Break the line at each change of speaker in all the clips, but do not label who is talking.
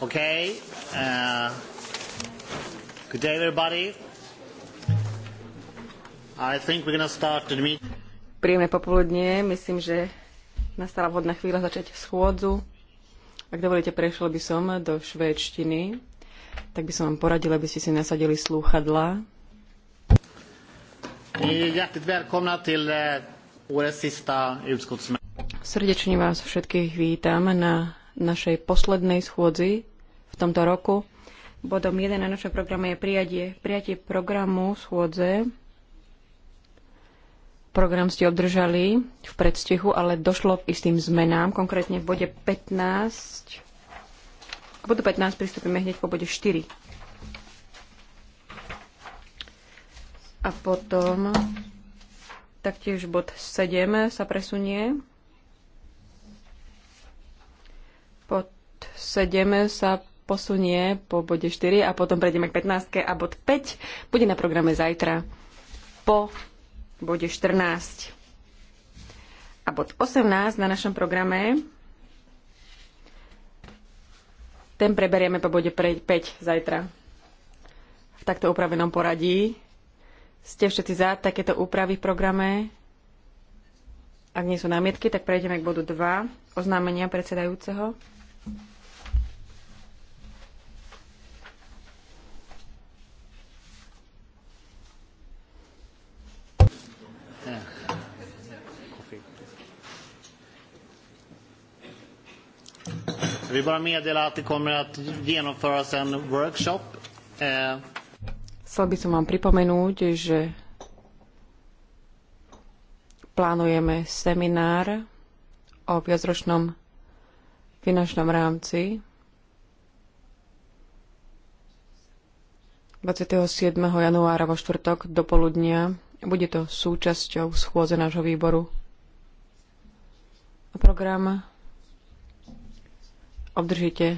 Okay. Uh, good day, everybody. I think we're going to start the meeting.
Príjemné popoludnie. Myslím, že nastala vhodná chvíľa začať schôdzu. Ak dovolíte, prešiel by som do švédštiny. Tak by som vám poradil, aby ste si nasadili slúchadla.
Eh, hjärtligt välkomna till eh, årets sista utskottsmöte.
Srdečne vás všetkých vítam na našej poslednej schôdzi tomto roku. Bodom 1 na našom programe je prijatie, prijatie programu schôdze. Program ste obdržali v predstihu, ale došlo k istým zmenám, konkrétne v bode 15. K bodu 15 pristúpime hneď po bode 4. A potom taktiež bod 7 sa presunie. Pod 7 sa posunie po bode 4 a potom prejdeme k 15 a bod 5 bude na programe zajtra po bode 14. A bod 18 na našom programe ten preberieme po bode 5 zajtra. V takto upravenom poradí. Ste všetci za takéto úpravy v programe? Ak nie sú námietky, tak prejdeme k bodu 2, oznámenia predsedajúceho.
vill bara meddela att det kommer att genomföras en workshop. Eh.
Chcel by som vám pripomenúť, že plánujeme seminár o viacročnom finančnom rámci 27. januára vo štvrtok do poludnia. Bude to súčasťou schôdze nášho výboru. Program obdržíte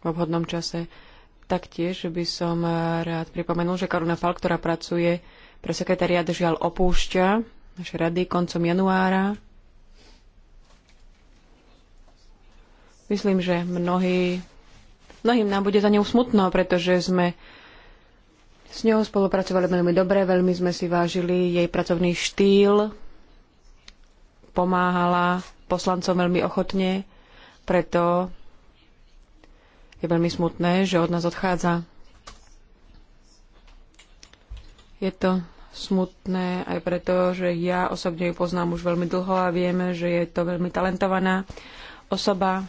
v obhodnom čase. Taktiež by som rád pripomenul, že Karuna Fal, ktorá pracuje pre sekretariat, žiaľ opúšťa naše rady koncom januára. Myslím, že mnohí, mnohým nám bude za ňou smutno, pretože sme s ňou spolupracovali veľmi dobre, veľmi sme si vážili jej pracovný štýl, pomáhala poslancom veľmi ochotne preto je veľmi smutné, že od nás odchádza. Je to smutné aj preto, že ja osobne ju poznám už veľmi dlho a vieme, že je to veľmi talentovaná osoba.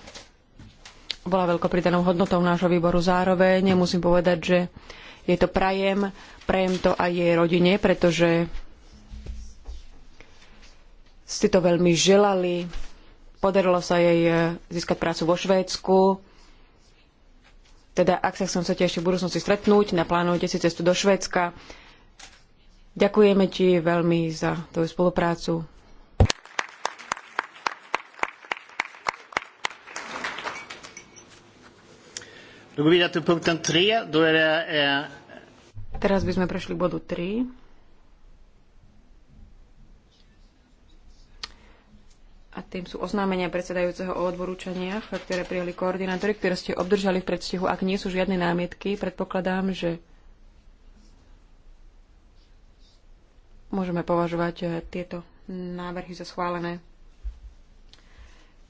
Bola veľko pridanou hodnotou nášho výboru zároveň. Musím povedať, že je to prajem. Prajem to aj jej rodine, pretože ste to veľmi želali Podarilo sa jej e, získať prácu vo Švédsku. Teda, ak sa som chcete ešte v budúcnosti stretnúť, naplánujte si cestu do Švédska. Ďakujeme ti veľmi za tvoju spoluprácu. Eh, Teraz by sme prešli k bodu 3. a tým sú oznámenia predsedajúceho o odporúčaniach, ktoré prijali koordinátori, ktoré ste obdržali v predstihu. Ak nie sú žiadne námietky, predpokladám, že môžeme považovať eh, tieto návrhy za schválené.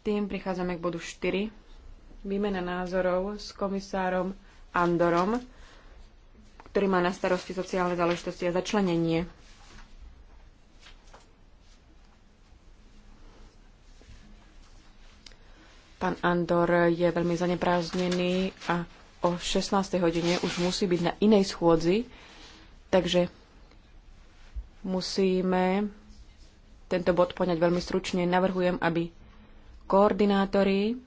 Tým prichádzame k bodu 4. Výmena názorov s komisárom Andorom, ktorý má na starosti sociálne záležitosti a začlenenie Pán Andor je veľmi zanepráznený a o 16. hodine už musí byť na inej schôdzi, takže musíme tento bod poňať veľmi stručne. Navrhujem, aby koordinátori,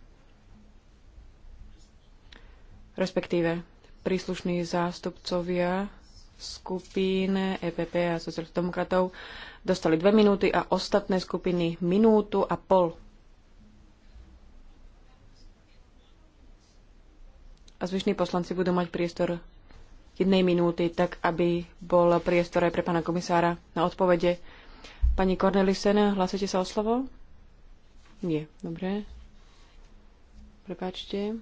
respektíve príslušní zástupcovia skupín EPP a sociálnych demokratov dostali dve minúty a ostatné skupiny minútu a pol a zvyšní poslanci budú mať priestor jednej minúty, tak aby bol priestor aj pre pána komisára na odpovede. Pani Cornelisen, hlasíte sa o slovo? Nie, dobre. Prepáčte.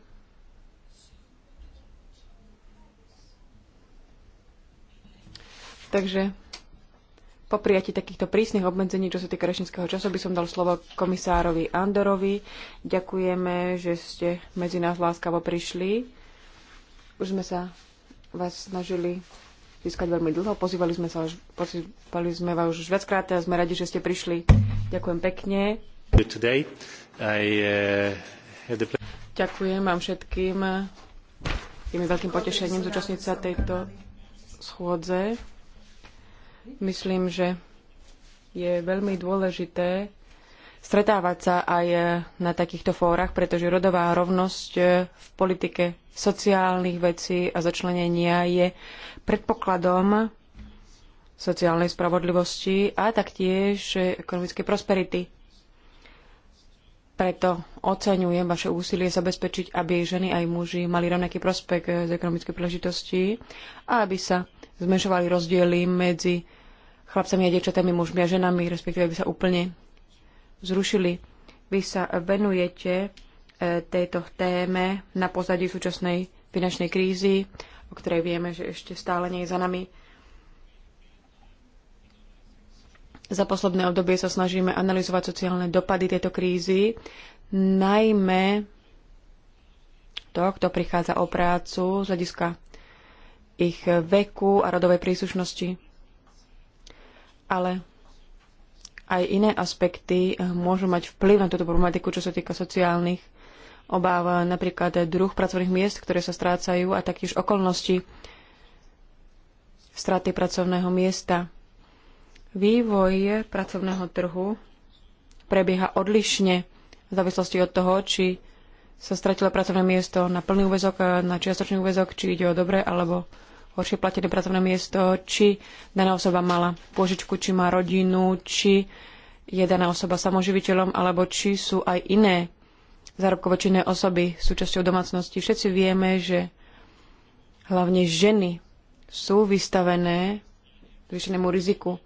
Takže po prijati takýchto prísnych obmedzení, čo sa týka rešinského času, by som dal slovo komisárovi Andorovi. Ďakujeme, že ste medzi nás láskavo prišli už sme sa vás snažili získať veľmi dlho. Pozývali sme, sa, pozývali sme vás už viackrát a sme radi, že ste prišli. Ďakujem pekne. Uh, Ďakujem vám všetkým. Je mi veľkým potešením zúčastniť sa tejto schôdze. Myslím, že je veľmi dôležité stretávať sa aj na takýchto fórach, pretože rodová rovnosť eh, v politike sociálnych vecí a začlenenia je predpokladom sociálnej spravodlivosti a taktiež ekonomickej prosperity. Preto oceňujem vaše úsilie zabezpečiť, aby ženy aj muži mali rovnaký prospekt eh, z ekonomickej príležitosti a aby sa zmenšovali rozdiely medzi chlapcami a dievčatami, mužmi a ženami, respektíve aby sa úplne zrušili. Vy sa venujete e, tejto téme na pozadí súčasnej finančnej krízy, o ktorej vieme, že ešte stále nie je za nami. Za posledné obdobie sa snažíme analyzovať sociálne dopady tejto krízy, najmä to, kto prichádza o prácu z hľadiska ich veku a rodovej príslušnosti. Ale aj iné aspekty eh, môžu mať vplyv na túto problematiku, čo sa týka sociálnych obáv, eh, napríklad druh pracovných miest, ktoré sa strácajú a taktiež okolnosti straty pracovného miesta. Vývoj pracovného trhu prebieha odlišne v závislosti od toho, či sa stratilo pracovné miesto na plný úvezok, eh, na čiastočný úvezok, či ide o dobré alebo horšie platené pracovné miesto, či daná osoba mala požičku, či má rodinu, či je daná osoba samoživiteľom, alebo či sú aj iné zárobkovočinné osoby súčasťou domácnosti. Všetci vieme, že hlavne ženy sú vystavené zvýšenému riziku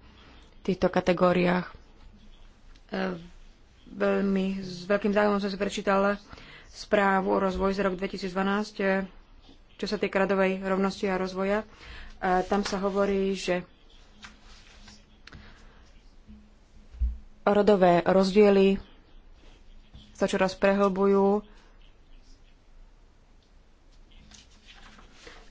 v týchto kategóriách. E, veľmi, s veľkým záujmom som si prečítala správu o rozvoji za rok 2012 čo sa týka radovej rovnosti a rozvoja. A e, tam sa hovorí, že rodové rozdiely sa čoraz prehlbujú.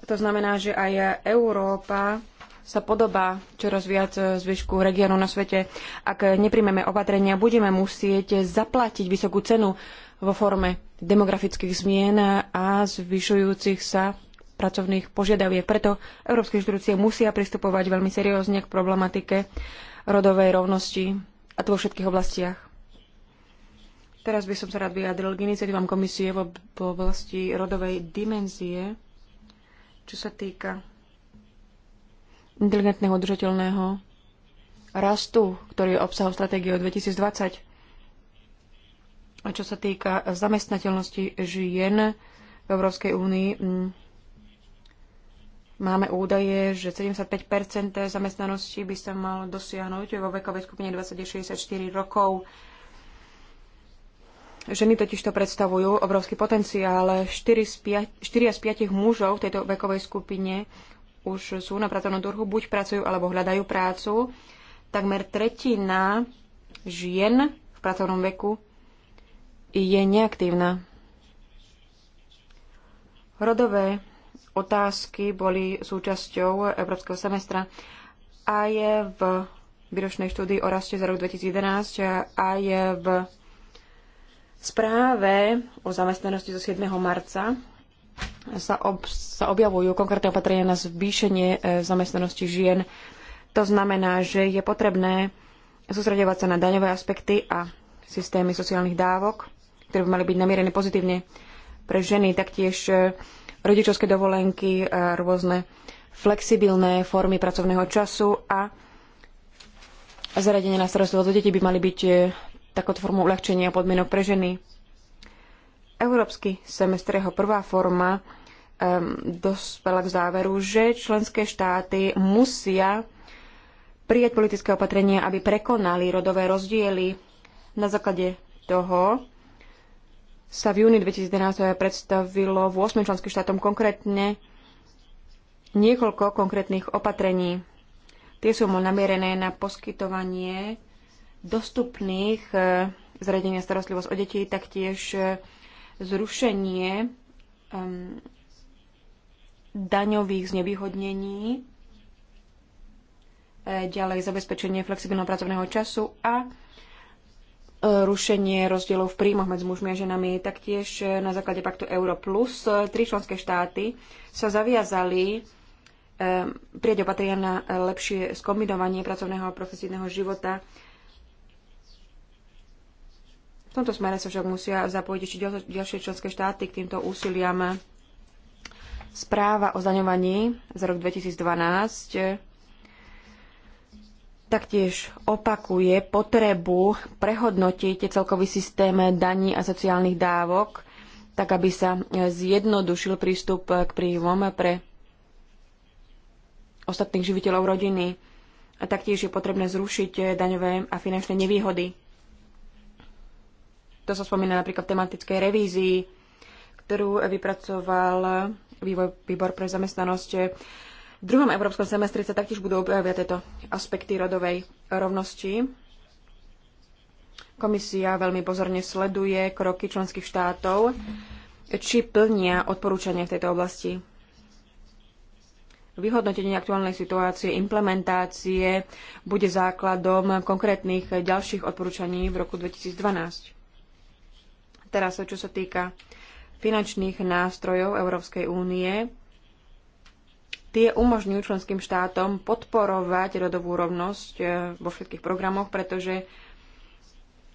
To znamená, že aj Európa sa podobá čoraz viac zvyšku regiónov na svete. Ak nepríjmeme opatrenia, budeme musieť zaplatiť vysokú cenu vo forme demografických zmien a zvyšujúcich sa pracovných požiadaviek. Preto európske inštitúcie musia pristupovať veľmi seriózne k problematike rodovej rovnosti a to vo všetkých oblastiach. Teraz by som sa rád vyjadril k iniciatívam komisie v oblasti rodovej dimenzie, čo sa týka inteligentného udržateľného rastu, ktorý je obsahom stratégie 2020 a čo sa týka zamestnateľnosti žien v Európskej únii, mm, máme údaje, že 75 zamestnanosti by sa mal dosiahnuť vo vekovej skupine 20-64 rokov. Ženy totiž to predstavujú obrovský potenciál. 4 z 5, 4 z 5 mužov v tejto vekovej skupine už sú na pracovnom druhu, buď pracujú alebo hľadajú prácu. Takmer tretina žien v pracovnom veku je neaktívna. Rodové otázky boli súčasťou Európskeho semestra a je v výročnej štúdii o raste za rok 2011 a je v správe o zamestnanosti zo 7. marca sa, ob, sa objavujú konkrétne opatrenia na zvýšenie e, zamestnanosti žien. To znamená, že je potrebné sústredovať sa na daňové aspekty a systémy sociálnych dávok ktoré by mali byť namierené pozitívne pre ženy, taktiež e, rodičovské dovolenky, e, rôzne flexibilné formy pracovného času a zaradenie na starostlivosť o deti by mali byť e, takouto formou uľahčenia podmienok pre ženy. Európsky semestr jeho prvá forma um, dospela k záveru, že členské štáty musia prijať politické opatrenia, aby prekonali rodové rozdiely. Na základe toho sa v júni 2011 predstavilo v 8 členských štátom konkrétne niekoľko konkrétnych opatrení. Tie sú namierené na poskytovanie dostupných e, a starostlivosť o deti, taktiež e, zrušenie um, daňových znevýhodnení, e, ďalej zabezpečenie flexibilného pracovného času a rušenie rozdielov v príjmoch medzi mužmi a ženami. Taktiež eh, na základe paktu Euro plus eh, tri členské štáty sa zaviazali eh, prieť opatria na lepšie skombinovanie pracovného a profesijného života. V tomto smere sa však musia zapojiť ešte ďalšie členské štáty k týmto úsiliam. Správa o zaňovaní za rok 2012 taktiež opakuje potrebu prehodnotiť celkový systém daní a sociálnych dávok, tak aby sa zjednodušil prístup k príjmom pre ostatných živiteľov rodiny. A taktiež je potrebné zrušiť daňové a finančné nevýhody. To sa spomína napríklad v tematickej revízii, ktorú vypracoval výbor pre zamestnanosť v druhom európskom semestri sa taktiež budú objavia tieto aspekty rodovej rovnosti. Komisia veľmi pozorne sleduje kroky členských štátov, či plnia odporúčania v tejto oblasti. Vyhodnotenie aktuálnej situácie, implementácie bude základom konkrétnych ďalších odporúčaní v roku 2012. Teraz, čo sa týka finančných nástrojov Európskej únie, Tie umožňujú členským štátom podporovať rodovú rovnosť eh, vo všetkých programoch, pretože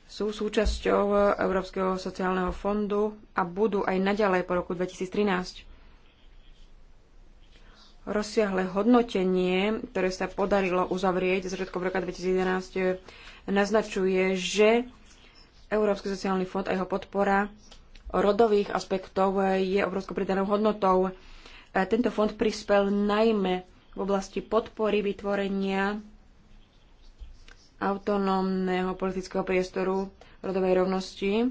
sú súčasťou eh, Európskeho sociálneho fondu a budú aj naďalej po roku 2013. Rozsiahle hodnotenie, ktoré sa podarilo uzavrieť v roka 2011, eh, naznačuje, že Európsky sociálny fond a jeho podpora rodových aspektov je obrovskou pridanou hodnotou. Tento fond prispel najmä v oblasti podpory vytvorenia autonómneho politického priestoru rodovej rovnosti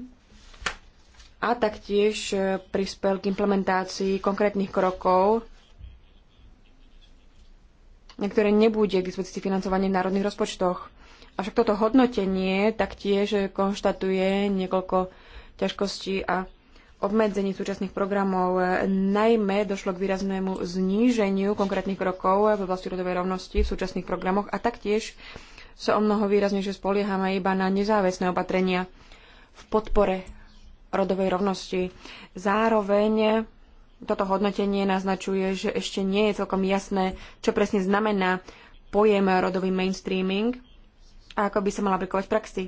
a taktiež e, prispel k implementácii konkrétnych krokov, na ktoré nebude k dispozícii financovanie v národných rozpočtoch. Avšak toto hodnotenie taktiež konštatuje niekoľko ťažkostí a obmedzení súčasných programov. Najmä došlo k výraznému zníženiu konkrétnych krokov v oblasti rodovej rovnosti v súčasných programoch a taktiež sa o mnoho výraznejšie spoliehame iba na nezáväzné opatrenia v podpore rodovej rovnosti. Zároveň toto hodnotenie naznačuje, že ešte nie je celkom jasné, čo presne znamená pojem rodový mainstreaming a ako by sa mal aplikovať v praxi.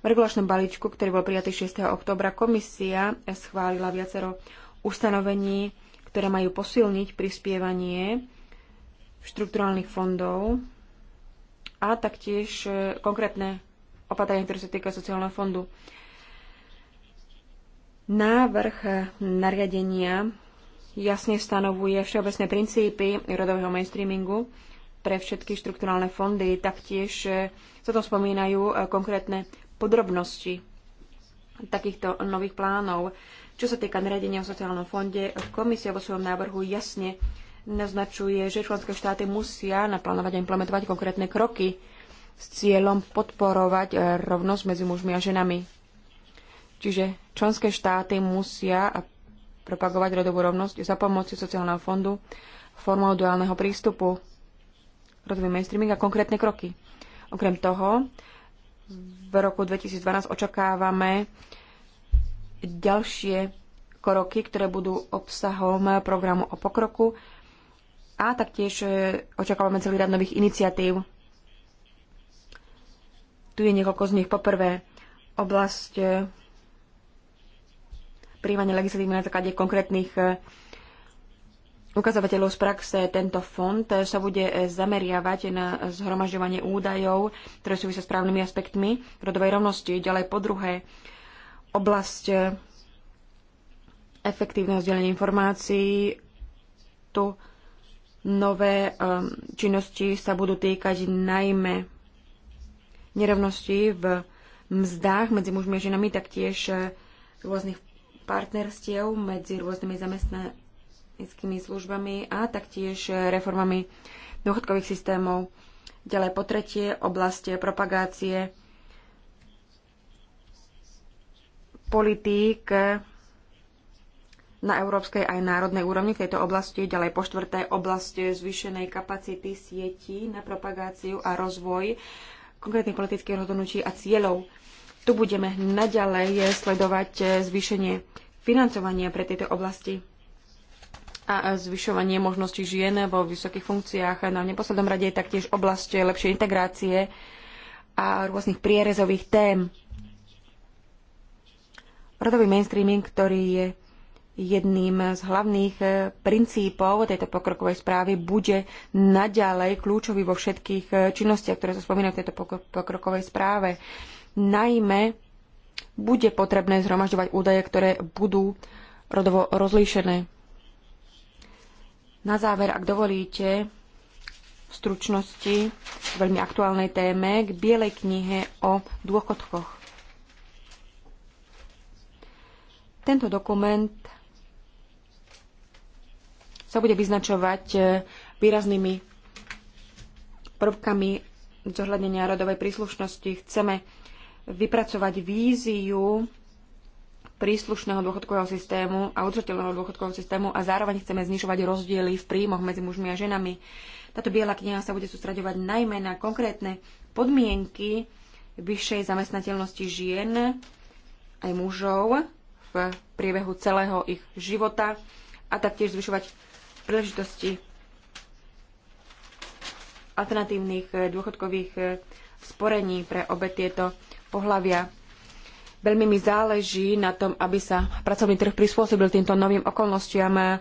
V regulačnom balíčku, ktorý bol prijatý 6. oktobra, komisia schválila viacero ustanovení, ktoré majú posilniť prispievanie štrukturálnych fondov a taktiež e, konkrétne opatrenia, ktoré sa týka sociálneho fondu. Návrh nariadenia jasne stanovuje všeobecné princípy rodového mainstreamingu pre všetky štrukturálne fondy. Taktiež e, sa tam spomínajú e, konkrétne podrobnosti takýchto nových plánov. Čo sa týka nariadenia o sociálnom fonde, komisia vo svojom návrhu jasne naznačuje, že členské štáty musia naplánovať a implementovať konkrétne kroky s cieľom podporovať eh, rovnosť medzi mužmi a ženami. Čiže členské štáty musia propagovať rodovú rovnosť za pomoci sociálneho fondu formou duálneho prístupu, rodový mainstreaming a konkrétne kroky. Okrem toho, v roku 2012 očakávame ďalšie kroky, ktoré budú obsahom programu o pokroku a taktiež e, očakávame celý rad nových iniciatív. Tu je niekoľko z nich. Poprvé, oblasť e, príjmania legislatívy na základe konkrétnych e, ukazovateľov z praxe tento fond sa bude zameriavať na zhromažďovanie údajov, ktoré súvisia s právnymi aspektmi rodovej rovnosti. Ďalej po druhé, oblasť efektívneho zdieľania informácií. Tu nové um, činnosti sa budú týkať najmä nerovnosti v mzdách medzi mužmi a ženami, taktiež eh, rôznych partnerstiev medzi rôznymi zamestnancami zdravotníckými službami a taktiež reformami dôchodkových systémov. Ďalej po tretie, oblasti propagácie politík na európskej aj národnej úrovni v tejto oblasti, ďalej po štvrté oblasti zvýšenej kapacity sietí na propagáciu a rozvoj konkrétnych politických rozhodnutí a cieľov. Tu budeme naďalej sledovať zvýšenie financovania pre tieto oblasti a zvyšovanie možností žien vo vysokých funkciách. na no neposlednom rade je taktiež oblasť lepšej integrácie a rôznych prierezových tém. Rodový mainstreaming, ktorý je jedným z hlavných eh, princípov tejto pokrokovej správy, bude naďalej kľúčový vo všetkých eh, činnostiach, ktoré sa spomínajú v tejto pokrokovej správe. Najmä bude potrebné zhromažďovať údaje, ktoré budú rodovo rozlíšené na záver, ak dovolíte, v stručnosti k veľmi aktuálnej téme, k Bielej knihe o dôchodkoch. Tento dokument sa bude vyznačovať e, výraznými prvkami zohľadnenia rodovej príslušnosti. Chceme vypracovať víziu príslušného dôchodkového systému a udržateľného dôchodkového systému a zároveň chceme znižovať rozdiely v príjmoch medzi mužmi a ženami. Táto biela kniha sa bude sústraďovať najmä na konkrétne podmienky vyššej zamestnateľnosti žien aj mužov v priebehu celého ich života a taktiež zvyšovať príležitosti alternatívnych dôchodkových sporení pre obe tieto pohlavia. Veľmi mi záleží na tom, aby sa pracovný trh prispôsobil týmto novým okolnostiam a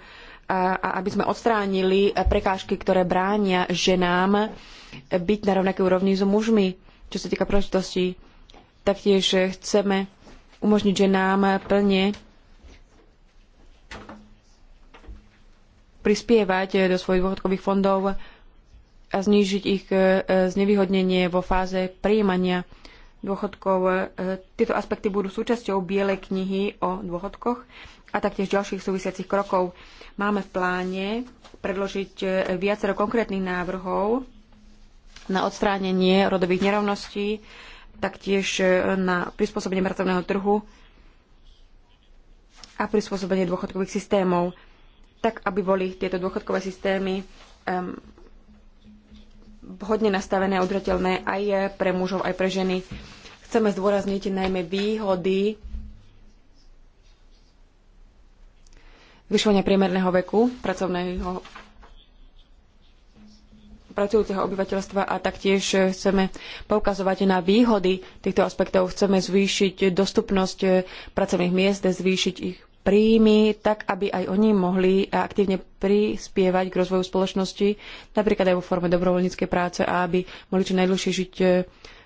aby sme odstránili prekážky, ktoré bránia ženám byť na rovnakej úrovni s so mužmi, čo sa týka príležitostí. Taktiež chceme umožniť ženám plne prispievať do svojich dôchodkových fondov a znížiť ich e, e, znevýhodnenie vo fáze prijímania dôchodkov. E, tieto aspekty budú súčasťou Bielej knihy o dôchodkoch a taktiež ďalších súvisiacich krokov. Máme v pláne predložiť e, viacero konkrétnych návrhov na odstránenie rodových nerovností, taktiež e, na prispôsobenie pracovného trhu a prispôsobenie dôchodkových systémov, tak aby boli tieto dôchodkové systémy vhodne nastavené a udržateľné aj pre mužov, aj pre ženy. Chceme zdôrazniť najmä výhody zvyšovania priemerného veku pracovného pracujúceho obyvateľstva a taktiež chceme poukazovať na výhody týchto aspektov. Chceme zvýšiť dostupnosť pracovných miest, zvýšiť ich príjmy, tak aby aj oni mohli aktívne prispievať k rozvoju spoločnosti, napríklad aj vo forme dobrovoľníckej práce a aby mohli čo najdlhšie žiť e,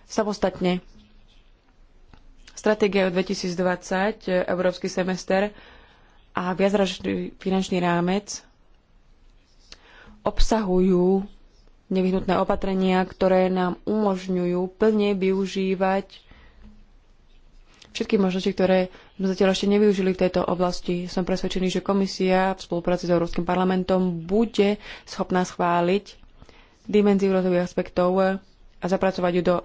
samostatne. Stratégia 2020, e, Európsky semester a viacražný finančný rámec obsahujú nevyhnutné opatrenia, ktoré nám umožňujú plne využívať všetky možnosti, ktoré sme zatiaľ ešte nevyužili v tejto oblasti. Som presvedčený, že komisia v spolupráci s Európskym parlamentom bude schopná schváliť dimenziu rozvojových aspektov a zapracovať ju do e,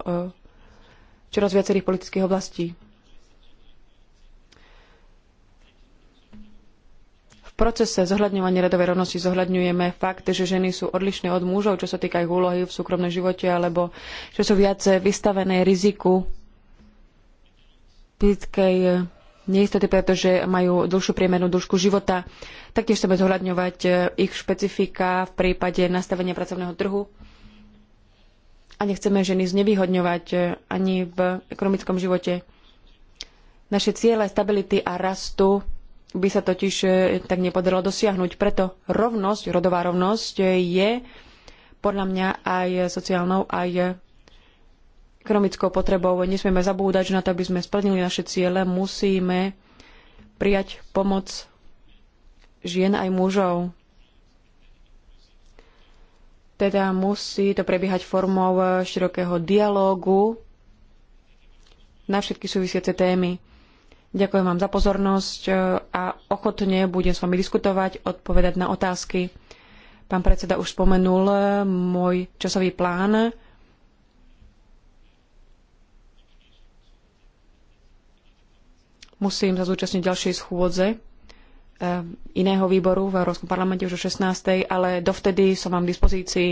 čoraz viacerých politických oblastí. V procese zohľadňovania radovej rovnosti zohľadňujeme fakt, že ženy sú odlišné od mužov, čo sa týka ich úlohy v súkromnom živote, alebo že sú viacej vystavené riziku psychickej neistoty, pretože majú dlhšiu priemernú dĺžku života. Taktiež treba zohľadňovať e, ich špecifika v prípade nastavenia pracovného trhu. A nechceme ženy znevýhodňovať e, ani v ekonomickom živote. Naše ciele stability a rastu by sa totiž e, tak nepodarilo dosiahnuť. Preto rovnosť, rodová rovnosť je podľa mňa aj sociálnou, aj ekonomickou potrebou. Nesmieme zabúdať, že na to, aby sme splnili naše ciele, musíme prijať pomoc žien aj mužov. Teda musí to prebiehať formou eh, širokého dialógu na všetky súvisiace témy. Ďakujem vám za pozornosť eh, a ochotne budem s vami diskutovať, odpovedať na otázky. Pán predseda už spomenul eh, môj časový plán. musím sa zúčastniť ďalšej schôdze eh, iného výboru v Európskom parlamente už o 16. ale dovtedy som vám k dispozícii.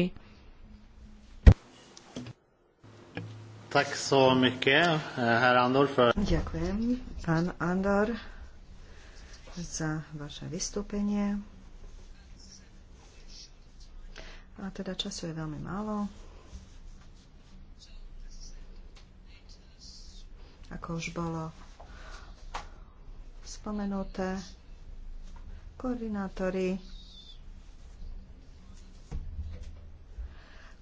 Eh, Ďakujem, pán Andor,
za vaše vystúpenie. A teda času je veľmi málo. Ako už bolo spomenuté. koordinátory.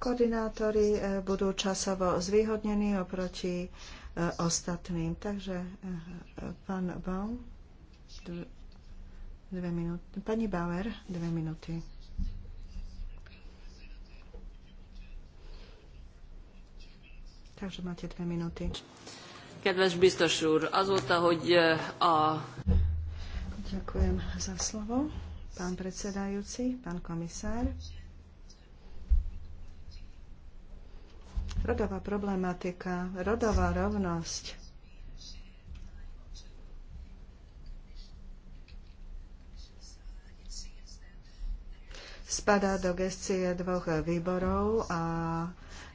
koordinátori e, budú časovo zvýhodnení oproti e, ostatným. Takže e, pán Baum, dve minúty. Pani Bauer, dve minúty. Takže máte dve minúty.
Kedves biztos úr, azóta, hogy e, a...
Ďakujem za slovo, pán predsedajúci, pán komisár. Rodová problematika, rodová rovnosť spadá do gestie dvoch výborov a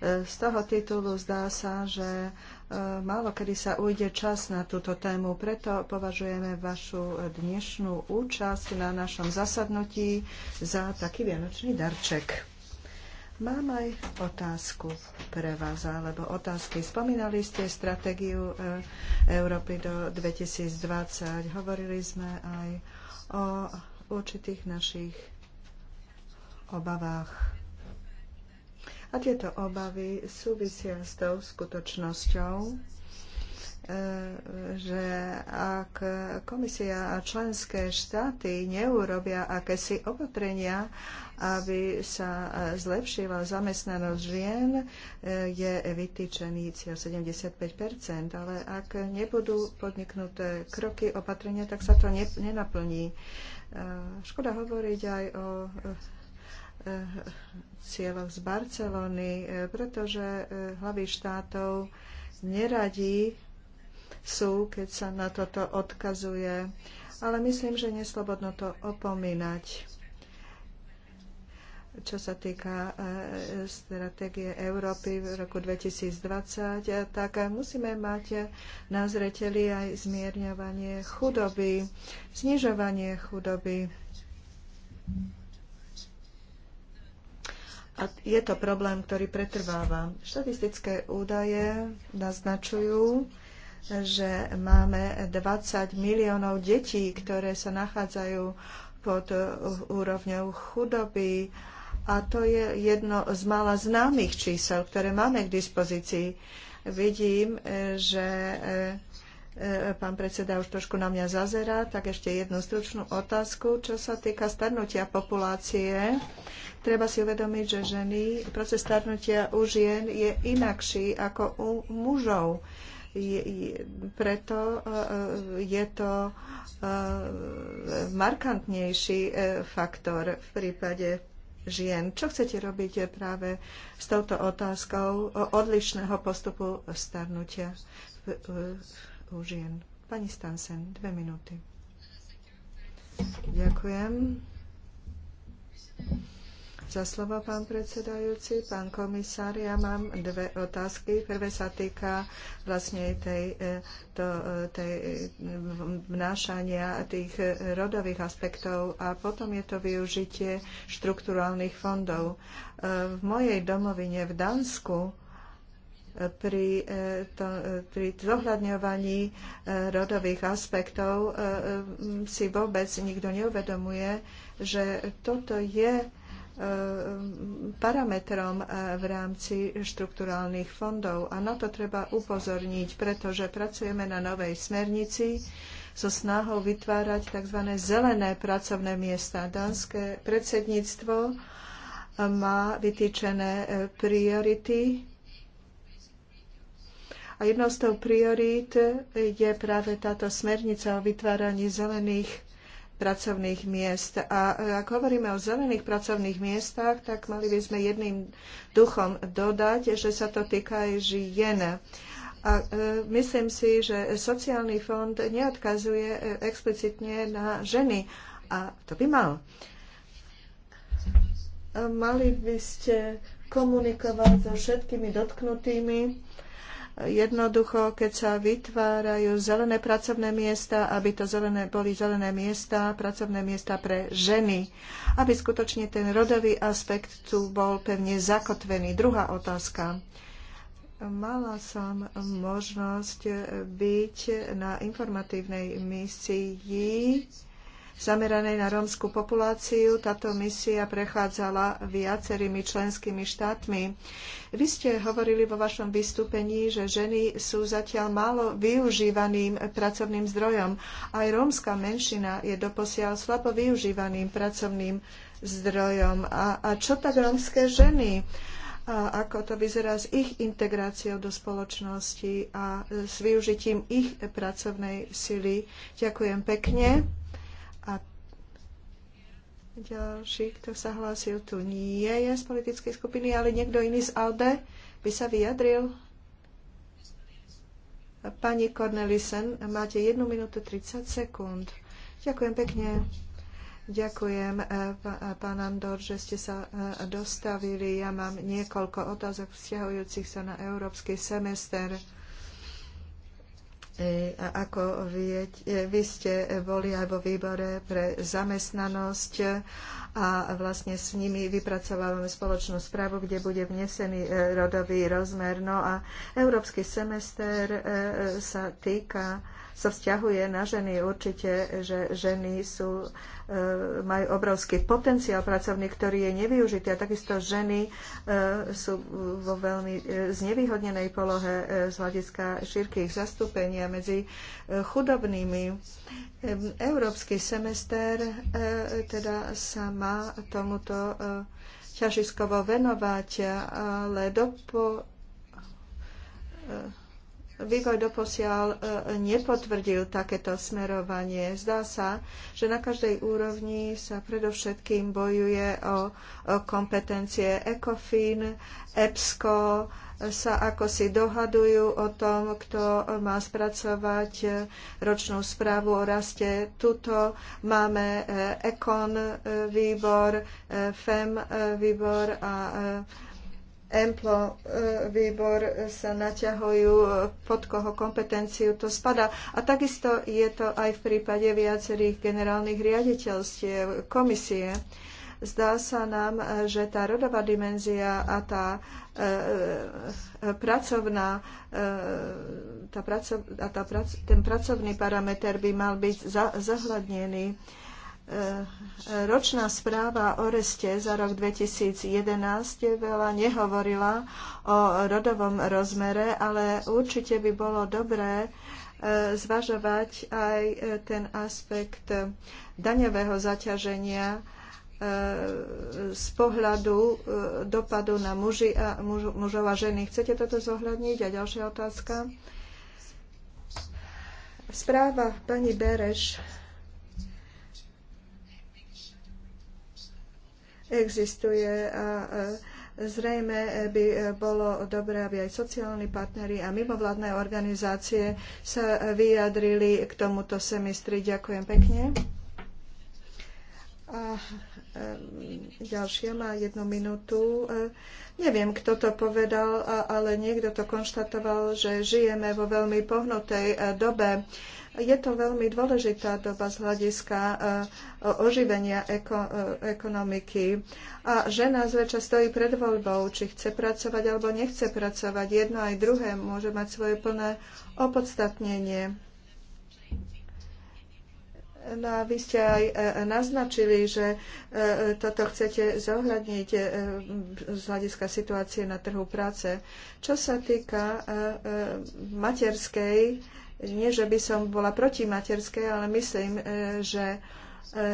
e, z toho titulu zdá sa, že Eh, málo kedy sa ujde čas na túto tému, preto považujeme vašu dnešnú účasť na našom zasadnutí za taký vianočný darček. Mám aj otázku pre vás, alebo otázky. Spomínali ste stratégiu eh, Európy do 2020. Hovorili sme aj o určitých našich obavách a tieto obavy súvisia s tou skutočnosťou, e, že ak komisia a členské štáty neurobia akési opatrenia, aby sa zlepšila zamestnanosť žien, e, je vytýčený cieľ 75 ale ak nebudú podniknuté kroky, opatrenia, tak sa to nenaplní. E, škoda hovoriť aj o Eh, cieľoch z Barcelony, eh, pretože eh, hlavy štátov neradí sú, keď sa na toto odkazuje. Ale myslím, že neslobodno to opomínať. Čo sa týka stratégie Európy v roku 2020, tak musíme mať na zreteli aj zmierňovanie chudoby, znižovanie chudoby. Thank you. A je to problém, ktorý pretrváva. Štatistické údaje naznačujú, že máme 20 miliónov detí, ktoré sa nachádzajú pod úrovňou chudoby. A to je jedno z mála známych čísel, ktoré máme k dispozícii. Vidím, že E, pán predseda už trošku na mňa zazerá, tak ešte jednu stručnú otázku. Čo sa týka starnutia populácie, treba si uvedomiť, že ženy, proces starnutia u žien je inakší ako u mužov. Je, je, preto e, je to e, markantnejší faktor v prípade žien. Čo chcete robiť práve s touto otázkou odlišného postupu starnutia v u žien. Pani Stansen, dve minúty. Ďakujem. Za slovo, pán predsedajúci, pán komisár, ja mám dve otázky. Prvé sa týka vlastne tej, e, to, e, tej e, vnášania tých rodových aspektov a potom je to využitie štrukturálnych fondov. V mojej domovine v Dánsku pri, e, to, e, pri zohľadňovaní e, rodových aspektov si vôbec nikto neuvedomuje, že toto je parametrom v rámci štrukturálnych fondov. A na to treba upozorniť, pretože pracujeme na novej smernici so snahou vytvárať tzv. zelené pracovné miesta. Dánske predsedníctvo má vytýčené priority a jednou z toho priorít je práve táto smernica o vytváraní zelených pracovných miest. A ak hovoríme o zelených pracovných miestach, tak mali by sme jedným duchom dodať, že sa to týka aj žien. A e, myslím si, že sociálny fond neodkazuje e, explicitne na ženy. A to by mal. Mali by ste komunikovať so všetkými dotknutými Jednoducho, keď sa vytvárajú zelené pracovné miesta, aby to zelené, boli zelené miesta, pracovné miesta pre ženy, aby skutočne ten rodový aspekt tu bol pevne zakotvený. Druhá otázka. Mala som možnosť byť na informatívnej misii zameranej na rómskú populáciu. Táto misia prechádzala viacerými členskými štátmi. Vy ste hovorili vo vašom vystúpení, že ženy sú zatiaľ málo využívaným pracovným zdrojom. Aj rómska menšina je doposiaľ slabo využívaným pracovným zdrojom. A, a čo tak rómske ženy? A ako to vyzerá s ich integráciou do spoločnosti a s využitím ich pracovnej sily. Ďakujem pekne. Ďalší, kto sa hlásil, tu nie je z politickej skupiny, ale niekto iný z ALDE by sa vyjadril. Pani Cornelisen, máte 1 minútu 30 sekúnd. Ďakujem pekne. Ďakujem, eh, eh, pán Andor, že ste sa eh, dostavili. Ja mám niekoľko otázok vzťahujúcich sa na európsky semester. Ako viete, vy ste boli aj vo výbore pre zamestnanosť a vlastne s nimi vypracovávame spoločnú správu, kde bude vnesený e, rodový rozmer. No a európsky semester e, sa týka, sa vzťahuje na ženy určite, že ženy sú E, majú obrovský potenciál pracovný, ktorý je nevyužitý a takisto ženy e, sú vo veľmi e, znevýhodnenej polohe z hľadiska širkých zastúpenia medzi chudobnými. Európsky semester teda sa má tomuto ťažiskovo venovať, ale dopo Vývoj doposiaľ e, nepotvrdil takéto smerovanie. Zdá sa, že na každej úrovni sa predovšetkým bojuje o kompetencie ECOFIN, EPSCO, sa ako si dohadujú o tom, kto má spracovať e, ročnú správu o raste. Tuto máme e, Econ výbor, FEM výbor a EMPLO e, výbor sa naťahujú e, pod koho kompetenciu to spada. A takisto je to aj v prípade viacerých generálnych riaditeľstiev komisie. Zdá sa nám, že tá rodová dimenzia a tá e, pracovná, tá a tá ten pracovný parameter by mal byť za, zahľadnený ročná správa o reste za rok 2011 veľa nehovorila o rodovom rozmere, ale určite by bolo dobré e, zvažovať aj e, ten aspekt daňového zaťaženia e, z pohľadu dopadu na muži a, mužov a ženy. Chcete toto zohľadniť? A ďalšia otázka. Správa pani Bereš existuje a zrejme by bolo dobré, aby aj sociálni partneri a mimovládne organizácie sa vyjadrili k tomuto semestri. Ďakujem pekne. A ďalšia má jednu minútu. E, neviem, kto to povedal, ale niekto to konštatoval, že žijeme vo veľmi pohnutej e, dobe. Je to veľmi dôležitá doba z hľadiska e, oživenia eko, e, ekonomiky. A žena zväčša stojí pred voľbou, či chce pracovať alebo nechce pracovať. Jedno aj druhé môže mať svoje plné opodstatnenie. No a vy ste aj e, naznačili, že toto chcete zohľadniť z hľadiska situácie na trhu práce. Čo sa týka materskej nie, že by som bola proti materskej, ale myslím, e, že e,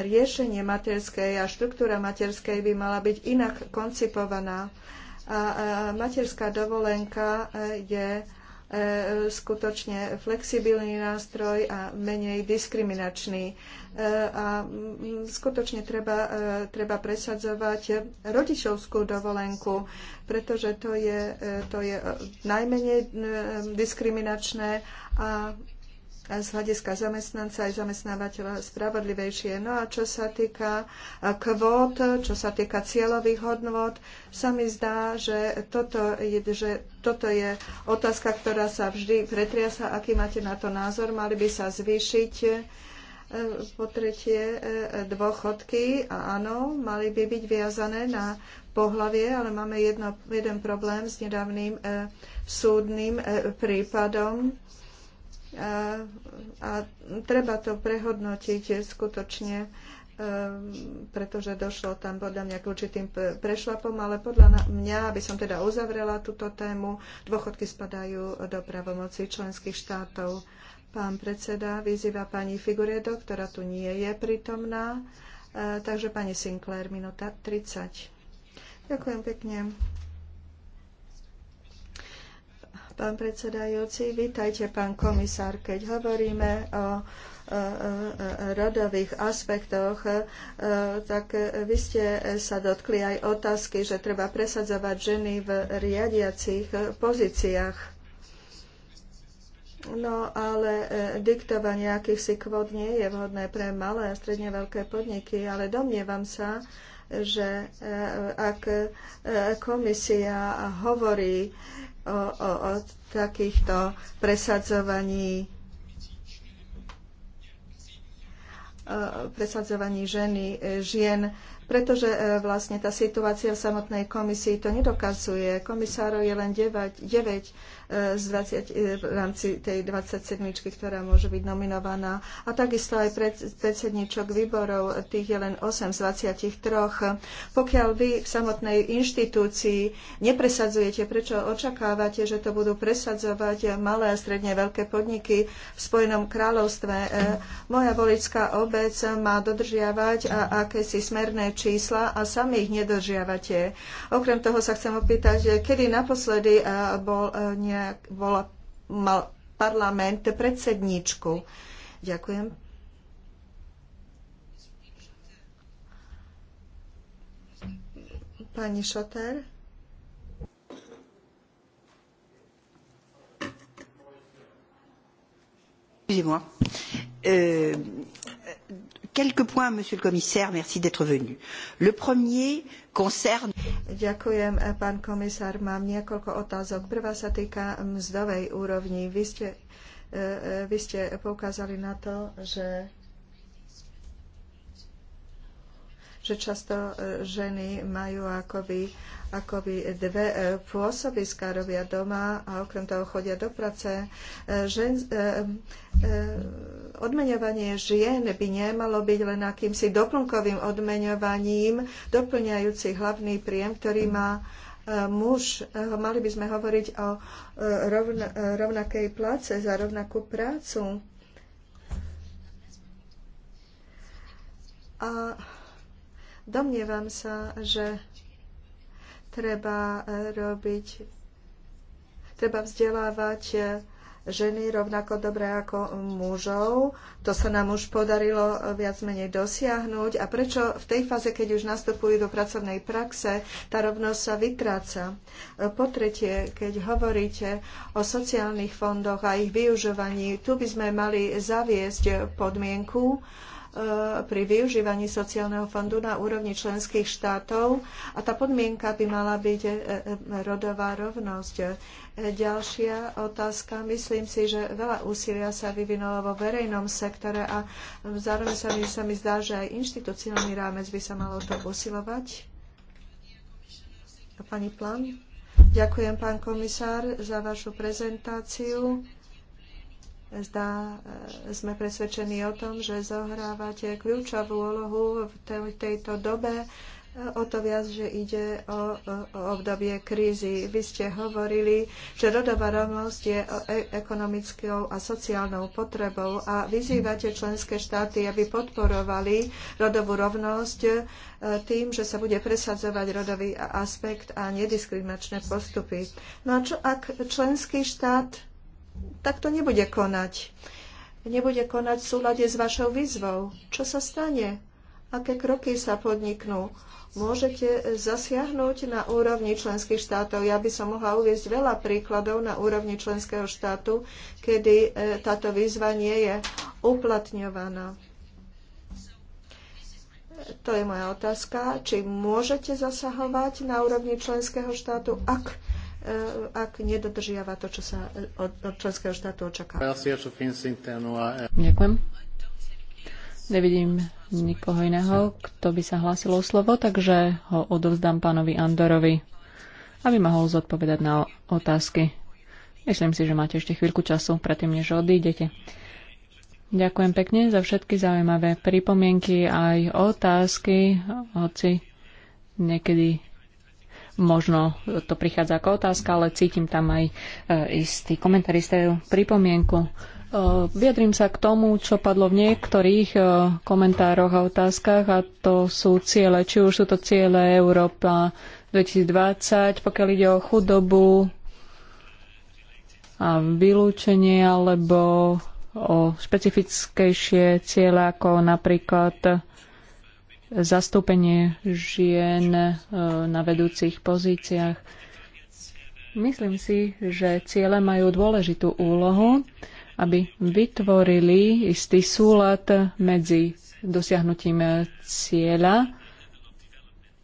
riešenie materskej a štruktúra materskej by mala byť inak koncipovaná. A materská dovolenka e, je E, skutočne flexibilný nástroj a menej diskriminačný. E, a mm, skutočne treba, e, treba presadzovať rodičovskú dovolenku, pretože to je, to je najmenej diskriminačné a z hľadiska zamestnanca aj zamestnávateľa spravodlivejšie. No a čo sa týka kvót, čo sa týka cieľových hodnot, sa mi zdá, že toto je, že toto je otázka, ktorá sa vždy pretriasa. Aký máte na to názor? Mali by sa zvýšiť e, po tretie e, dôchodky a áno, mali by byť viazané na pohlavie, ale máme jedno, jeden problém s nedávnym e, súdnym prípadom a, a treba to prehodnotiť skutočne, e, pretože došlo tam podľa mňa k určitým prešlapom, ale podľa mňa, aby som teda uzavrela túto tému, dôchodky spadajú do pravomoci členských štátov. Pán predseda vyzýva pani Figuredo, ktorá tu nie je prítomná, e, takže pani Sinclair, minúta 30. Ďakujem pekne. Pán predsedajúci, vítajte, pán komisár. Keď hovoríme o rodových aspektoch, e, tak vy ste sa dotkli aj otázky, že treba presadzovať ženy v riadiacich pozíciách. No ale e, diktovanie akýchsi kvót nie je vhodné pre malé a stredne veľké podniky, ale domnievam sa, že e, ak komisia hovorí, o, o, o takýchto presadzovaní presadzovaní ženy, e, žien, pretože e, vlastne tá situácia v samotnej komisii to nedokazuje. Komisárov je len 9, 9 z 20, e, v rámci tej 27, ktorá môže byť nominovaná. A takisto aj predsedničok výborov, tých je len 8 z 23. Pokiaľ vy v samotnej inštitúcii nepresadzujete, prečo očakávate, že to budú presadzovať malé a stredne veľké podniky v Spojenom kráľovstve? E, moja volická obec má dodržiavať a akési smerné čísla a sami ich nedržiavate. Okrem toho sa chcem opýtať, kedy naposledy e, bol nejaký nejak bola, mal parlament predsedníčku. Ďakujem. Pani Šoter. Excusez-moi. Euh, quelques points, Monsieur le Commissaire, merci d'être venu. Le premier, euh, concerne... Ďakujem, pán komisár. Mám niekoľko otázok. Prvá sa týka mzdovej úrovni. Vy ste, e, e, vy ste poukázali na to, že že často e, ženy majú akoby, akoby dve pôsobiska, robia doma a okrem toho chodia do práce. Žen, odmeňovanie žien by nemalo byť len akýmsi doplnkovým odmeňovaním, doplňajúci hlavný príjem, ktorý má e, muž. E, mali by sme hovoriť o e, rovnakej place za rovnakú prácu. A domnievam sa, že treba robiť, treba vzdelávať ženy rovnako dobre ako mužov. To sa nám už podarilo viac menej dosiahnuť. A prečo v tej fáze, keď už nastupujú do pracovnej praxe, tá rovnosť sa vytráca? Po tretie, keď hovoríte o sociálnych fondoch a ich využovaní, tu by sme mali zaviesť podmienku, E, pri využívaní sociálneho fondu na úrovni členských štátov a tá podmienka by mala byť e, e, rodová rovnosť. Ďalšia otázka. Myslím si, že veľa úsilia sa vyvinulo vo verejnom sektore a zároveň sa mi, sa mi zdá, že aj inštitucionálny rámec by sa malo to posilovať. Pani Plan. Ďakujem, pán komisár, za vašu prezentáciu. Zdá, e, sme presvedčení o tom, že zohrávate kľúčovú úlohu v tejto dobe, e, o to viac, že ide o, o obdobie krízy. Vy ste hovorili, že rodová rovnosť je e, ekonomickou a sociálnou potrebou a vyzývate členské štáty, aby podporovali rodovú rovnosť tým, že sa bude presadzovať rodový aspekt a nediskriminačné postupy. No a čo ak členský štát takto nebude konať. Nebude konať v súlade s vašou výzvou. Čo sa stane? Aké kroky sa podniknú? Môžete zasiahnuť na úrovni členských štátov. Ja by som mohla uviezť veľa príkladov na úrovni členského štátu, kedy e, táto výzva nie je uplatňovaná. To je moja otázka. Či môžete zasahovať na úrovni členského štátu, ak Eh, ak nedodržiava to, čo sa
od, od členského štátu očakáva. Ďakujem.
Nevidím nikoho iného, kto by sa hlásil o slovo, takže ho odovzdám pánovi Andorovi, aby mohol zodpovedať na otázky. Myslím si, že máte ešte chvíľku času predtým, než odídete. Ďakujem pekne za všetky zaujímavé pripomienky aj otázky, hoci niekedy Možno to prichádza ako otázka, ale cítim tam aj eh, istý komentár, pripomienku. Eh, vyjadrím sa k tomu, čo padlo v niektorých eh, komentároch a otázkach a to sú ciele, či už sú to ciele Európa 2020, pokiaľ ide o chudobu a vylúčenie alebo o špecifickejšie ciele ako napríklad zastúpenie žien e, na vedúcich pozíciách. Myslím si, že ciele majú dôležitú úlohu, aby vytvorili istý súlad medzi dosiahnutím cieľa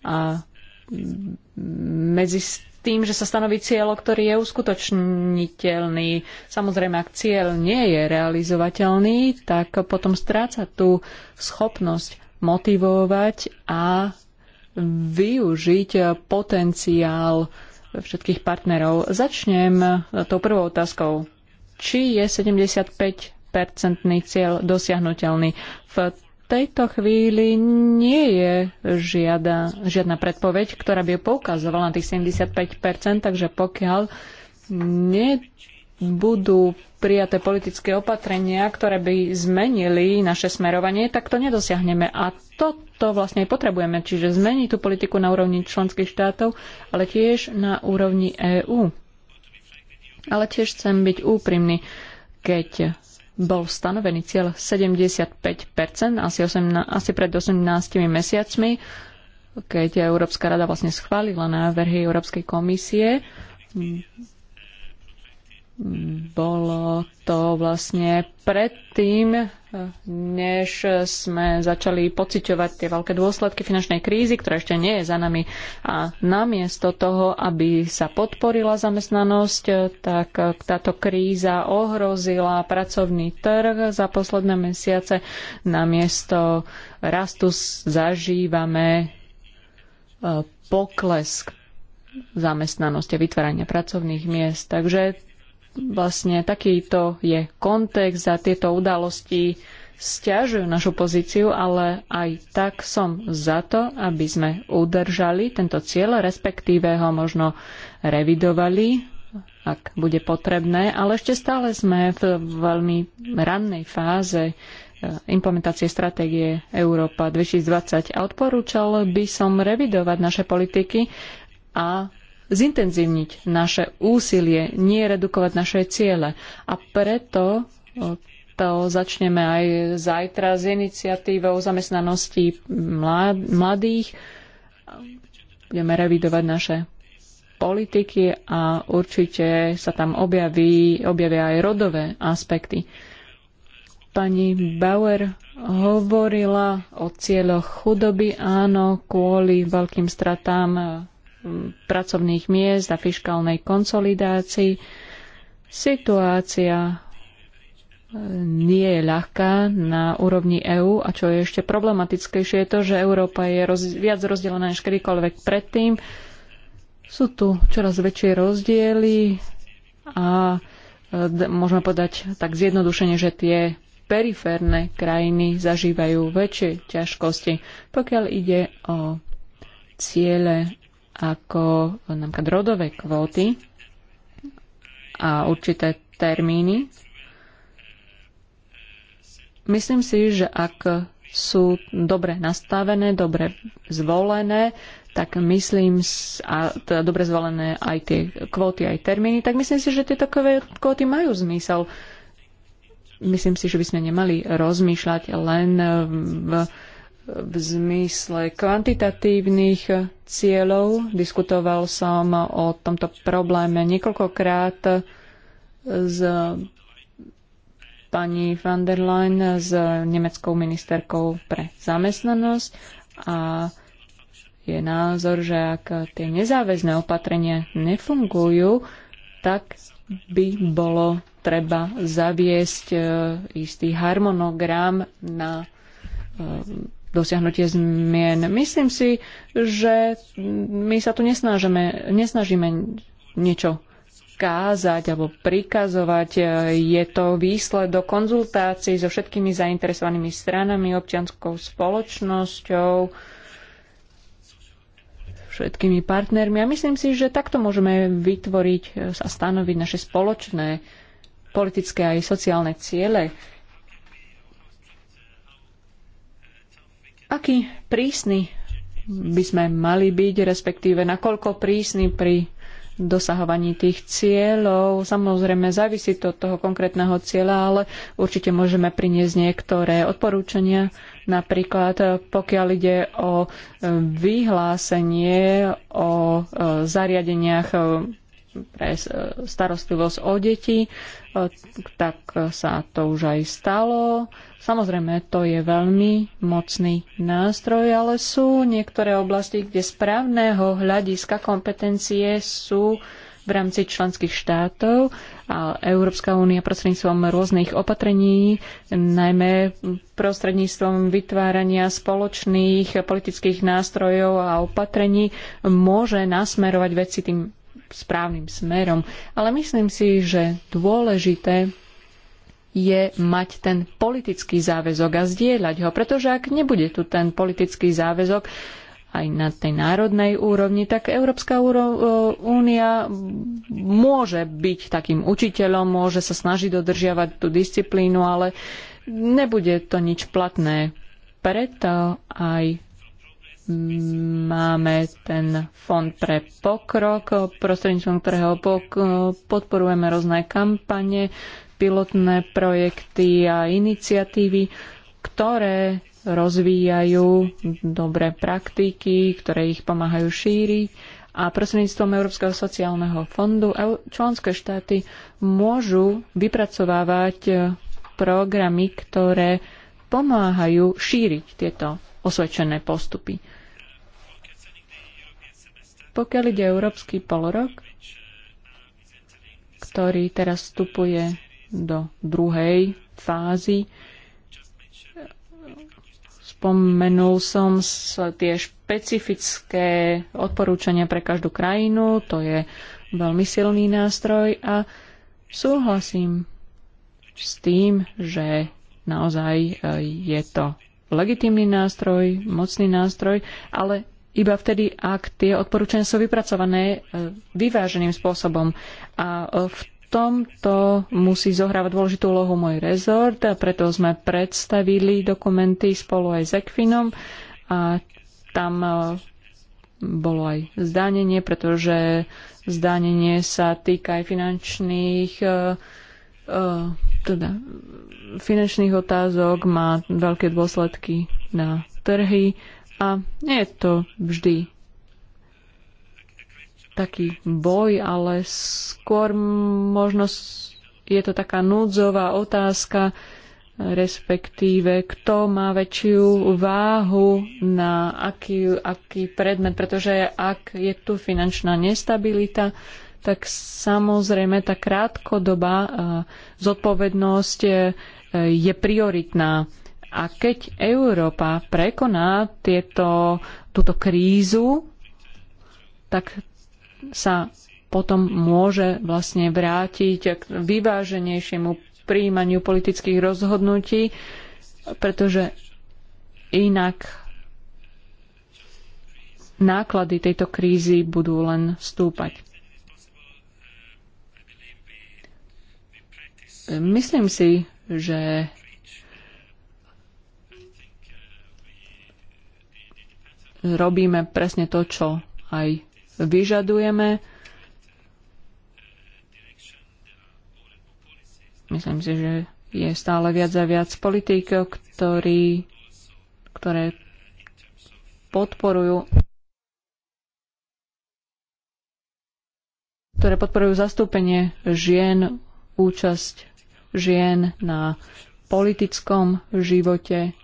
a medzi tým, že sa stanoví cieľ, ktorý je uskutočniteľný. Samozrejme, ak cieľ nie je realizovateľný, tak potom stráca tú schopnosť motivovať a využiť potenciál všetkých partnerov. Začnem tou prvou otázkou. Či je 75-percentný cieľ dosiahnutelný? V tejto chvíli nie je žiada, žiadna predpoveď, ktorá by poukazovala na tých 75%, takže pokiaľ nebudú prijaté politické opatrenia, ktoré by zmenili naše smerovanie, tak to nedosiahneme. A toto vlastne aj potrebujeme, čiže zmeniť tú politiku na úrovni členských štátov, ale tiež na úrovni EÚ. Ale tiež chcem byť úprimný, keď bol stanovený cieľ 75%, asi, 8, asi pred 18 mesiacmi, keď Európska rada vlastne schválila návrhy Európskej komisie, bolo to vlastne predtým, než sme začali pociťovať tie veľké dôsledky finančnej krízy, ktorá ešte nie je za nami. A namiesto toho, aby sa podporila zamestnanosť, tak táto kríza ohrozila pracovný trh za posledné mesiace. Namiesto rastu zažívame eh, pokles zamestnanosti a vytvárania pracovných miest. Takže Vlastne takýto je kontext a tieto udalosti stiažujú našu pozíciu, ale aj tak som za to, aby sme udržali tento cieľ, respektíve ho možno revidovali, ak bude potrebné, ale ešte stále sme v veľmi rannej fáze eh, implementácie stratégie Európa 2020 a odporúčal by som revidovať naše politiky a zintenzívniť naše úsilie, nie redukovať naše ciele. A preto to začneme aj zajtra s iniciatívou zamestnanosti mladých. Budeme revidovať naše politiky a určite sa tam objaví, objavia aj rodové aspekty. Pani Bauer hovorila o cieľoch chudoby, áno, kvôli veľkým stratám pracovných miest a fiškálnej konsolidácii. Situácia e, nie je ľahká na úrovni EÚ a čo je ešte problematickejšie je to, že Európa je roz, viac rozdelená než kedykoľvek predtým. Sú tu čoraz väčšie rozdiely a e, môžeme povedať tak zjednodušene, že tie periférne krajiny zažívajú väčšie ťažkosti. Pokiaľ ide o ciele ako napríklad rodové kvóty a určité termíny. Myslím si, že ak sú dobre nastavené, dobre zvolené, tak myslím, a teda dobre zvolené aj tie kvóty, aj termíny, tak myslím si, že tieto kvóty majú zmysel. Myslím si, že by sme nemali rozmýšľať len v v zmysle kvantitatívnych cieľov. Diskutoval som o tomto probléme niekoľkokrát s pani van der Leyen, s nemeckou ministerkou pre zamestnanosť a je názor, že ak tie nezáväzné opatrenia nefungujú, tak by bolo treba zaviesť e, istý harmonogram na e, dosiahnutie zmien. Myslím si, že my sa tu nesnažíme, nesnažíme niečo kázať alebo prikazovať. Je to výsledok konzultácií so všetkými zainteresovanými stranami, občianskou spoločnosťou, všetkými partnermi. A myslím si, že takto môžeme vytvoriť a stanoviť naše spoločné politické aj sociálne ciele aký prísny by sme mali byť, respektíve nakoľko prísny pri dosahovaní tých cieľov. Samozrejme, závisí to od toho konkrétneho cieľa, ale určite môžeme priniesť niektoré odporúčania. Napríklad, pokiaľ ide o e, vyhlásenie o e, zariadeniach e, pre starostlivosť o deti, tak sa to už aj stalo Samozrejme, to je veľmi mocný nástroj, ale sú niektoré oblasti, kde správneho hľadiska kompetencie sú v rámci členských štátov a Európska únia prostredníctvom rôznych opatrení, najmä prostredníctvom vytvárania spoločných politických nástrojov a opatrení, môže nasmerovať veci tým správnym smerom. Ale myslím si, že dôležité je mať ten politický záväzok a zdieľať ho, pretože ak nebude tu ten politický záväzok aj na tej národnej úrovni, tak Európska únia môže byť takým učiteľom, môže sa snažiť dodržiavať tú disciplínu, ale nebude to nič platné. Preto aj máme ten fond pre pokrok, prostredníctvom ktorého podporujeme rôzne kampane, pilotné projekty a iniciatívy, ktoré rozvíjajú dobré praktiky, ktoré ich pomáhajú šíriť a prostredníctvom Európskeho sociálneho fondu členské štáty môžu vypracovávať e, programy, ktoré pomáhajú šíriť tieto osvedčené postupy. Pokiaľ ide európsky polorok, ktorý teraz vstupuje do druhej fázy. Spomenul som tie špecifické odporúčania pre každú krajinu, to je veľmi silný nástroj a súhlasím s tým, že naozaj e, je to legitímny nástroj, mocný nástroj, ale iba vtedy, ak tie odporúčania sú vypracované e, vyváženým spôsobom. A e, v tomto musí zohrávať dôležitú úlohu môj rezort a preto sme predstavili dokumenty spolu aj s Ekvinom a tam e, bolo aj zdánenie, pretože zdánenie sa týka aj finančných e, e, teda finančných otázok, má veľké dôsledky na trhy a nie je to vždy taký boj, ale skôr možno je to taká núdzová otázka, respektíve kto má väčšiu váhu na aký, aký predmet, pretože ak je tu finančná nestabilita, tak samozrejme tá krátkodobá e, zodpovednosť e, je prioritná. A keď Európa prekoná tieto, túto krízu, tak sa potom môže vlastne vrátiť k vyváženejšiemu príjmaniu politických rozhodnutí, pretože inak náklady tejto krízy budú len stúpať. Myslím si, že robíme presne to, čo aj vyžadujeme. Myslím si, že je stále viac a viac politik, ktorí, ktoré podporujú ktoré podporujú zastúpenie žien, účasť žien na politickom živote.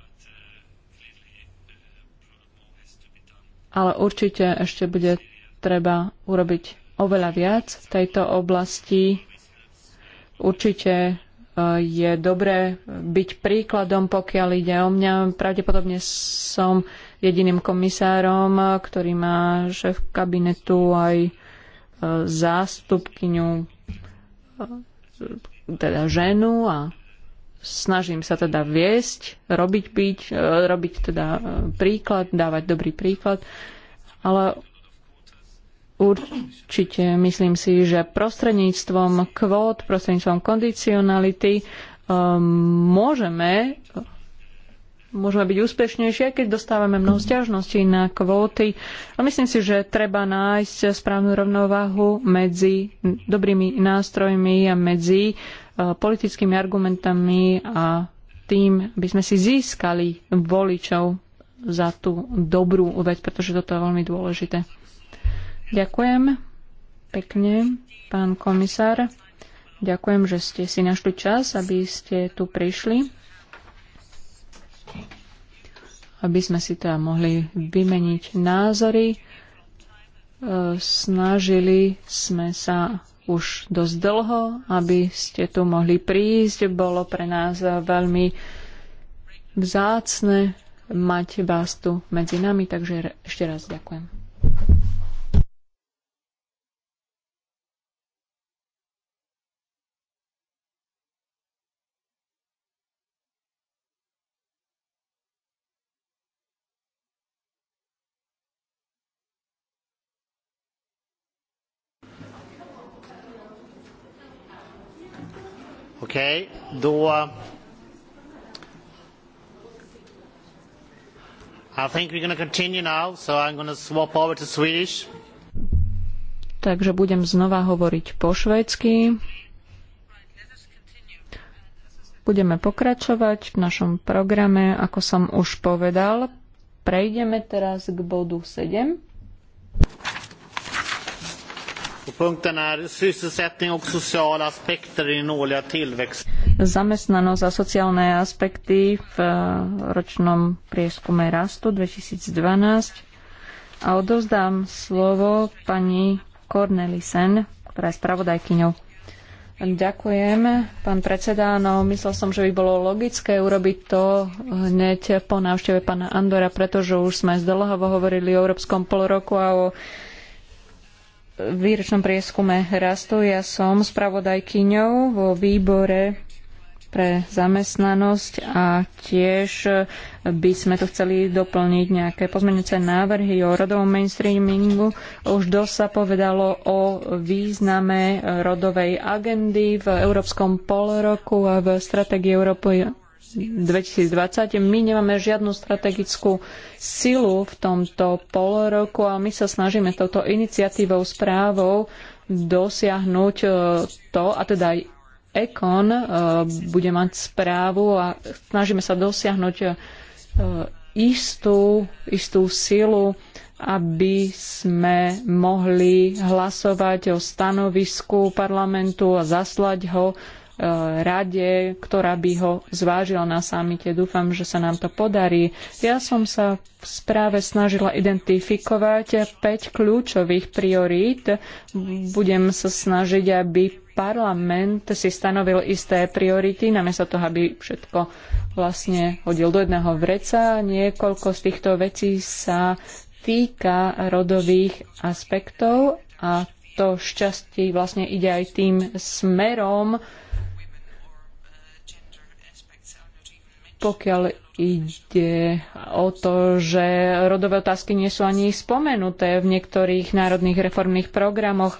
Ale určite ešte bude treba urobiť oveľa viac v tejto oblasti. Určite e, je dobré byť príkladom, pokiaľ ide o mňa. Pravdepodobne som jediným komisárom, e, ktorý má šéf kabinetu aj e, zástupkyňu, teda ženu a snažím sa teda viesť, robiť, byť, robiť teda príklad, dávať dobrý príklad, ale Určite myslím si, že prostredníctvom kvót, prostredníctvom kondicionality um, môžeme môžeme byť úspešnejšie, keď dostávame mnoho zťažností na kvóty. A myslím si, že treba nájsť správnu rovnováhu medzi dobrými nástrojmi a medzi uh, politickými argumentami a tým, aby sme si získali voličov za tú dobrú vec, pretože toto je veľmi dôležité. Ďakujem pekne, pán komisár. Ďakujem, že ste si našli čas, aby ste tu prišli. Aby sme si teda mohli vymeniť názory. E, snažili sme sa už dosť dlho, aby ste tu mohli prísť. Bolo pre nás veľmi vzácne mať vás tu medzi nami, takže ešte raz ďakujem.
Okej, okay, då... I think we're going to continue now, so I'm going to swap over to Swedish.
Takže budem znova hovoriť po švédsky. Budeme pokračovať v našom programe, ako som už povedal. Prejdeme teraz k bodu 7. Zamestnanosť a sociálne aspekty v eh, ročnom prieskume rastu 2012. A odovzdám slovo pani Cornelisen, ktorá je spravodajkyňou. Ďakujem, pán predseda. No, myslel som, že by bolo logické urobiť to hneď po návšteve pána Andora, pretože už sme zdlhovo hovorili o Európskom polroku a o výročnom prieskume rastu. Ja som spravodajkyňou vo výbore pre zamestnanosť a tiež by sme tu chceli doplniť nejaké pozmeňujúce návrhy o rodovom mainstreamingu. Už dosť sa povedalo o význame rodovej agendy v Európskom polroku a v stratégii Európy 2020. My nemáme žiadnu strategickú silu v tomto pol roku a my sa snažíme touto iniciatívou, správou dosiahnuť e, to, a teda aj Ekon e, bude mať správu a snažíme sa dosiahnuť e, istú, istú silu, aby sme mohli hlasovať o stanovisku parlamentu a zaslať ho rade, ktorá by ho zvážila na samite. Dúfam, že sa nám to podarí. Ja som sa v správe snažila identifikovať 5 kľúčových priorít. Budem sa snažiť, aby parlament si stanovil isté priority, namiesto toho, aby všetko vlastne hodil do jedného vreca. Niekoľko z týchto vecí sa týka rodových aspektov a to šťastie vlastne ide aj tým smerom, pokiaľ ide o to, že rodové otázky nie sú ani spomenuté v niektorých národných reformných programoch.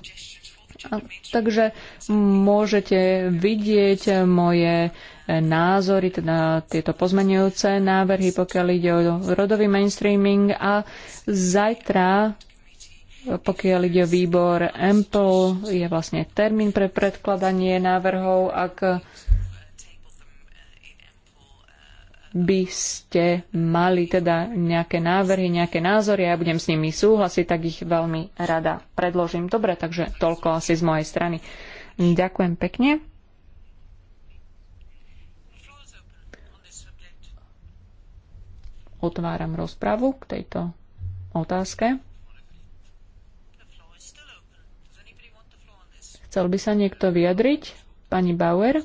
Takže môžete vidieť moje názory, teda tieto pozmenujúce návrhy, pokiaľ ide o rodový mainstreaming a zajtra pokiaľ ide o výbor MPL, je vlastne termín pre predkladanie návrhov. Ak by ste mali teda nejaké návrhy, nejaké názory a ja budem s nimi súhlasiť, tak ich veľmi rada predložím. Dobre, takže toľko asi z mojej strany. Ďakujem pekne. Otváram rozpravu k tejto otázke. Chcel by sa niekto vyjadriť? Pani Bauer?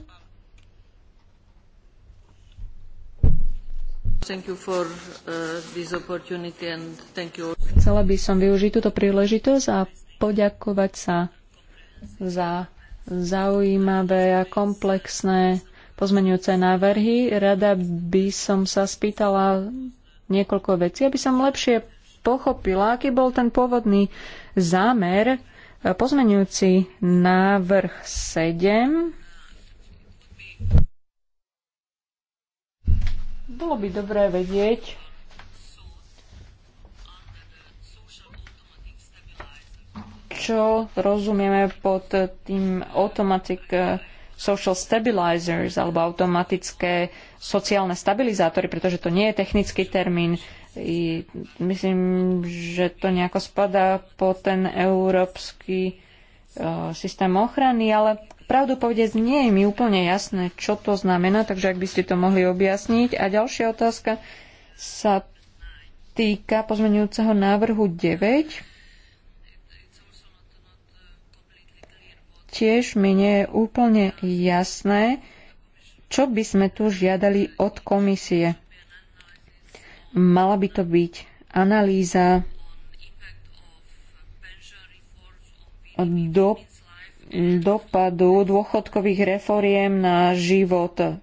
Uh, Chcela by som využiť túto príležitosť a poďakovať sa za zaujímavé a komplexné pozmenujúce návrhy. Rada by som sa spýtala niekoľko vecí, aby som lepšie pochopila, aký bol ten pôvodný zámer. Pozmenujúci návrh 7 bolo by dobré vedieť, čo rozumieme pod tým automatic eh, social stabilizers alebo automatické sociálne stabilizátory, pretože to nie je technický termín. I myslím, že to nejako spadá po ten európsky eh, systém ochrany, ale Pravdu povedec, nie je mi úplne jasné, čo to znamená, takže ak by ste to mohli objasniť. A ďalšia otázka sa týka pozmenujúceho návrhu 9. Tiež mi nie je úplne jasné, čo by sme tu žiadali od komisie. Mala by to byť analýza dopadu dopadu dôchodkových reforiem na život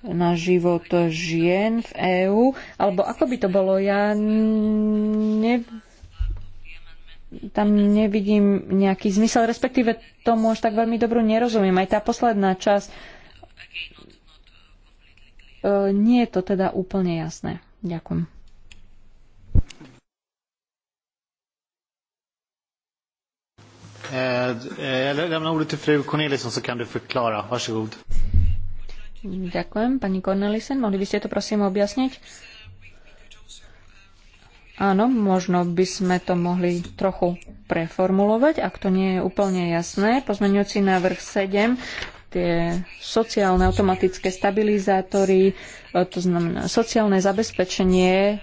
na život žien v EÚ, alebo ako by to bolo, ja ne, tam nevidím nejaký zmysel, respektíve tomu až tak veľmi dobrú nerozumiem. Aj tá posledná časť, e, nie je to teda úplne jasné. Ďakujem.
Eh, eh, jag lämnar ordet till fru Corneliusson så kan du förklara. Varsågod.
Ďakujem. Pani Cornelissen, mohli by ste to prosím objasniť? Áno, možno by sme to mohli trochu preformulovať, ak to nie je úplne jasné. Pozmeňujúci návrh 7, tie sociálne automatické stabilizátory, eh, to znamená sociálne zabezpečenie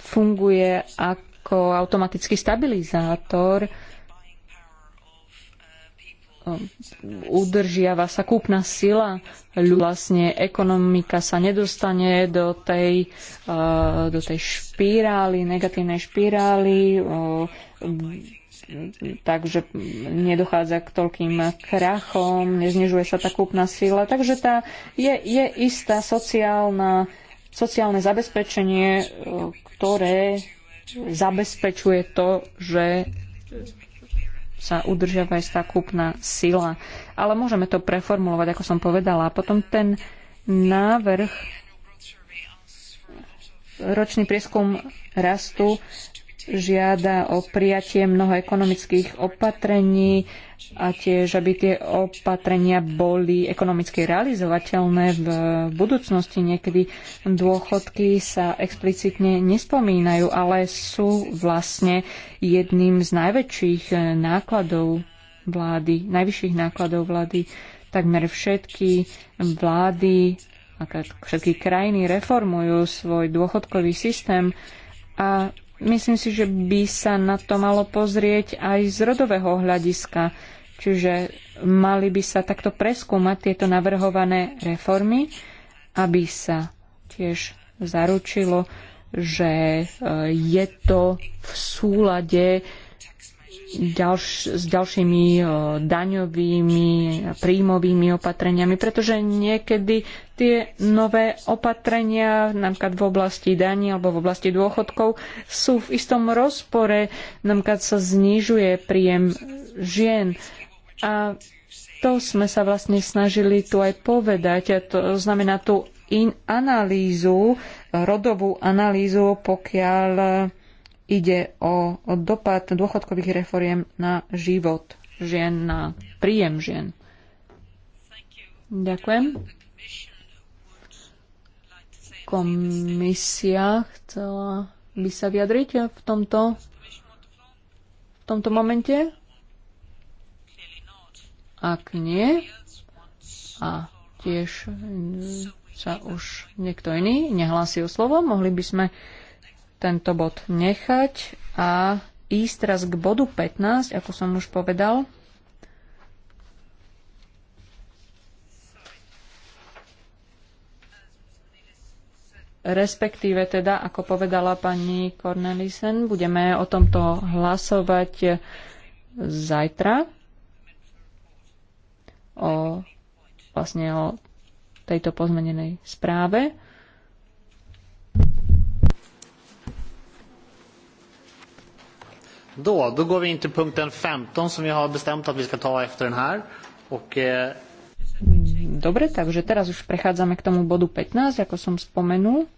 funguje ako automatický stabilizátor, udržiava sa kúpna sila, vlastne ekonomika sa nedostane do tej, eh, do tej špirály, negatívnej špirály, eh, takže nedochádza k toľkým krachom, neznižuje sa tá kúpna sila, takže tá je, je istá sociálna, sociálne zabezpečenie, eh, ktoré zabezpečuje to, že sa udržiava istá kúpna sila. Ale môžeme to preformulovať, ako som povedala. A potom ten návrh ročný prieskum rastu žiada o prijatie mnoho ekonomických opatrení, a tiež, aby tie opatrenia boli ekonomicky realizovateľné v budúcnosti. Niekedy dôchodky sa explicitne nespomínajú, ale sú vlastne jedným z najväčších nákladov vlády, najvyšších nákladov vlády. Takmer všetky vlády, všetky krajiny reformujú svoj dôchodkový systém a Myslím si, že by sa na to malo pozrieť aj z rodového hľadiska. Čiže mali by sa takto preskúmať tieto navrhované reformy, aby sa tiež zaručilo, že e, je to v súlade ďalš, s ďalšími e, daňovými príjmovými opatreniami, pretože niekedy tie nové opatrenia, napríklad v oblasti daní alebo v oblasti dôchodkov, sú v istom rozpore, napríklad sa znižuje príjem žien. A to sme sa vlastne snažili tu aj povedať. A to znamená tú in analýzu, rodovú analýzu, pokiaľ ide o, o dopad dôchodkových reforiem na život žien, na príjem žien. Ďakujem. Komisia chcela by sa vyjadriť v tomto, v tomto momente? Ak nie, a tiež sa už niekto iný nehlási o slovo, mohli by sme tento bod nechať a ísť teraz k bodu 15, ako som už povedal. respektíve teda, ako povedala pani Cornelisen, budeme o tomto hlasovať zajtra o vlastne o tejto pozmenenej správe.
Då, då går vi in till punkten 15 som vi har bestämt att vi ska ta efter den här. Och, eh...
Dobre, takže teraz už prechádzame k tomu bodu 15, ako som spomenul.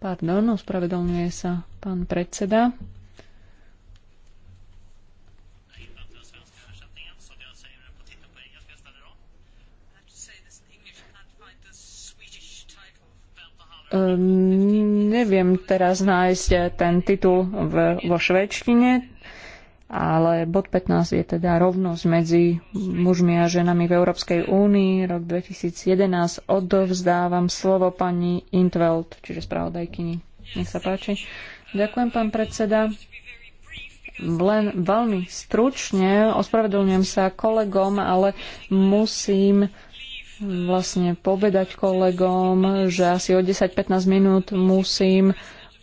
Pardon, ospravedlňuje sa pán predseda. Um, neviem teraz nájsť ten titul v, vo švedštine ale bod 15 je teda rovnosť medzi mužmi a ženami v Európskej únii. Rok 2011 odovzdávam slovo pani Intveld, čiže spravodajkyni. Nech sa páči. Ďakujem, pán predseda. Len veľmi stručne, ospravedlňujem sa kolegom, ale musím vlastne povedať kolegom, že asi o 10-15 minút musím uh,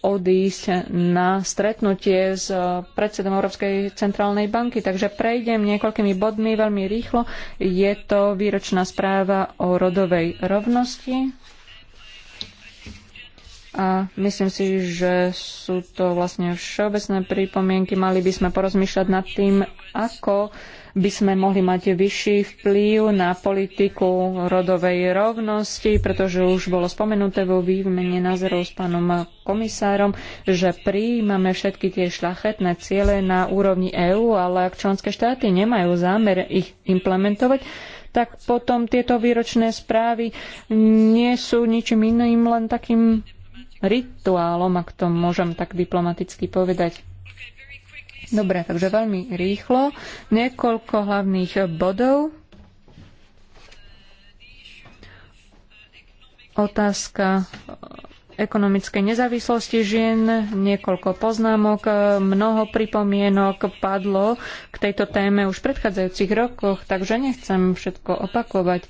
odísť na stretnutie s eh, predsedom Európskej centrálnej banky. Takže prejdem niekoľkými bodmi veľmi rýchlo. Je to výročná správa o rodovej rovnosti. A myslím si, že sú to vlastne všeobecné pripomienky, Mali by sme porozmýšľať nad tým, ako by sme mohli mať vyšší vplyv na politiku rodovej rovnosti, pretože už bolo spomenuté vo výmene názorov s pánom komisárom, že prijímame všetky tie šľachetné ciele na úrovni EÚ, ale ak členské štáty nemajú zámer ich implementovať, tak potom tieto výročné správy nie sú ničím iným, len takým rituálom, ak to môžem tak diplomaticky povedať. Dobre, takže veľmi rýchlo. Niekoľko hlavných bodov. Otázka eh, ekonomickej nezávislosti žien, niekoľko poznámok, mnoho pripomienok padlo k tejto téme už v predchádzajúcich rokoch, takže nechcem všetko opakovať.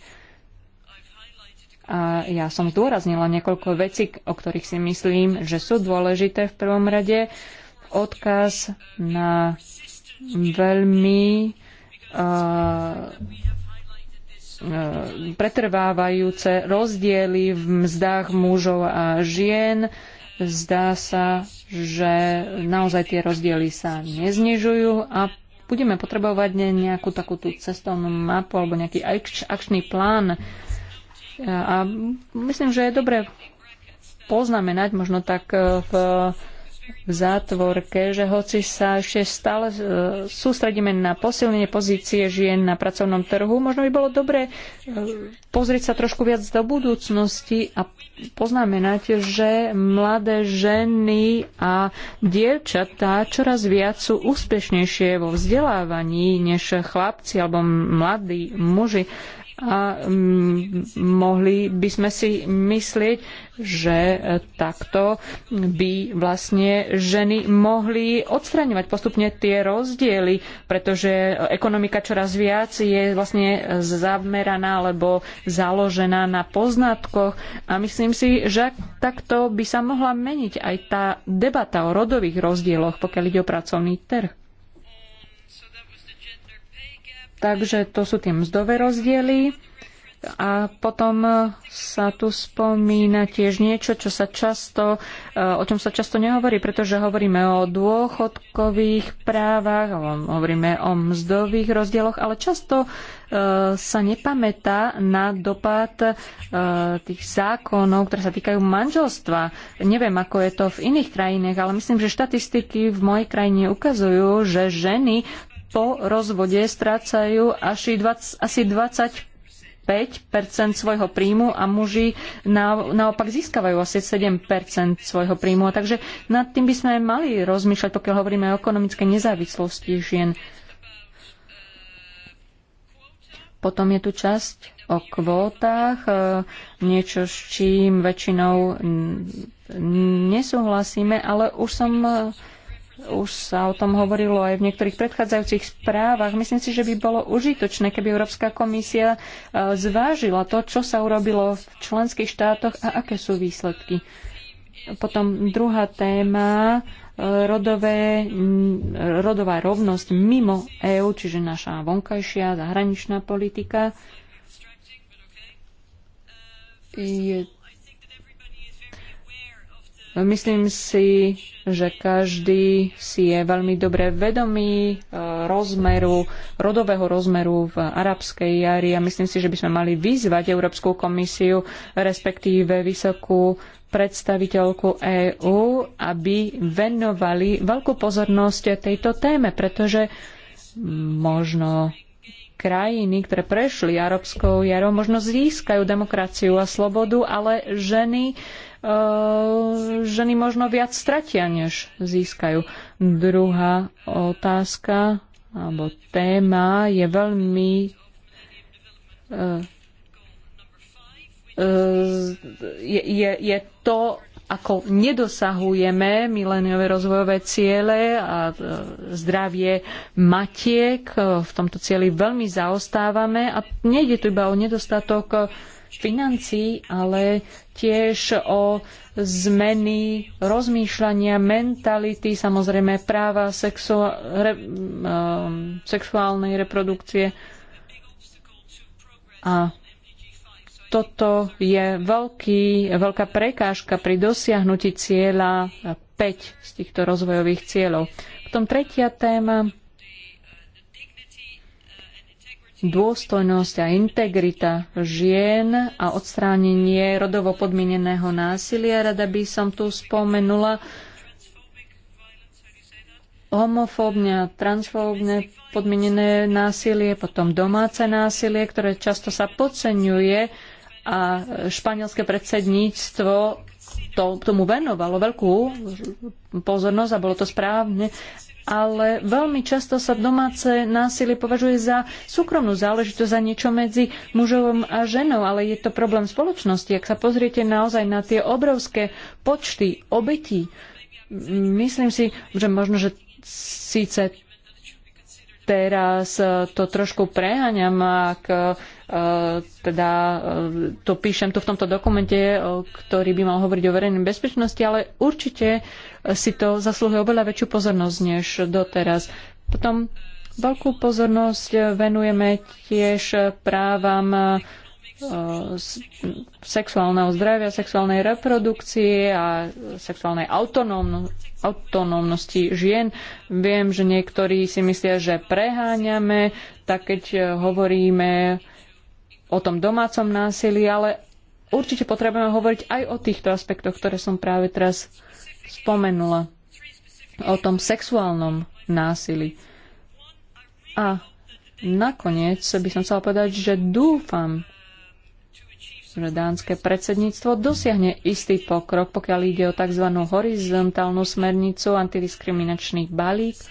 A ja som zdôraznila niekoľko vecí, o ktorých si myslím, že sú dôležité v prvom rade. Odkaz na veľmi uh, pretrvávajúce rozdiely v mzdách mužov a žien. Zdá sa, že naozaj tie rozdiely sa neznižujú a budeme potrebovať nejakú takú tú cestovnú mapu alebo nejaký akčný plán a myslím, že je dobre poznamenať možno tak v, e, v zátvorke, že hoci sa ešte stále e, sústredíme na posilnenie pozície žien na pracovnom trhu, možno by bolo dobre e, pozrieť sa trošku viac do budúcnosti a poznamenať, že mladé ženy a dievčatá čoraz viac sú úspešnejšie vo vzdelávaní než chlapci alebo mladí muži a mm, mohli by sme si myslieť, že takto by vlastne ženy mohli odstraňovať postupne tie rozdiely, pretože ekonomika čoraz viac je vlastne zameraná alebo založená na poznatkoch a myslím si, že takto by sa mohla meniť aj tá debata o rodových rozdieloch, pokiaľ ide o pracovný trh. Takže to sú tie mzdové rozdiely. A potom sa tu spomína tiež niečo, čo sa často, eh, o čom sa často nehovorí, pretože hovoríme o dôchodkových právach, hovoríme o mzdových rozdieloch, ale často eh, sa nepamätá na dopad eh, tých zákonov, ktoré sa týkajú manželstva. Neviem, ako je to v iných krajinách, ale myslím, že štatistiky v mojej krajine ukazujú, že ženy po rozvode strácajú až 20, asi 20 5 svojho príjmu a muži na, naopak získavajú asi 7 svojho príjmu. A takže nad tým by sme mali rozmýšľať, pokiaľ hovoríme o ekonomickej nezávislosti žien. Potom je tu časť o kvótach, e, niečo s čím väčšinou nesúhlasíme, ale už som e, už sa o tom hovorilo aj v niektorých predchádzajúcich správach. Myslím si, že by bolo užitočné, keby Európska komisia e, zvážila to, čo sa urobilo v členských štátoch a aké sú výsledky. Potom druhá téma, e, rodové, rodová rovnosť mimo EÚ, čiže naša vonkajšia zahraničná politika. Je Myslím si, že každý si je veľmi dobre vedomý eh, rozmeru, rodového rozmeru v arabskej jari a myslím si, že by sme mali vyzvať Európsku komisiu, respektíve vysokú predstaviteľku EÚ, aby venovali veľkú pozornosť tejto téme, pretože možno krajiny, ktoré prešli arabskou jarou, možno získajú demokraciu a slobodu, ale ženy Eh, ženy možno viac stratia, než získajú. Druhá otázka alebo téma je veľmi je, eh, eh, je, je to, ako nedosahujeme miléniové rozvojové ciele a zdravie matiek. V tomto cieli veľmi zaostávame a nejde tu iba o nedostatok financií, ale tiež o zmeny rozmýšľania, mentality, samozrejme práva sexu, re, uh, sexuálnej reprodukcie. A toto je veľký, veľká prekážka pri dosiahnutí cieľa 5 z týchto rozvojových cieľov. Potom tretia téma dôstojnosť a integrita žien a odstránenie rodovo podmieneného násilia. Rada by som tu spomenula homofóbne a transfóbne podmienené násilie, potom domáce násilie, ktoré často sa podceňuje a španielské predsedníctvo to, tomu venovalo veľkú pozornosť a bolo to správne, ale veľmi často sa domáce násilie považuje za súkromnú záležitosť, za niečo medzi mužom a ženou, ale je to problém spoločnosti. Ak sa pozriete naozaj na tie obrovské počty obetí, myslím si, že možno, že síce teraz to trošku preháňam, ak Eh, teda eh, to píšem tu v tomto dokumente, eh, ktorý by mal hovoriť o verejnej bezpečnosti, ale určite si to zaslúhuje oveľa väčšiu pozornosť než doteraz. Potom veľkú pozornosť venujeme tiež právam sexuálneho zdravia, sexuálnej reprodukcie a sexuálnej autonómno, autonómnosti žien. Viem, že niektorí si myslia, že preháňame, tak keď hovoríme o tom domácom násilí, ale určite potrebujeme hovoriť aj o týchto aspektoch, ktoré som práve teraz spomenula. O tom sexuálnom násilí. A nakoniec by som chcela povedať, že dúfam, že dánske predsedníctvo dosiahne istý pokrok, pokiaľ ide o tzv. horizontálnu smernicu, antidiskriminačný balík.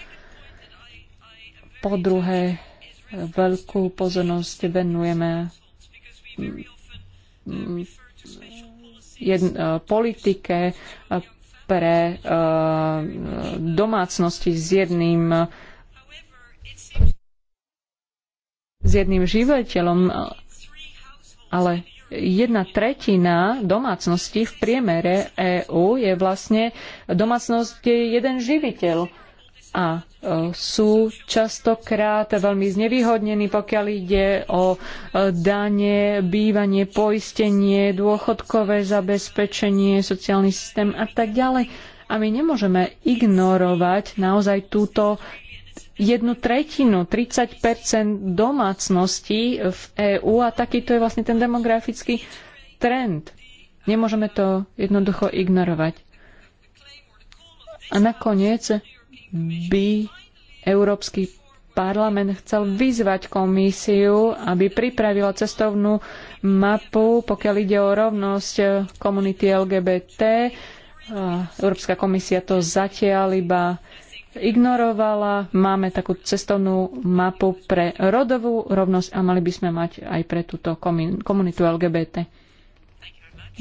Po druhé, veľkú pozornosť venujeme jedn, eh, politike eh, pre eh, domácnosti s jedným s jedným živiteľom, ale jedna tretina domácností v priemere EÚ je vlastne domácnosť, kde je jeden živiteľ. A sú častokrát veľmi znevýhodnení, pokiaľ ide o e, dane, bývanie, poistenie, dôchodkové zabezpečenie, sociálny systém a tak ďalej. A my nemôžeme ignorovať naozaj túto jednu tretinu, 30 domácností v EÚ a takýto je vlastne ten demografický trend. Nemôžeme to jednoducho ignorovať. A nakoniec by Európsky parlament chcel vyzvať komisiu, aby pripravila cestovnú mapu, pokiaľ ide o rovnosť komunity LGBT. Európska komisia to zatiaľ iba ignorovala. Máme takú cestovnú mapu pre rodovú rovnosť a mali by sme mať aj pre túto komunitu LGBT.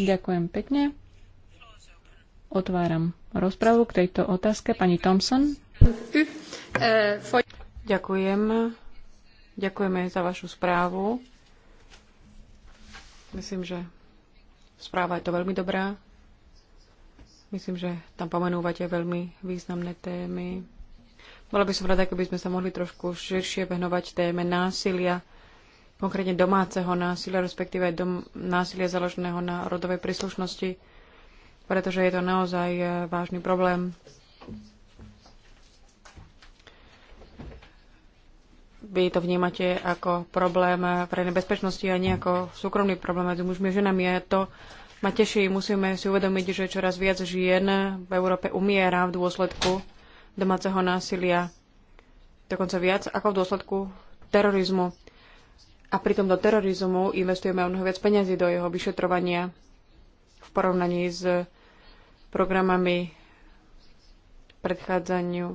Ďakujem pekne. Otváram rozpravu k tejto otázke. Pani Thompson.
Ďakujem. Ďakujeme za vašu správu. Myslím, že správa je to veľmi dobrá. Myslím, že tam pomenúvate veľmi významné témy. Bola by som rada, keby sme sa mohli trošku širšie venovať téme násilia, konkrétne domáceho násilia, respektíve dom- násilia založeného na rodovej príslušnosti pretože je to naozaj e, vážny problém. Vy to vnímate ako problém verejnej bezpečnosti a nie ako súkromný problém medzi mužmi a ženami. A to ma teší. Musíme si uvedomiť, že čoraz viac žien v Európe umiera v dôsledku domáceho násilia. Dokonca viac ako v dôsledku terorizmu. A pritom do terorizmu investujeme mnoho viac peniazy do jeho vyšetrovania v porovnaní s programami predchádzaniu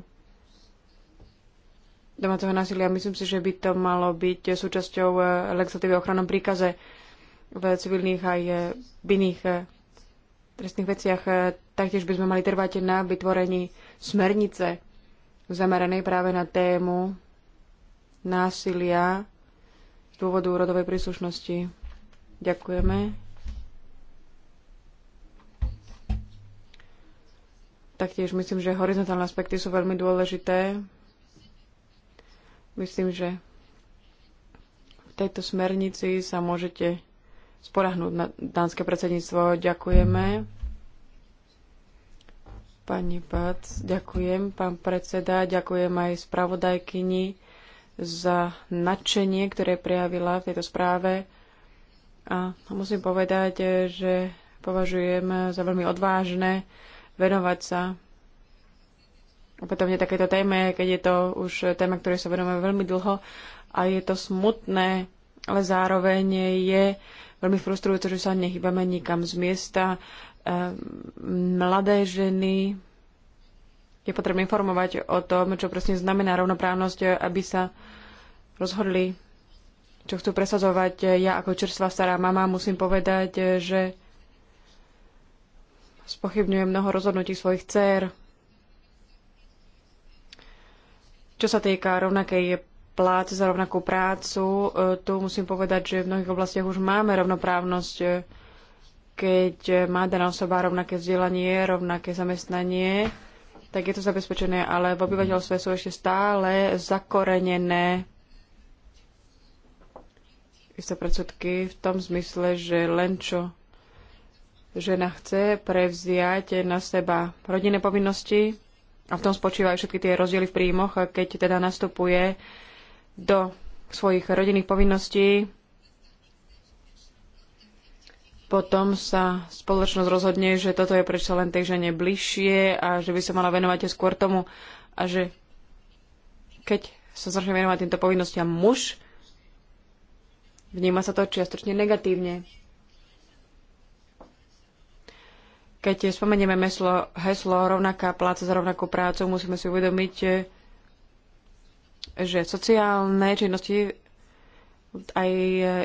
domáceho násilia. Myslím si, že by to malo byť súčasťou eh, legislatívy ochranom ochrannom príkaze v civilných aj eh, v iných eh, trestných veciach. Taktiež by sme mali trvať na vytvorení smernice zameranej práve na tému násilia z dôvodu rodovej príslušnosti. Ďakujeme. Taktiež myslím, že horizontálne aspekty sú veľmi dôležité. Myslím, že v tejto smernici sa môžete sporahnúť na dánske predsedníctvo. Ďakujeme. Pani Pac, ďakujem, pán predseda, ďakujem aj spravodajkyni za nadšenie, ktoré prejavila v tejto správe. A musím povedať, že považujem za veľmi odvážne venovať sa opätovne takéto téme, keď je to už téma, ktorej sa venujeme veľmi dlho a je to smutné, ale zároveň je veľmi frustrujúce, že sa nechybame nikam z miesta. Ehm, mladé ženy je potrebné informovať o tom, čo presne znamená rovnoprávnosť, aby sa rozhodli, čo chcú presazovať. Ja ako čerstvá stará mama musím povedať, že spochybňuje mnoho rozhodnutí svojich dcer. Čo sa týka rovnakej plát za rovnakú prácu, e, tu musím povedať, že v mnohých oblastiach už máme rovnoprávnosť, e, keď má daná osoba rovnaké vzdelanie, rovnaké zamestnanie, tak je to zabezpečené, ale v obyvateľstve sú ešte stále zakorenené isté predsudky v tom zmysle, že len čo žena chce prevziať na seba rodinné povinnosti a v tom spočívajú všetky tie rozdiely v príjmoch, keď teda nastupuje do svojich rodinných povinností, potom sa spoločnosť rozhodne, že toto je prečo len tej žene bližšie a že by sa mala venovať skôr tomu a že keď sa začne venovať týmto povinnostiam muž, vníma sa to čiastočne negatívne Keď spomenieme meslo, heslo rovnaká pláca za rovnakú prácu, musíme si uvedomiť, že sociálne činnosti aj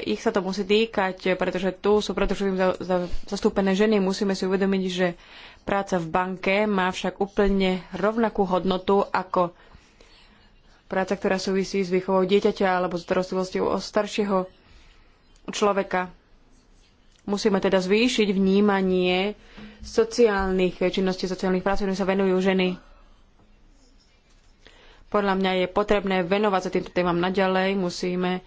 ich sa to musí týkať, pretože tu sú predovšetkým zastúpené ženy. Musíme si uvedomiť, že práca v banke má však úplne rovnakú hodnotu ako práca, ktorá súvisí s výchovou dieťaťa alebo starostlivosťou o staršieho človeka. Musíme teda zvýšiť vnímanie sociálnych činností, sociálnych prác, ktorým sa venujú ženy. Podľa mňa je potrebné venovať sa týmto témam naďalej. Musíme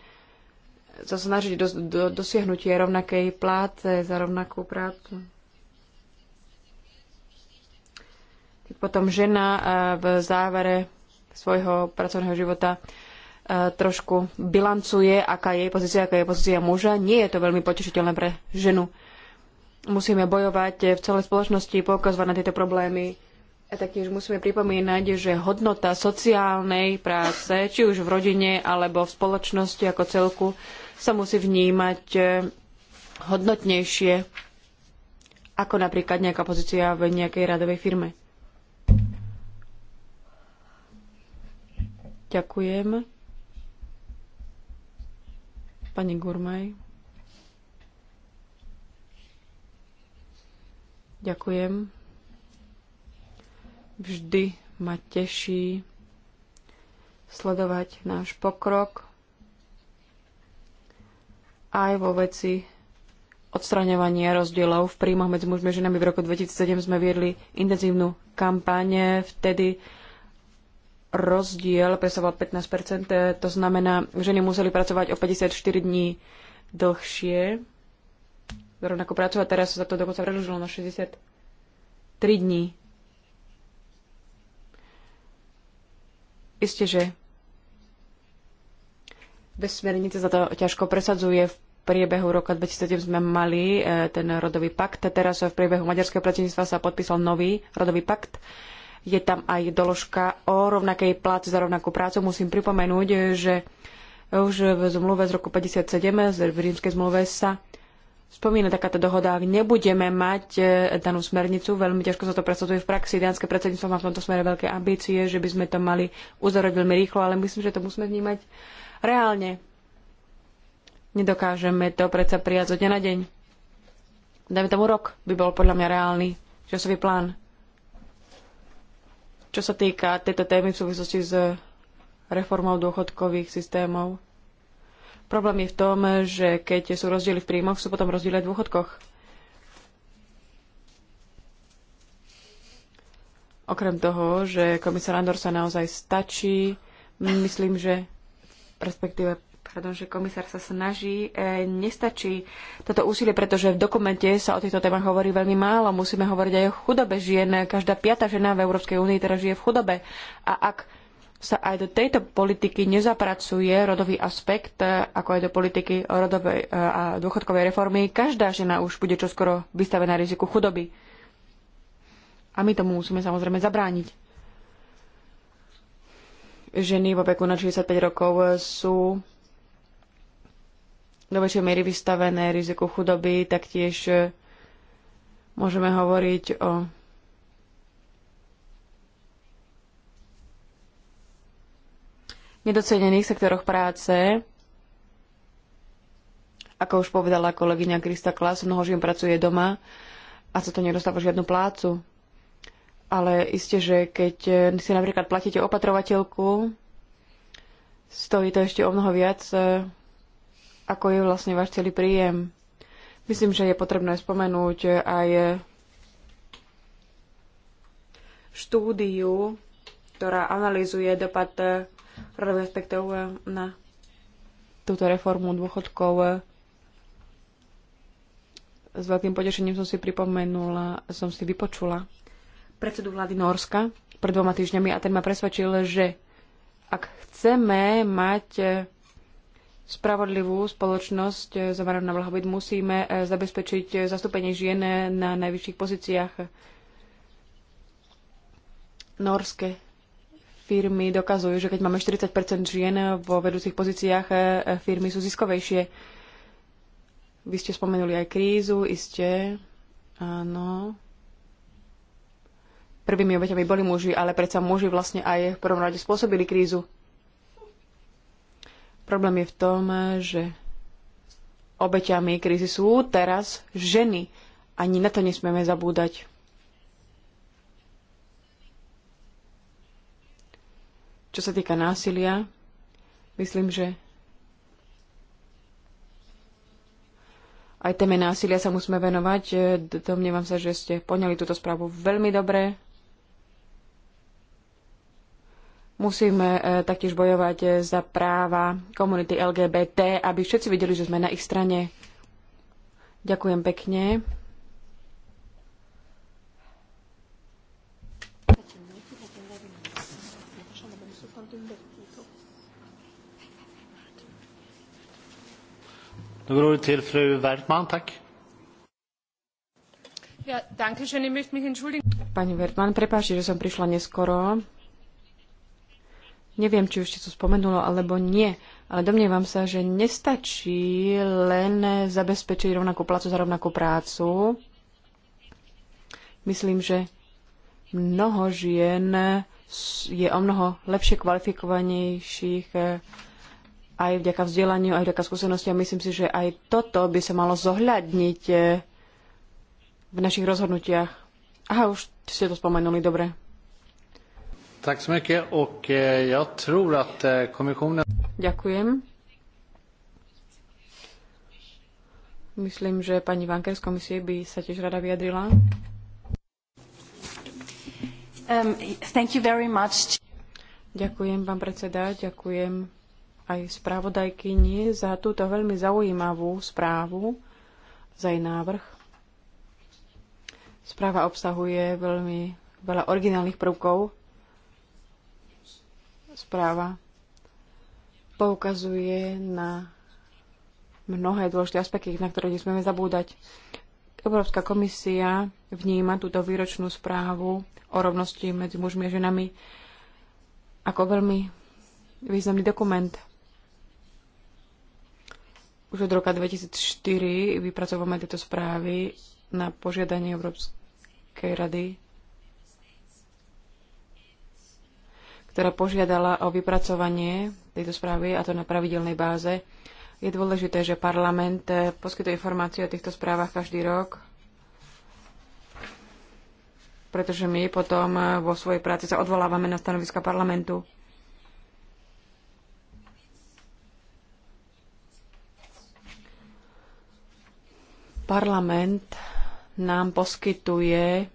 sa snažiť do, do, dosiahnutie rovnakej pláce za rovnakú prácu. potom žena eh, v závere svojho pracovného života E, trošku bilancuje, aká je jej pozícia, aká je pozícia muža. Nie je to veľmi potešiteľné pre ženu. Musíme bojovať v celej spoločnosti, poukazovať na tieto problémy. A taktiež musíme pripomínať, že hodnota sociálnej práce, či už v rodine alebo v spoločnosti ako celku, sa musí vnímať e, hodnotnejšie ako napríklad nejaká pozícia v nejakej radovej firme. Ďakujem. Pani Gurmaj. Ďakujem. Vždy ma teší sledovať náš pokrok aj vo veci odstraňovania rozdielov v príjmoch medzi mužmi a ženami. V roku 2007 sme viedli intenzívnu kampáne, vtedy rozdiel presahoval 15%, to znamená, ženy museli pracovať o 54 dní dlhšie, rovnako pracovať, teraz sa to dokonca predlžilo na 63 dní. Isté, že bez smernice sa to ťažko presadzuje. V priebehu roka 2007 sme mali eh, ten rodový pakt, teraz v priebehu maďarského predsedníctva sa podpísal nový rodový pakt je tam aj doložka o rovnakej pláci za rovnakú prácu. Musím pripomenúť, že už v zmluve z roku 57, v rímskej zmluve sa spomína takáto dohoda, ak nebudeme mať e, danú smernicu, veľmi ťažko sa to presadzuje v praxi. Dánske predsedníctvo má v tomto smere veľké ambície, že by sme to mali uzoroť veľmi rýchlo, ale myslím, že to musíme vnímať reálne. Nedokážeme to predsa prijať zo dňa na deň. Dajme tomu rok by bol podľa mňa reálny časový plán čo sa týka tejto témy v súvislosti s reformou dôchodkových systémov. Problém je v tom, že keď sú rozdiely v príjmoch, sú potom rozdiely v dôchodkoch. Okrem toho, že komisár Andor sa naozaj stačí, myslím, že v perspektíve pardon, že komisár sa snaží, e, nestačí toto úsilie, pretože v dokumente sa o týchto témach hovorí veľmi málo. Musíme hovoriť aj o chudobe žien. Každá piata žena v Európskej únii teraz žije v chudobe. A ak sa aj do tejto politiky nezapracuje rodový aspekt, e, ako aj do politiky rodovej e, a dôchodkovej reformy, každá žena už bude čoskoro vystavená riziku chudoby. A my tomu musíme samozrejme zabrániť. Ženy vo veku na 65 rokov sú do väčšej miery vystavené riziku chudoby, taktiež e, môžeme hovoriť o nedocenených sektoroch práce. Ako už povedala kolegyňa Krista Klas, mnoho žien pracuje doma a sa to nedostáva žiadnu plácu. Ale isté, že keď e, si napríklad platíte opatrovateľku, stojí to ešte o mnoho viac e, ako je vlastne váš celý príjem. Myslím, že je potrebné spomenúť aj štúdiu, ktorá analýzuje dopad rozpektov na túto reformu dôchodkov. S veľkým potešením som si pripomenula, som si vypočula predsedu vlády Norska pred dvoma týždňami a ten ma presvedčil, že ak chceme mať spravodlivú spoločnosť eh, zameranú na blahobyt musíme eh, zabezpečiť eh, zastúpenie žien na najvyšších pozíciách. Norské firmy dokazujú, že keď máme 40 žien vo vedúcich pozíciách, firmy sú ziskovejšie. Vy ste spomenuli aj krízu, iste. Áno. Prvými obeťami boli muži, ale predsa muži vlastne aj v prvom rade spôsobili krízu Problém je v tom, že obeťami krízy sú teraz ženy. Ani na to nesmieme zabúdať. Čo sa týka násilia, myslím, že aj téme násilia sa musíme venovať. Domnievam sa, že ste poňali túto správu veľmi dobre. Musíme e, taktiež bojovať e, za práva komunity LGBT, aby všetci videli, že sme na ich strane. Ďakujem pekne. Pani Wertmann, prepáčte, že som prišla neskoro. Neviem, či už ste to spomenulo alebo nie, ale domnievam sa, že nestačí len zabezpečiť rovnakú placu za rovnakú prácu. Myslím, že mnoho žien je o mnoho lepšie kvalifikovanejších eh, aj vďaka vzdelaniu, aj vďaka skúsenosti a myslím si, že aj toto by sa malo zohľadniť eh, v našich rozhodnutiach. Aha, už ste to spomenuli, dobre.
Eh, eh,
ďakujem. Myslím, že pani Vanker z komisie by sa tiež rada vyjadrila. Um, ďakujem, pán predseda, ďakujem aj spravodajkyni za túto veľmi zaujímavú správu, za jej návrh. Správa obsahuje veľmi veľa originálnych prvkov, správa poukazuje na mnohé dôležité aspekty, na ktoré nesmieme zabúdať. Európska komisia vníma túto výročnú správu o rovnosti medzi mužmi a ženami ako veľmi významný dokument. Už od roka 2004 vypracovame tieto správy na požiadanie Európskej rady ktorá požiadala o vypracovanie tejto správy, a to na pravidelnej báze. Je dôležité, že parlament eh, poskytuje informácie o týchto správach každý rok, pretože my potom eh, vo svojej práci sa odvolávame na stanoviska parlamentu. Parlament nám poskytuje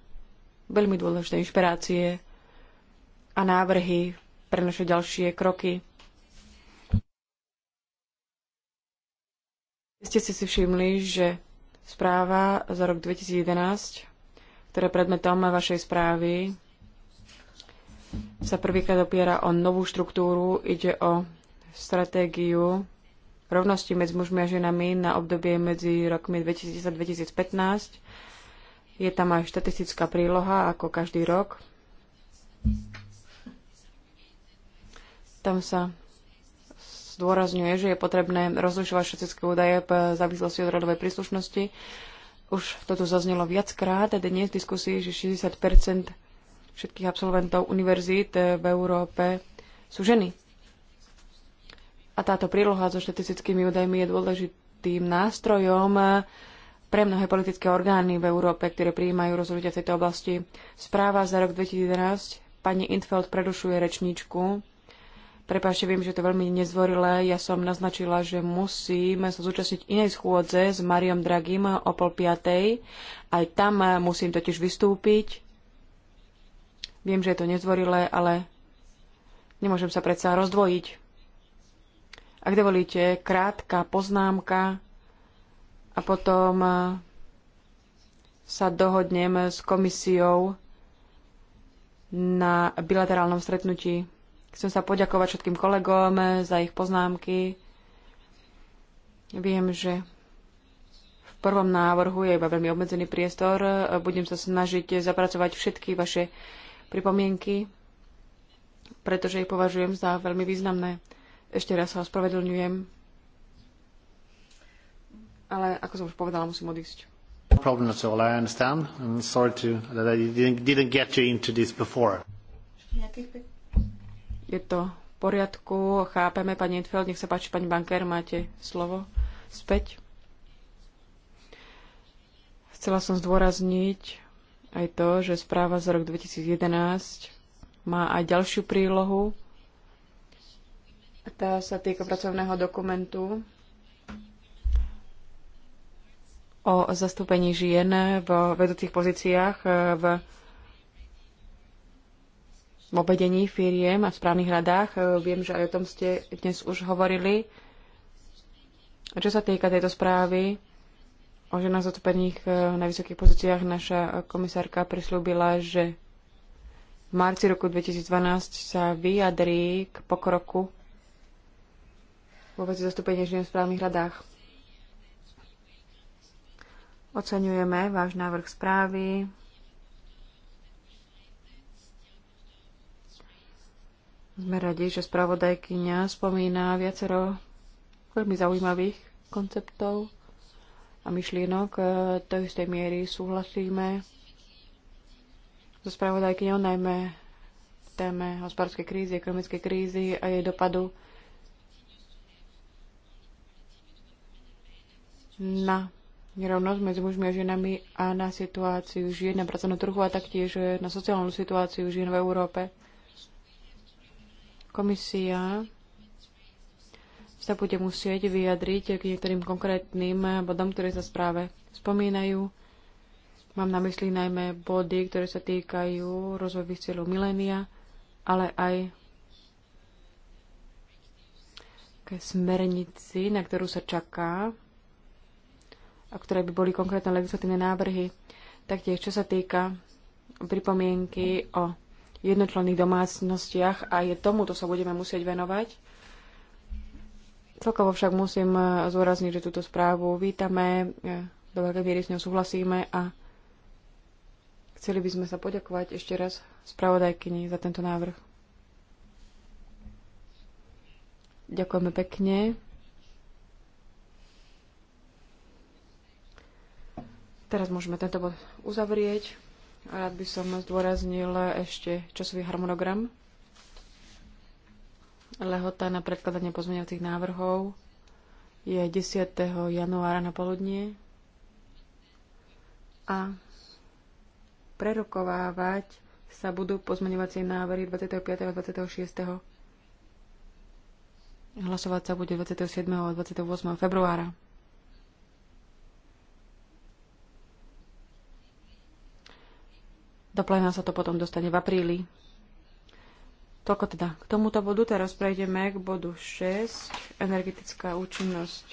veľmi dôležité inšpirácie a návrhy pre naše ďalšie kroky. Ste si si všimli, že správa za rok 2011, ktorá predmetom vašej správy, sa prvýkrát opiera o novú štruktúru, ide o stratégiu rovnosti medzi mužmi a ženami na obdobie medzi rokmi 2010-2015. Je tam aj štatistická príloha, ako každý rok. Tam sa zdôrazňuje, že je potrebné rozlišovať všetky údaje v závislosti od rodovej príslušnosti. Už toto zaznelo viackrát a dnes v diskusii, že 60 všetkých absolventov univerzít v Európe sú ženy. A táto príloha so štatistickými údajmi je dôležitým nástrojom pre mnohé politické orgány v Európe, ktoré prijímajú rozhodnutia v tejto oblasti. Správa za rok 2011 pani Intfeld prerušuje rečníčku Prepáčte, viem, že to veľmi nezvorilé. Ja som naznačila, že musíme sa zúčastniť inej schôdze s Mariom Dragim o pol piatej. Aj tam musím totiž vystúpiť. Viem, že je to nezvorilé, ale nemôžem sa predsa rozdvojiť. Ak dovolíte, krátka poznámka a potom eh, sa dohodnem s komisiou na bilaterálnom stretnutí Chcem sa poďakovať všetkým kolegom eh, za ich poznámky. Viem, že v prvom návrhu je iba veľmi obmedzený priestor. Eh, Budem sa snažiť zapracovať všetky vaše pripomienky, pretože ich považujem za veľmi významné. Ešte raz sa ospravedlňujem. Ale ako som už povedala, musím odísť.
No problem at all, I understand. I'm sorry to, that I didn't, didn't get you into this before.
Je to v poriadku, chápeme. Pani Enfield, nech sa páči, pani bankér, máte slovo späť. Chcela som zdôrazniť aj to, že správa z roku 2011 má aj ďalšiu prílohu. Tá sa týka pracovného dokumentu o zastúpení žien v vedúcich pozíciách eh, v obedení firiem a v správnych radách. E, viem, že aj o tom ste dnes už hovorili. A čo sa týka tejto správy o ženách zotopených e, na vysokých pozíciách, naša komisárka prislúbila, že v marci roku 2012 sa vyjadrí k pokroku vo veci zastúpenia žien v správnych radách. Oceňujeme váš návrh správy. Sme radi, že spravodajkyňa spomína viacero veľmi zaujímavých konceptov a myšlienok. to e, istej miery súhlasíme so spravodajkyňou, najmä v téme hospodárskej krízy, ekonomickej krízy a jej dopadu na nerovnosť medzi mužmi a ženami a na situáciu žien na pracovnom trhu a taktiež na sociálnu situáciu žien v Európe. Komisia sa bude musieť vyjadriť k niektorým konkrétnym bodom, ktoré sa správe spomínajú. Mám na mysli najmä body, ktoré sa týkajú rozvojových cieľov milénia, ale aj k smernici, na ktorú sa čaká a ktoré by boli konkrétne legislatívne návrhy. Taktiež, čo sa týka pripomienky o jednotlivých domácnostiach a je tomuto sa budeme musieť venovať. Celkovo však musím eh, zúrazniť, že túto správu vítame, eh, do veľkej miery s ňou súhlasíme a chceli by sme sa poďakovať ešte raz spravodajkyni za tento návrh. Ďakujeme pekne. Teraz môžeme tento bod uzavrieť. Rád by som zdôraznil ešte časový harmonogram. Lehota na predkladanie pozmeňovacích návrhov je 10. januára na poludnie a prerokovávať sa budú pozmeňovacie návrhy 25. a 26. Hlasovať sa bude 27. a 28. februára. Do plena sa to potom dostane v apríli. Toľko teda. K tomuto bodu teraz prejdeme k bodu 6. Energetická účinnosť.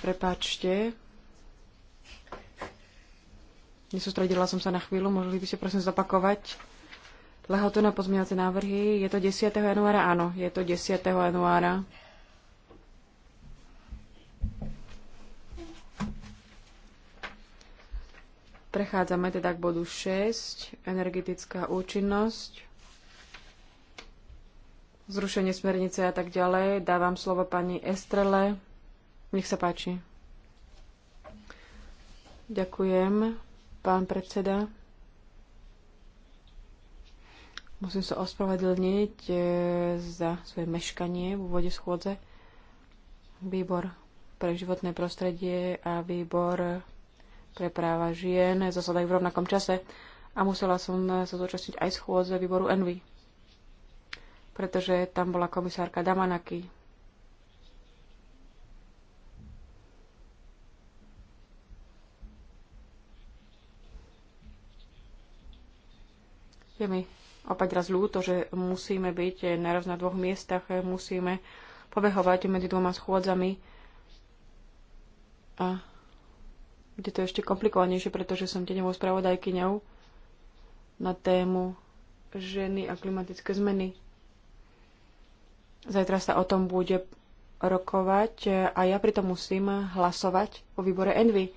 Prepáčte. Nesústredila som sa na chvíľu. Mohli by ste prosím zopakovať lehotu na pozmeňovacie návrhy. Je to 10. januára? Áno, je to 10. januára. Prechádzame teda k bodu 6, energetická účinnosť, zrušenie smernice a tak ďalej. Dávam slovo pani Estrele. Nech sa páči. Ďakujem, pán predseda. Musím sa ospravedlniť e, za svoje meškanie v úvode schôdze. Výbor pre životné prostredie a výbor pre práva žien zasadajú v rovnakom čase a musela som sa zúčastniť aj schôdze výboru Envy, pretože tam bola komisárka Damanaki. Je mi opäť raz ľúto, že musíme byť naraz na dvoch miestach, musíme pobehovať medzi dvoma schôdzami a bude to ešte komplikovanejšie, pretože som tenevou spravodajkyňou na tému ženy a klimatické zmeny. Zajtra sa o tom bude rokovať a ja pritom musím hlasovať o výbore Envy.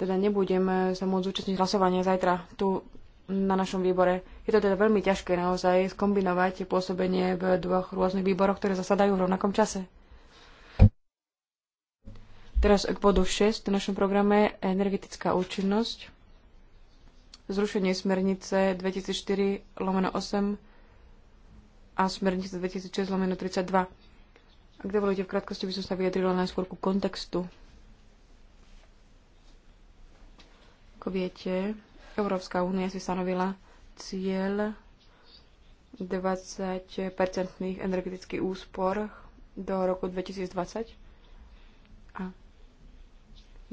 Teda nebudem sa môcť zúčastniť hlasovania zajtra tu na našom výbore. Je to teda veľmi ťažké naozaj skombinovať pôsobenie v dvoch rôznych výboroch, ktoré zasadajú v rovnakom čase. Teraz k bodu 6 v našom programe energetická účinnosť. Zrušenie smernice 2004 lomeno 8 a smernice 2006 lomeno 32. Ak dovolíte, v krátkosti by som sa vyjadrila najskôr ku kontextu. Ako viete, Európska únia si stanovila cieľ 20 energetických úspor do roku 2020 a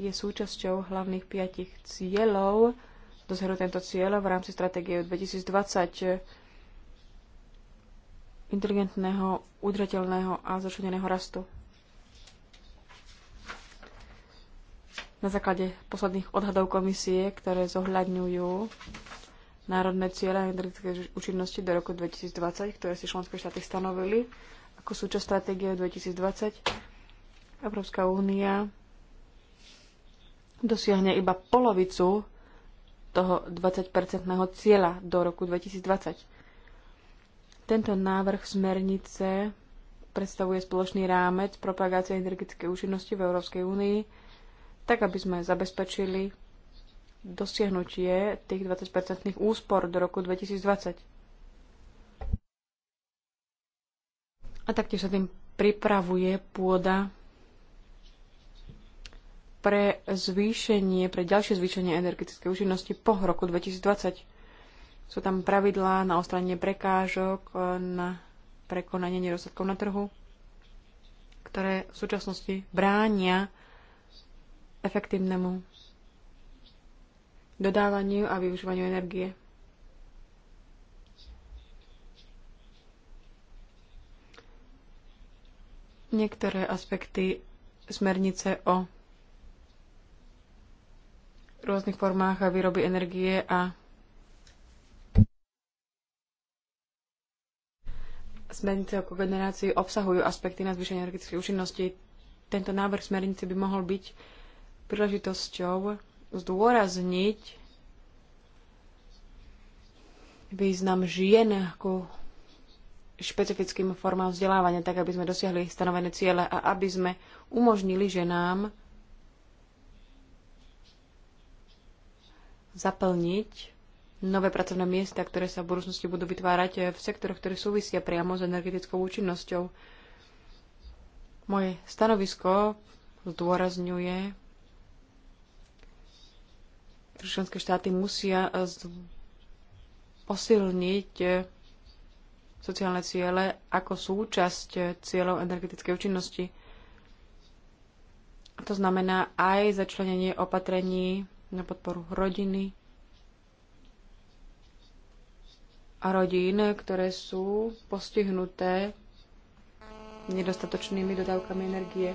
je súčasťou hlavných piatich cieľov. Dosiahnu tento cieľ v rámci stratégie 2020 inteligentného, udržateľného a zrušeného rastu. Na základe posledných odhadov komisie, ktoré zohľadňujú národné cieľa energetické účinnosti do roku 2020, ktoré si členské štáty stanovili ako súčasť stratégie 2020, Európska únia dosiahne iba polovicu toho 20-percentného cieľa do roku 2020. Tento návrh smernice predstavuje spoločný rámec propagácie energetickej účinnosti v Európskej únii, tak aby sme zabezpečili dosiahnutie tých 20-percentných úspor do roku 2020. A taktiež sa tým pripravuje pôda pre zvýšenie, pre ďalšie zvýšenie energetickej účinnosti po roku 2020. Sú tam pravidlá na ostranie prekážok, e, na prekonanie nedostatkov na trhu, ktoré v súčasnosti bránia efektívnemu dodávaniu a využívaniu energie. Niektoré aspekty smernice o rôznych formách a výroby energie a smernice o kogenerácii obsahujú aspekty na zvýšenie energetickej účinnosti. Tento návrh smernice by mohol byť príležitosťou zdôrazniť význam žien ako špecifickým formám vzdelávania, tak aby sme dosiahli stanovené ciele a aby sme umožnili ženám zaplniť nové pracovné miesta, ktoré sa v budúcnosti budú vytvárať eh, v sektoroch, ktoré súvisia priamo s energetickou účinnosťou. Moje stanovisko zdôrazňuje, že členské štáty musia eh, posilniť eh, sociálne ciele ako súčasť cieľov energetickej účinnosti. To znamená aj začlenenie opatrení na podporu rodiny a rodín, ktoré sú postihnuté nedostatočnými dodávkami energie.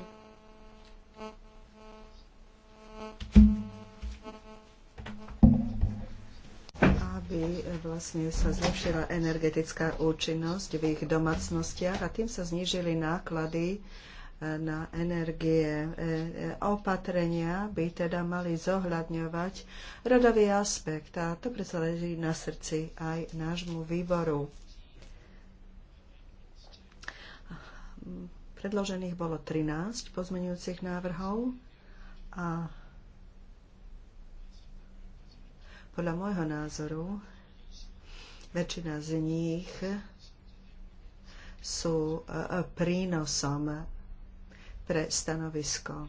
aby vlastne sa zlepšila energetická účinnosť v ich domácnostiach a tým sa znížili náklady na energie. E, e, opatrenia by teda mali zohľadňovať rodový aspekt a to predsa leží na srdci aj nášmu výboru. Predložených bolo 13 pozmenujúcich návrhov a podľa môjho názoru väčšina z nich sú e, prínosom pre stanovisko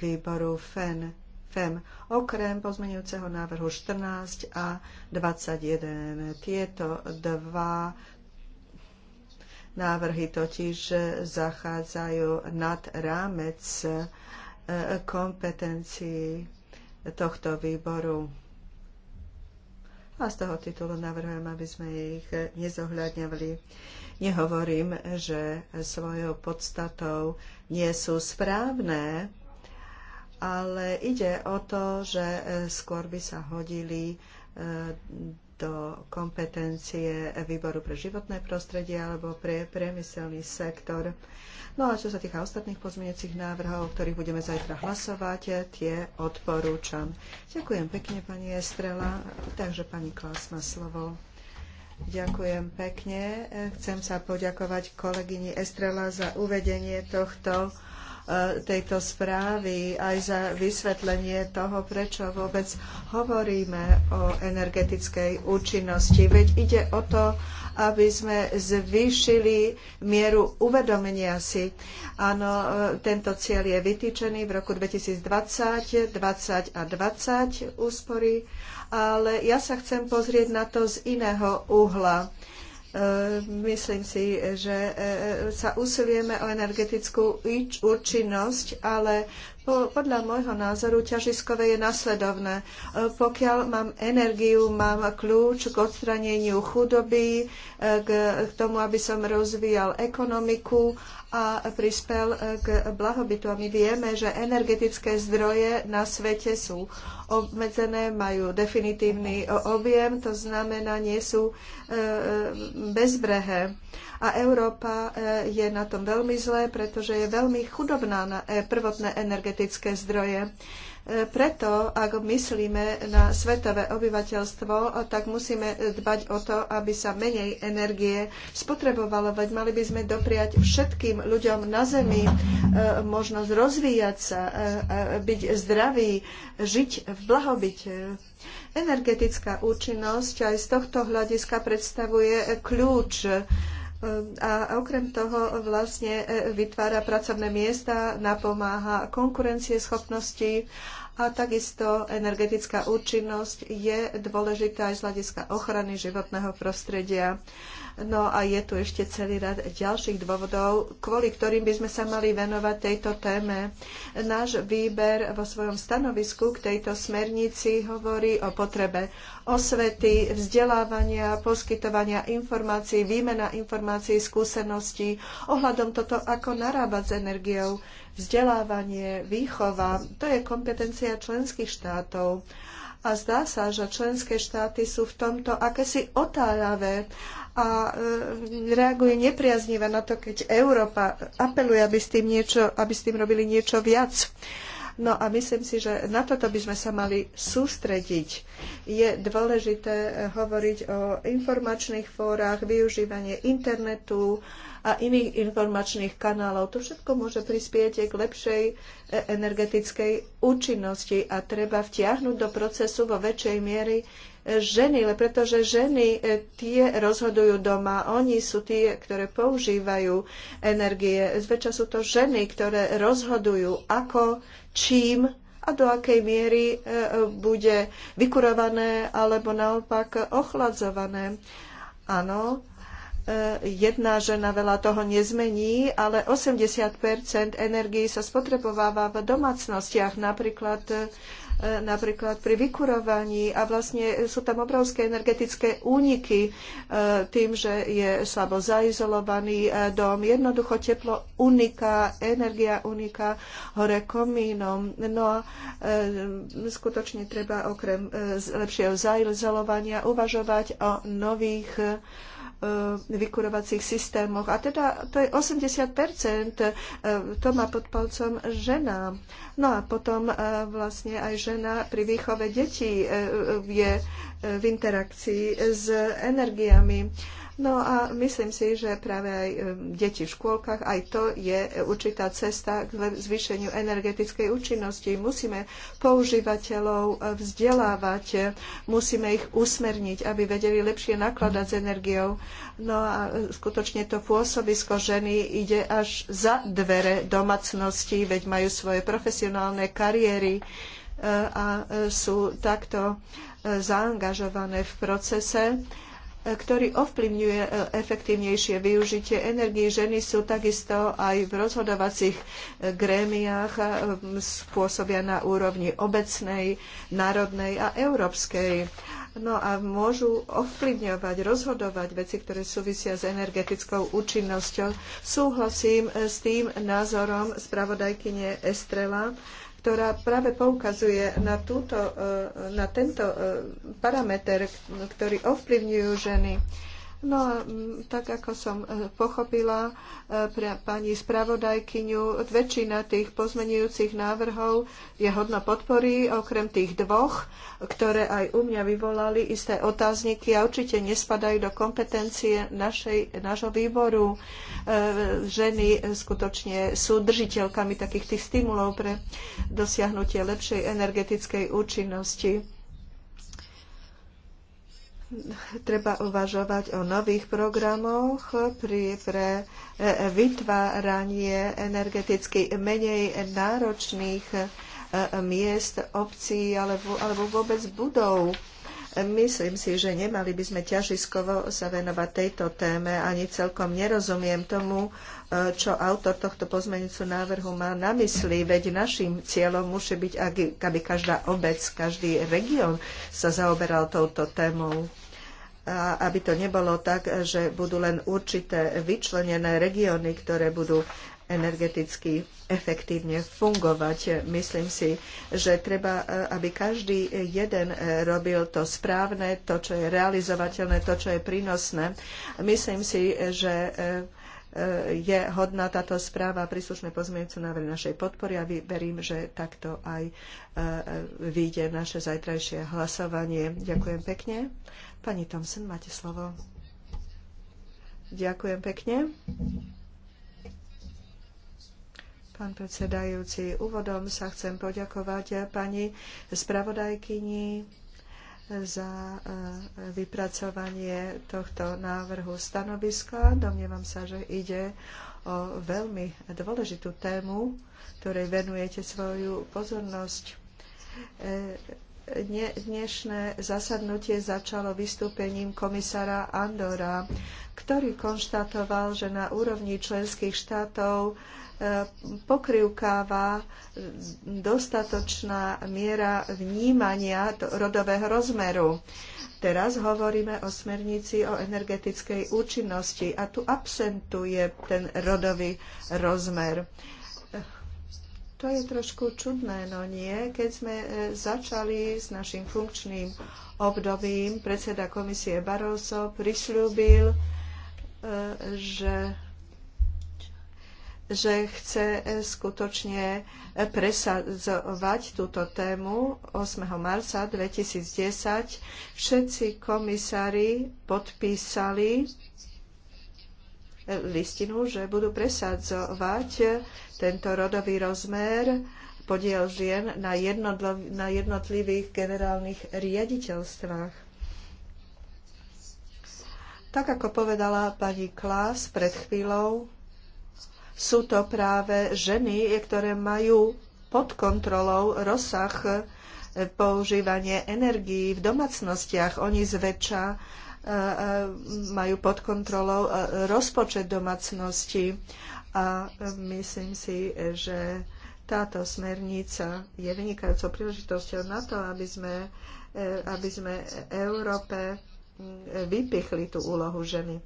výboru FEN. FEM, okrem pozmeňujúceho návrhu 14 a 21. Tieto dva návrhy totiž zachádzajú nad rámec e, kompetencií tohto výboru a z toho titulu navrhujem, aby sme ich nezohľadňovali. Nehovorím, že svojou podstatou nie sú správne, ale ide o to, že skôr by sa hodili eh, do kompetencie výboru pre životné prostredie alebo pre priemyselný sektor. No a čo sa týka ostatných pozmeňujúcich návrhov, o ktorých budeme zajtra hlasovať, tie odporúčam. Ďakujem pekne, pani Estrela. Takže pani Klas má slovo. Ďakujem pekne. Chcem sa poďakovať kolegyni Estrela za uvedenie tohto E, tejto správy, aj za vysvetlenie toho, prečo vôbec hovoríme o energetickej účinnosti. Veď ide o to, aby sme zvýšili mieru uvedomenia si. Áno, e, tento cieľ je vytýčený v roku 2020, 20 a 20 úspory, ale ja sa chcem pozrieť na to z iného uhla. E, myslím si, že e, e, sa usilujeme o energetickú účinnosť, ale podľa môjho názoru ťažiskové je nasledovné. E, pokiaľ mám energiu, mám kľúč k odstraneniu chudoby, e, k tomu, aby som rozvíjal ekonomiku a prispel e, k blahobytu. A my vieme, že energetické zdroje na svete sú obmedzené, majú definitívny objem, to znamená, nie sú bezbrehé. A Európa je na tom veľmi zlé, pretože je veľmi chudobná na prvotné energetické energetické zdroje. E, preto, ak myslíme na svetové obyvateľstvo, tak musíme dbať o to, aby sa menej energie spotrebovalo, veď mali by sme dopriať všetkým ľuďom na Zemi e, možnosť rozvíjať sa, e, byť zdraví, žiť v blahobite. Energetická účinnosť aj z tohto hľadiska predstavuje kľúč a okrem toho vlastne e, vytvára pracovné miesta, napomáha konkurencieschopnosti a takisto energetická účinnosť je dôležitá aj z hľadiska ochrany životného prostredia. No a je tu ešte celý rad ďalších dôvodov, kvôli ktorým by sme sa mali venovať tejto téme. Náš výber vo svojom stanovisku k tejto smernici hovorí o potrebe osvety, vzdelávania, poskytovania informácií, výmena informácií, skúseností ohľadom toto, ako narábať s energiou, vzdelávanie, výchova. To je kompetencia členských štátov a zdá sa, že členské štáty sú v tomto akési otáľavé a e, reaguje nepriaznivé na to, keď Európa apeluje, aby s tým, niečo, aby s tým robili niečo viac. No a myslím si, že na toto by sme sa mali sústrediť. Je dôležité e, hovoriť o informačných fórach, využívanie internetu a iných informačných kanálov. To všetko môže prispieť k lepšej e, energetickej účinnosti a treba vtiahnuť do procesu vo väčšej miery ženy, ale pretože ženy e, tie rozhodujú doma. Oni sú tie, ktoré používajú energie. Zväčša sú to ženy, ktoré rozhodujú, ako, čím a do akej miery e, bude vykurované alebo naopak ochladzované. Áno, e, jedna žena veľa toho nezmení, ale 80 energií sa spotrebováva v domácnostiach, napríklad napríklad pri vykurovaní a vlastne sú tam obrovské energetické úniky e, tým, že je slabo zaizolovaný e, dom. Jednoducho teplo uniká, energia uniká hore komínom. No a e, skutočne treba okrem lepšieho zaizolovania uvažovať o nových E, vykurovacích systémoch. A teda to je 80 e, to má pod palcom žena. No a potom e, vlastne aj žena pri výchove detí je v interakcii s energiami No a myslím si, že práve aj deti v škôlkach, aj to je určitá cesta k zvýšeniu energetickej účinnosti. Musíme používateľov e, vzdelávať, e, musíme ich usmerniť, aby vedeli lepšie nakladať s energiou. No a e, skutočne to pôsobisko ženy ide až za dvere domácnosti, veď majú svoje profesionálne kariéry a sú takto zaangažované v procese ktorý ovplyvňuje e, efektívnejšie využitie energii. Ženy sú takisto aj v rozhodovacích e, grémiách, spôsobia na úrovni obecnej, národnej a európskej. No a môžu ovplyvňovať, rozhodovať veci, ktoré súvisia s energetickou účinnosťou. Súhlasím e, s tým názorom spravodajkyne Estrela, ktorá práve poukazuje na, túto, e, na tento e, parameter, ktorý ovplyvňujú ženy No a mm, tak ako som e, pochopila e, pre pani spravodajkyňu, väčšina tých pozmenujúcich návrhov je hodno podpory, okrem tých dvoch, ktoré aj u mňa vyvolali isté otázniky a určite nespadajú do kompetencie našej, nášho výboru. E, ženy skutočne sú držiteľkami takých tých stimulov pre dosiahnutie lepšej energetickej účinnosti treba uvažovať o nových programoch pri, pre e, vytváranie energeticky menej náročných e, miest, obcí alebo, alebo vôbec budov. Myslím si, že nemali by sme ťažiskovo sa venovať tejto téme, ani celkom nerozumiem tomu, čo autor tohto pozmeňujúceho návrhu má na mysli, veď našim cieľom musí byť, aby každá obec, každý región sa zaoberal touto témou. A aby to nebolo tak, že budú len určité vyčlenené regióny, ktoré budú energeticky efektívne fungovať. Myslím si, že treba, e, aby každý jeden e, robil to správne, to, čo je realizovateľné, to, čo je prínosné. Myslím si, že e, je hodná táto správa a príslušné pozmienujúce návrhy našej podpory a verím, že takto aj e, e, vyjde naše zajtrajšie hlasovanie. Ďakujem pekne. Pani Thompson, máte slovo. Ďakujem pekne. Pán predsedajúci, úvodom sa chcem poďakovať pani spravodajkyni za e, vypracovanie tohto návrhu stanoviska. Domnievam sa, že ide o veľmi dôležitú tému, ktorej venujete svoju pozornosť. E, dnešné zasadnutie začalo vystúpením komisára Andora, ktorý konštatoval, že na úrovni členských štátov pokrývkáva dostatočná miera vnímania rodového rozmeru. Teraz hovoríme o smernici o energetickej účinnosti a tu absentuje ten rodový rozmer. To je trošku čudné, no nie. Keď sme e, začali s našim funkčným obdobím, predseda komisie Barroso prislúbil, e, že že chce e, skutočne e, presadzovať túto tému. 8. marca 2010 všetci komisári podpísali e, listinu, že budú presadzovať tento rodový rozmer podiel žien na, na jednotlivých generálnych riaditeľstvách. Tak ako povedala pani Klas pred chvíľou, sú to práve ženy, ktoré majú pod kontrolou rozsah e, používanie energií v domácnostiach. Oni zväčša e, e, majú pod kontrolou rozpočet domácnosti a myslím si, že táto smernica je vynikajúcou príležitosťou na to, aby sme, aby sme Európe vypichli tú úlohu ženy.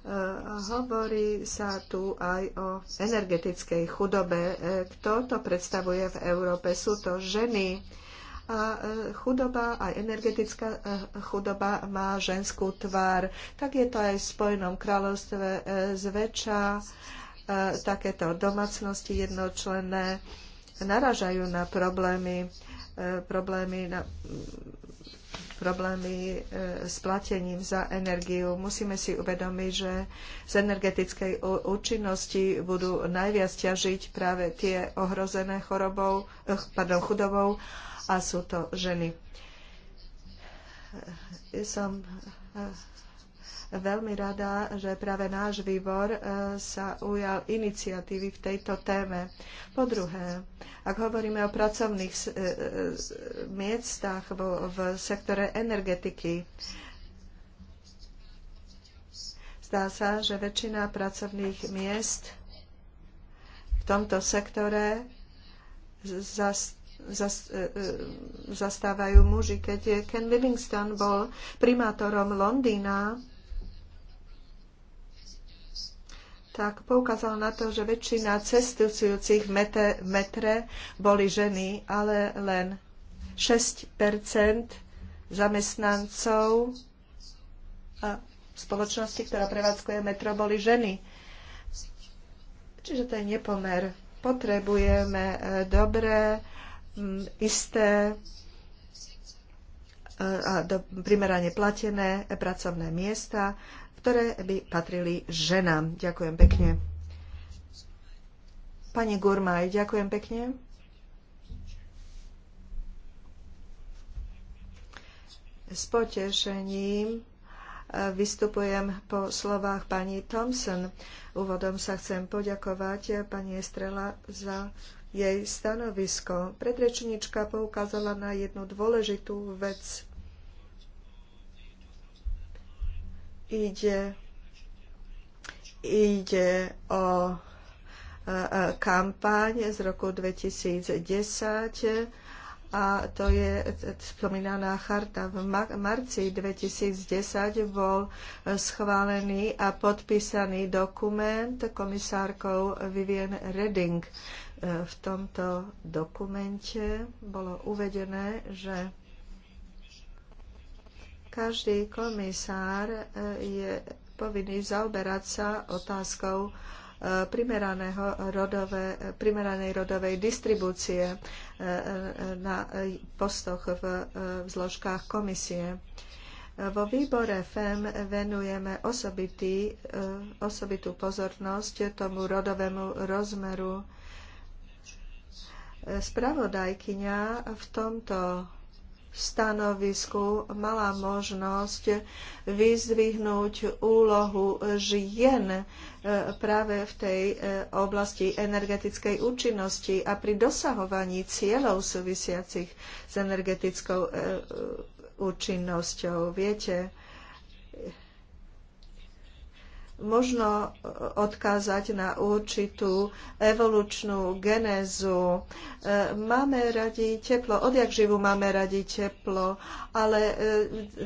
Eh, hovorí sa tu aj o energetickej chudobe. Eh, kto to predstavuje v Európe? Sú to ženy. A eh, chudoba, aj energetická chudoba má ženskú tvár. Tak je to aj v Spojenom kráľovstve zväčša. Takéto domácnosti jednočlenné naražajú na problémy, problémy na problémy e, s platením za energiu. Musíme si uvedomiť, že z energetickej účinnosti budú najviac ťažiť práve tie ohrozené chorobou, e, pardon, chudobou a sú to ženy. E, som veľmi rada, že práve náš výbor e, sa ujal iniciatívy v tejto téme. Po druhé, ak hovoríme o pracovných e, e, miestach v sektore energetiky, zdá sa, že väčšina pracovných miest v tomto sektore zastávajú muži. Keď Ken Livingstone bol primátorom Londýna, tak poukázal na to, že väčšina cestujúcich v metre, metre boli ženy, ale len 6 zamestnancov a spoločnosti, ktorá prevádzkuje metro, boli ženy. Čiže to je nepomer. Potrebujeme e, dobré, isté e, a primerane platené pracovné miesta ktoré by patrili ženám. Ďakujem pekne. Pani Gurmaj, ďakujem pekne. S potešením e, vystupujem po slovách pani Thompson. Úvodom sa chcem poďakovať pani Estrela za jej stanovisko. Predrečnička poukázala na jednu dôležitú vec. Ide, ide o e, e, kampaň z roku 2010 a to je e, spomínaná charta. V marci 2010 bol schválený a podpísaný dokument komisárkou Vivian Redding. V tomto dokumente bolo uvedené, že každý komisár eh, je povinný zaoberať sa otázkou eh, rodové, primeranej rodovej distribúcie eh, na postoch v, v zložkách komisie. Vo výbore FEM venujeme osobitý, osobitú pozornosť tomu rodovému rozmeru. Spravodajkyňa v tomto stanovisku mala možnosť vyzvihnúť úlohu žien e, práve v tej e, oblasti energetickej účinnosti a pri dosahovaní cieľov súvisiacich s energetickou e, účinnosťou. Viete, možno e, odkázať na určitú evolučnú genézu. E, máme radi teplo, odjak živu máme radi teplo, ale e,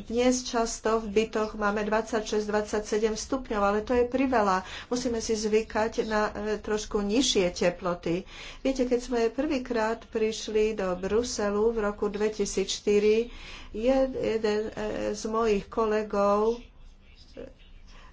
dnes často v bytoch máme 26-27 stupňov, ale to je priveľa. Musíme si zvykať na trošku nižšie teploty. Viete, keď sme prvýkrát prišli do Bruselu v roku 2004, jeden z mojich kolegov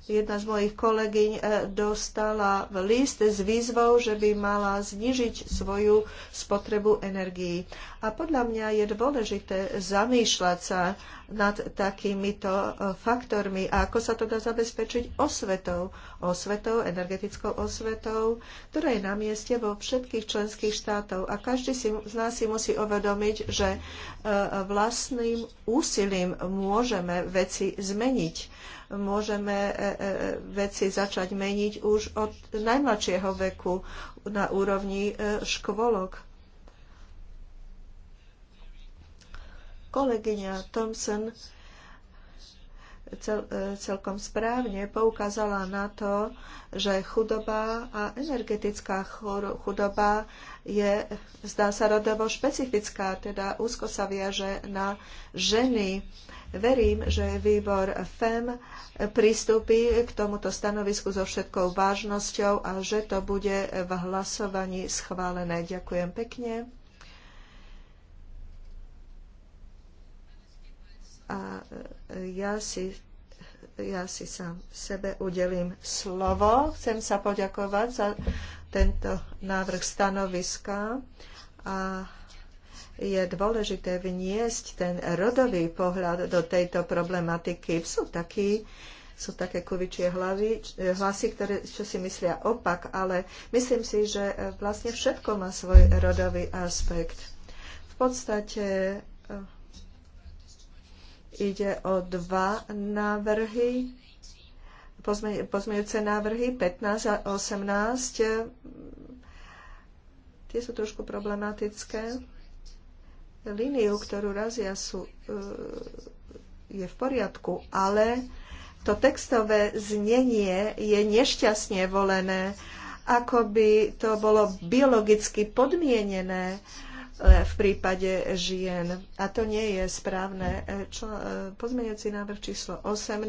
jedna z mojich kolegyň eh, dostala v list s výzvou, že by mala znižiť svoju spotrebu energií. A podľa mňa je dôležité zamýšľať sa nad takýmito eh, faktormi a ako sa to dá zabezpečiť osvetou, osvetou, energetickou osvetou, ktorá je na mieste vo všetkých členských štátov. A každý si, z nás si musí uvedomiť, že eh, vlastným úsilím môžeme veci zmeniť môžeme e, e, veci začať meniť už od najmladšieho veku na úrovni e, škôlok. Kolegyňa Thompson cel, celkom správne poukázala na to, že chudoba a energetická chudoba je, zdá sa, rodovo špecifická, teda úzko sa viaže na ženy. E, Verím, že výbor FEM pristúpi k tomuto stanovisku so všetkou vážnosťou a že to bude v hlasovaní schválené. Ďakujem pekne. A e, ja si ja si sám sebe udelím slovo. Chcem sa poďakovať za tento návrh stanoviska a je dôležité vniesť ten rodový pohľad do tejto problematiky. Sú, takí, sú také kuvičie hlavy, eh, hlasy, ktoré čo si myslia opak, ale myslím si, že eh, vlastne všetko má svoj rodový aspekt. V podstate eh, ide o dva návrhy, pozmejúce návrhy 15 a 18. Tie sú trošku problematické líniu, ktorú razia, sú, e, je v poriadku, ale to textové znenie je nešťastne volené, ako by to bolo biologicky podmienené e, v prípade žien. A to nie je správne. E, pozmeňujúci návrh číslo 18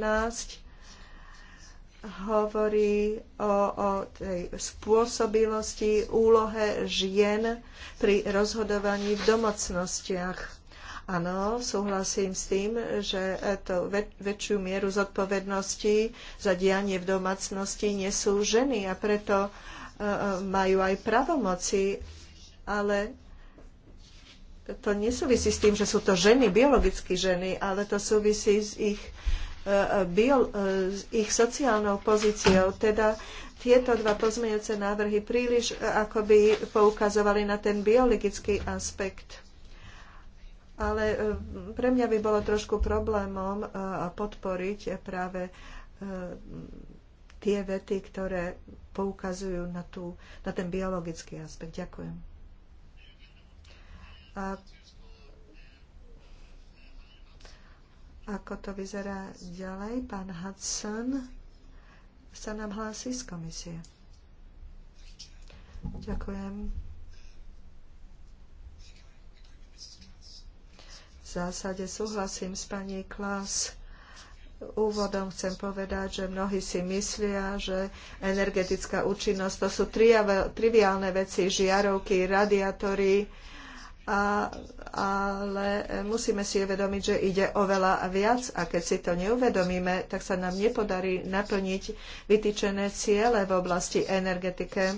hovorí o, o tej spôsobilosti, úlohe žien pri rozhodovaní v domocnostiach. Áno, súhlasím s tým, že to väčšiu mieru zodpovednosti za dianie v domácnosti nesú ženy a preto e, e, majú aj pravomoci, ale to nesúvisí s tým, že sú to ženy, biologicky ženy, ale to súvisí s ich bio, e, ich sociálnou pozíciou. Teda tieto dva pozmeňujúce návrhy príliš e, akoby poukazovali na ten biologický aspekt. Ale e, pre mňa by bolo trošku problémom podporiť práve tie vety, ktoré poukazujú na, tú, na ten biologický aspekt. Ďakujem. A Ako to vyzerá ďalej? Pán Hudson sa nám hlási z komisie. Ďakujem. V zásade súhlasím s pani Klas úvodom chcem povedať, že mnohí si myslia, že energetická účinnosť to sú triviálne veci, žiarovky, radiátory, a, ale musíme si uvedomiť, že ide oveľa viac a keď si to neuvedomíme, tak sa nám nepodarí naplniť vytýčené ciele v oblasti energetike. E,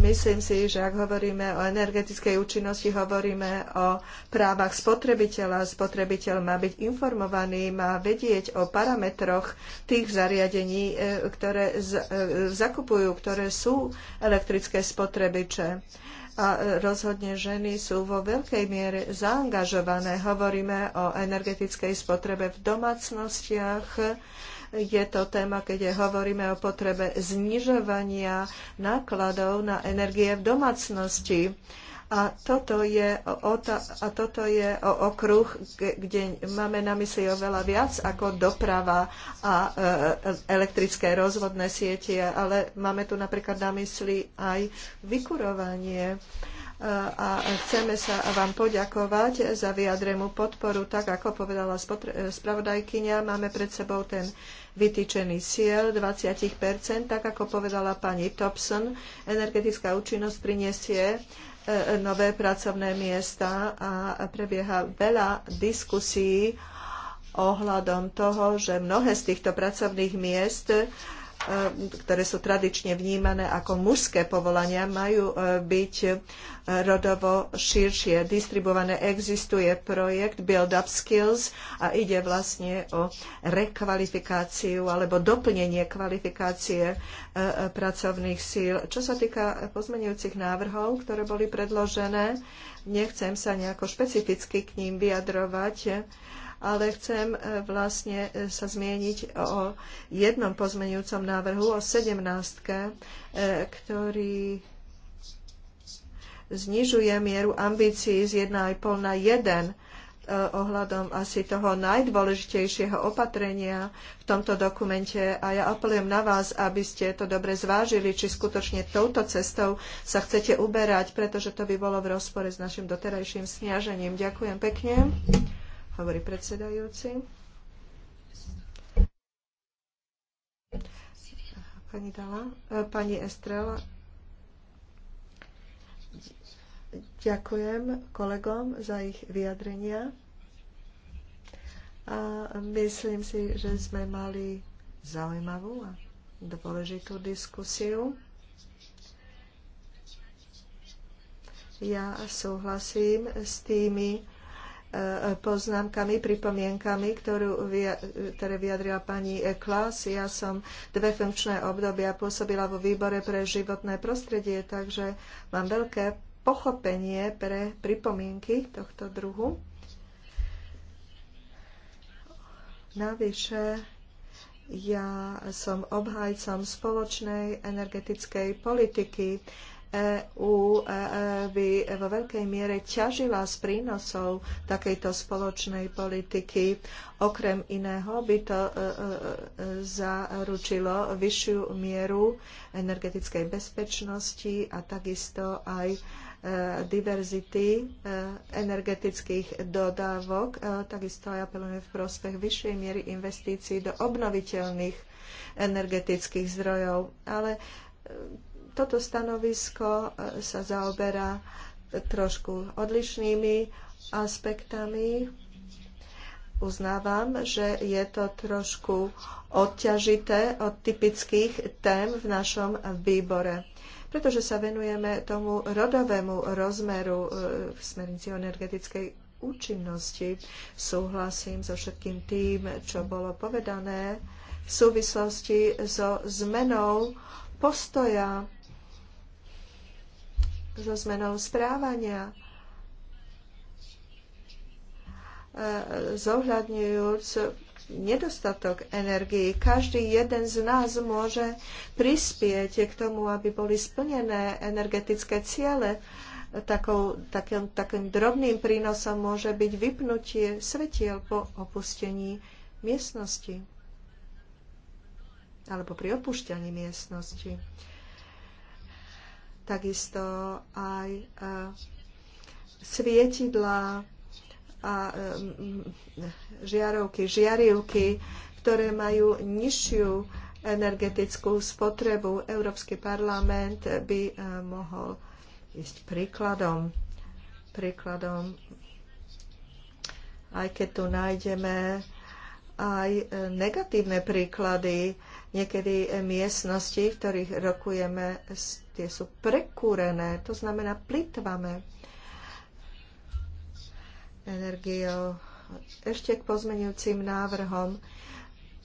myslím si, že ak hovoríme o energetickej účinnosti, hovoríme o právach spotrebiteľa. Spotrebiteľ má byť informovaný, má vedieť o parametroch tých zariadení, e, ktoré e, zakupujú, ktoré sú elektrické spotrebiče a rozhodne ženy sú vo veľkej miere zaangažované. Hovoríme o energetickej spotrebe v domácnostiach. Je to téma, keď hovoríme o potrebe znižovania nákladov na energie v domácnosti a toto je, a toto je okruh, kde máme na mysli oveľa viac ako doprava a e, e, elektrické rozvodné siete, ale máme tu napríklad na mysli aj vykurovanie e, a chceme sa vám poďakovať za vyjadrenú podporu. Tak ako povedala spravodajkyňa, máme pred sebou ten vytýčený cieľ 20%, tak ako povedala pani Thompson, energetická účinnosť priniesie. E, nové pracovné miesta a prebieha veľa diskusí ohľadom toho, že mnohé z týchto pracovných miest E, ktoré sú tradične vnímané ako mužské povolania, majú e, byť e, rodovo širšie distribuované. Existuje projekt Build Up Skills a ide vlastne o rekvalifikáciu alebo doplnenie kvalifikácie pracovných síl. Čo sa týka pozmenujúcich návrhov, ktoré boli predložené, nechcem sa nejako špecificky k ním vyjadrovať ale chcem e, vlastne e, sa zmieniť o jednom pozmeňujúcom návrhu, o sedemnástke, e, ktorý znižuje mieru ambícií z 1,5 na 1 ohľadom asi toho najdôležitejšieho opatrenia v tomto dokumente a ja apelujem na vás, aby ste to dobre zvážili, či skutočne touto cestou sa chcete uberať, pretože to by bolo v rozpore s našim doterajším sniažením. Ďakujem pekne hovorí predsedajúci. Pani Dala, e, pani Estrela, ďakujem kolegom za ich vyjadrenia a myslím si, že sme mali zaujímavú a dôležitú diskusiu. Ja súhlasím s tými poznámkami, pripomienkami, ktorú, ktoré vyjadrila pani Klas. Ja som dve funkčné obdobia pôsobila vo výbore pre životné prostredie, takže mám veľké pochopenie pre pripomienky tohto druhu. Navyše, ja som obhajcom spoločnej energetickej politiky. EÚ e e by vo veľkej miere ťažila z prínosov takejto spoločnej politiky. Okrem iného by to e zaručilo vyššiu mieru energetickej bezpečnosti a takisto aj diverzity energetických dodávok. Takisto aj apelujeme v prospech vyššej miery investícií do obnoviteľných energetických zdrojov. Ale toto stanovisko e, sa zaoberá trošku odlišnými aspektami. Uznávam, že je to trošku odťažité od typických tém v našom výbore pretože sa venujeme tomu rodovému rozmeru e, v smernici o energetickej účinnosti. Súhlasím so všetkým tým, čo bolo povedané v súvislosti so zmenou postoja so zmenou správania, e, zohľadňujúc nedostatok energii. Každý jeden z nás môže prispieť k tomu, aby boli splnené energetické ciele. Takou, takým, takým drobným prínosom môže byť vypnutie svetiel po opustení miestnosti alebo pri opúšťaní miestnosti takisto aj eh, svietidlá a eh, žiarovky, žiarivky, ktoré majú nižšiu energetickú spotrebu. Európsky parlament by eh, mohol ísť príkladom. príkladom aj keď tu nájdeme aj negatívne príklady, Niekedy eh, miestnosti, v ktorých rokujeme, tie sú prekúrené, to znamená plitvame energiou. Ešte k pozmenujúcim návrhom.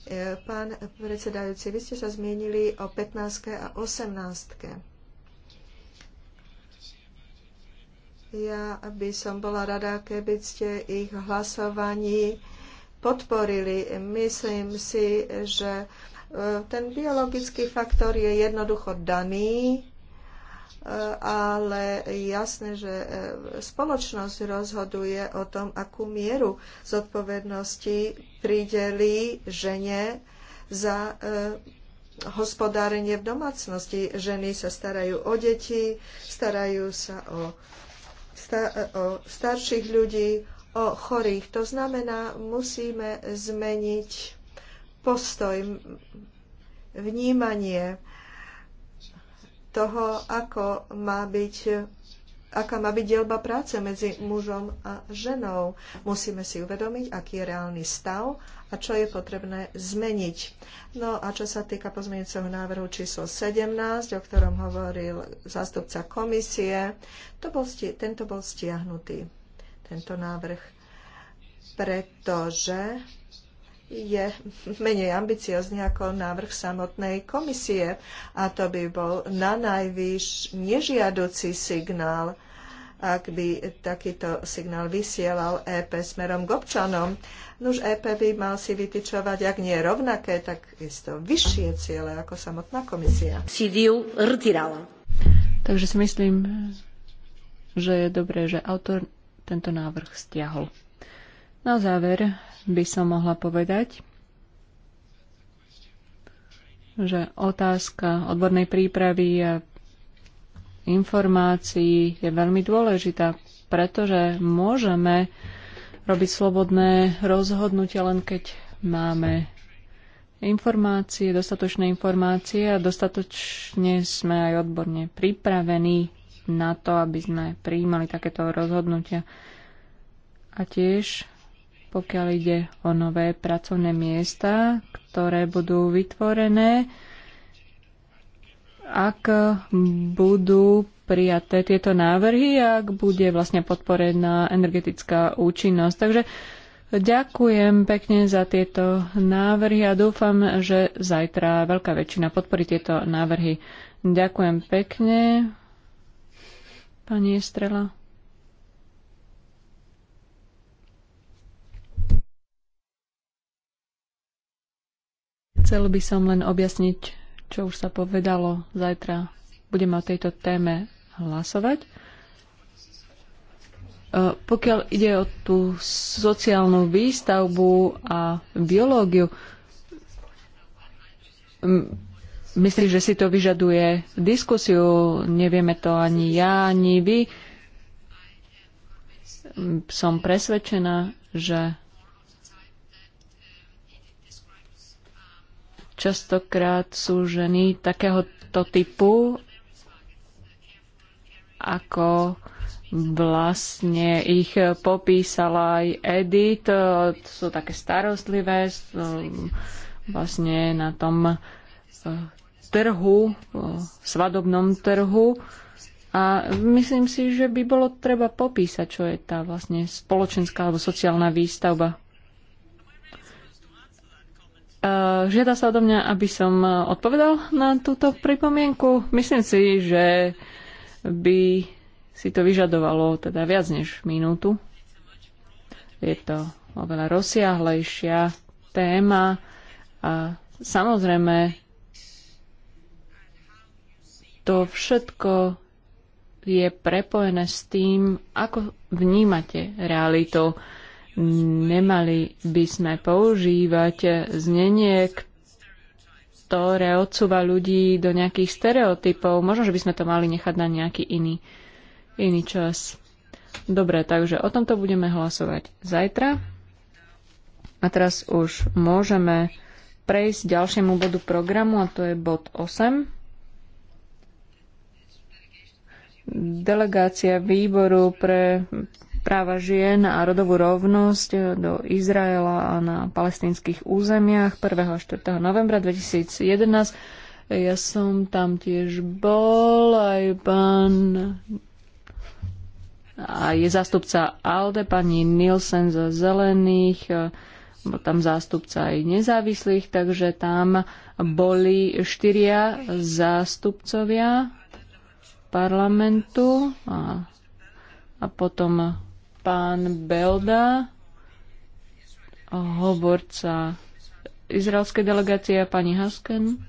Eh, pán predsedajúci, vy ste sa zmienili o 15. a 18. Ja by som bola rada, keby ste ich hlasovaní podporili. Myslím si, že ten biologický faktor je jednoducho daný, eh, ale jasné, že eh, spoločnosť rozhoduje o tom, akú mieru zodpovednosti pridelí žene za eh, hospodárenie v domácnosti. Ženy sa starajú o deti, starajú sa o, o starších ľudí, o chorých. To znamená, musíme zmeniť postoj, vnímanie toho, ako má byť aká má byť dielba práce medzi mužom a ženou. Musíme si uvedomiť, aký je reálny stav a čo je potrebné zmeniť. No a čo sa týka pozmeňujúceho návrhu číslo 17, o ktorom hovoril zástupca komisie, to bol, tento bol stiahnutý, tento návrh, pretože je menej ambiciozný ako návrh samotnej komisie a to by bol na najvýš nežiaducí signál, ak by takýto signál vysielal EP smerom k občanom. Nuž EP by mal si vytičovať, ak nie rovnaké, tak isto vyššie ciele ako samotná komisia.
Takže si myslím, že je dobré, že autor tento návrh stiahol. Na záver by som mohla povedať, že otázka odbornej prípravy a informácií je veľmi dôležitá, pretože môžeme robiť slobodné rozhodnutia len keď máme informácie, dostatočné informácie a dostatočne sme aj odborne pripravení na to, aby sme prijímali takéto rozhodnutia. A tiež pokiaľ ide o nové pracovné miesta, ktoré budú vytvorené, ak budú prijaté tieto návrhy, ak bude vlastne podporená energetická účinnosť. Takže Ďakujem pekne za tieto návrhy a dúfam, že zajtra veľká väčšina podporí tieto návrhy. Ďakujem pekne, pani Estrela. Chcel by som len objasniť, čo už sa povedalo. Zajtra budeme o tejto téme hlasovať. E, pokiaľ ide o tú sociálnu výstavbu a biológiu, myslím, že si to vyžaduje diskusiu. Nevieme to ani ja, ani vy. Som presvedčená, že Častokrát sú ženy takéhoto typu, ako vlastne ich popísala aj Edith. Sú také starostlivé, sú vlastne na tom eh, trhu, eh, svadobnom trhu. A myslím si, že by bolo treba popísať, čo je tá vlastne spoločenská alebo sociálna výstavba. Eh, žiada sa odo mňa, aby som eh, odpovedal na túto pripomienku. Myslím si, že by si to vyžadovalo teda viac než minútu. Je to oveľa rozsiahlejšia téma a samozrejme to všetko je prepojené s tým, ako vnímate realitu. Nemali by sme používať znenie, ktoré odsúva ľudí do nejakých stereotypov. Možno, že by sme to mali nechať na nejaký iný, iný čas. Dobre, takže o tomto budeme hlasovať zajtra. A teraz už môžeme prejsť k ďalšiemu bodu programu a to je bod 8. Delegácia výboru pre práva žien a rodovú rovnosť do Izraela a na palestinských územiach 1. a 4. novembra 2011. Ja som tam tiež bol, aj pán a je zástupca ALDE, pani Nielsen zo Zelených, e, bol tam zástupca aj nezávislých, takže tam boli štyria zástupcovia parlamentu a, a potom Pán Belda, hovorca izraelskej delegácie a pani Hasken,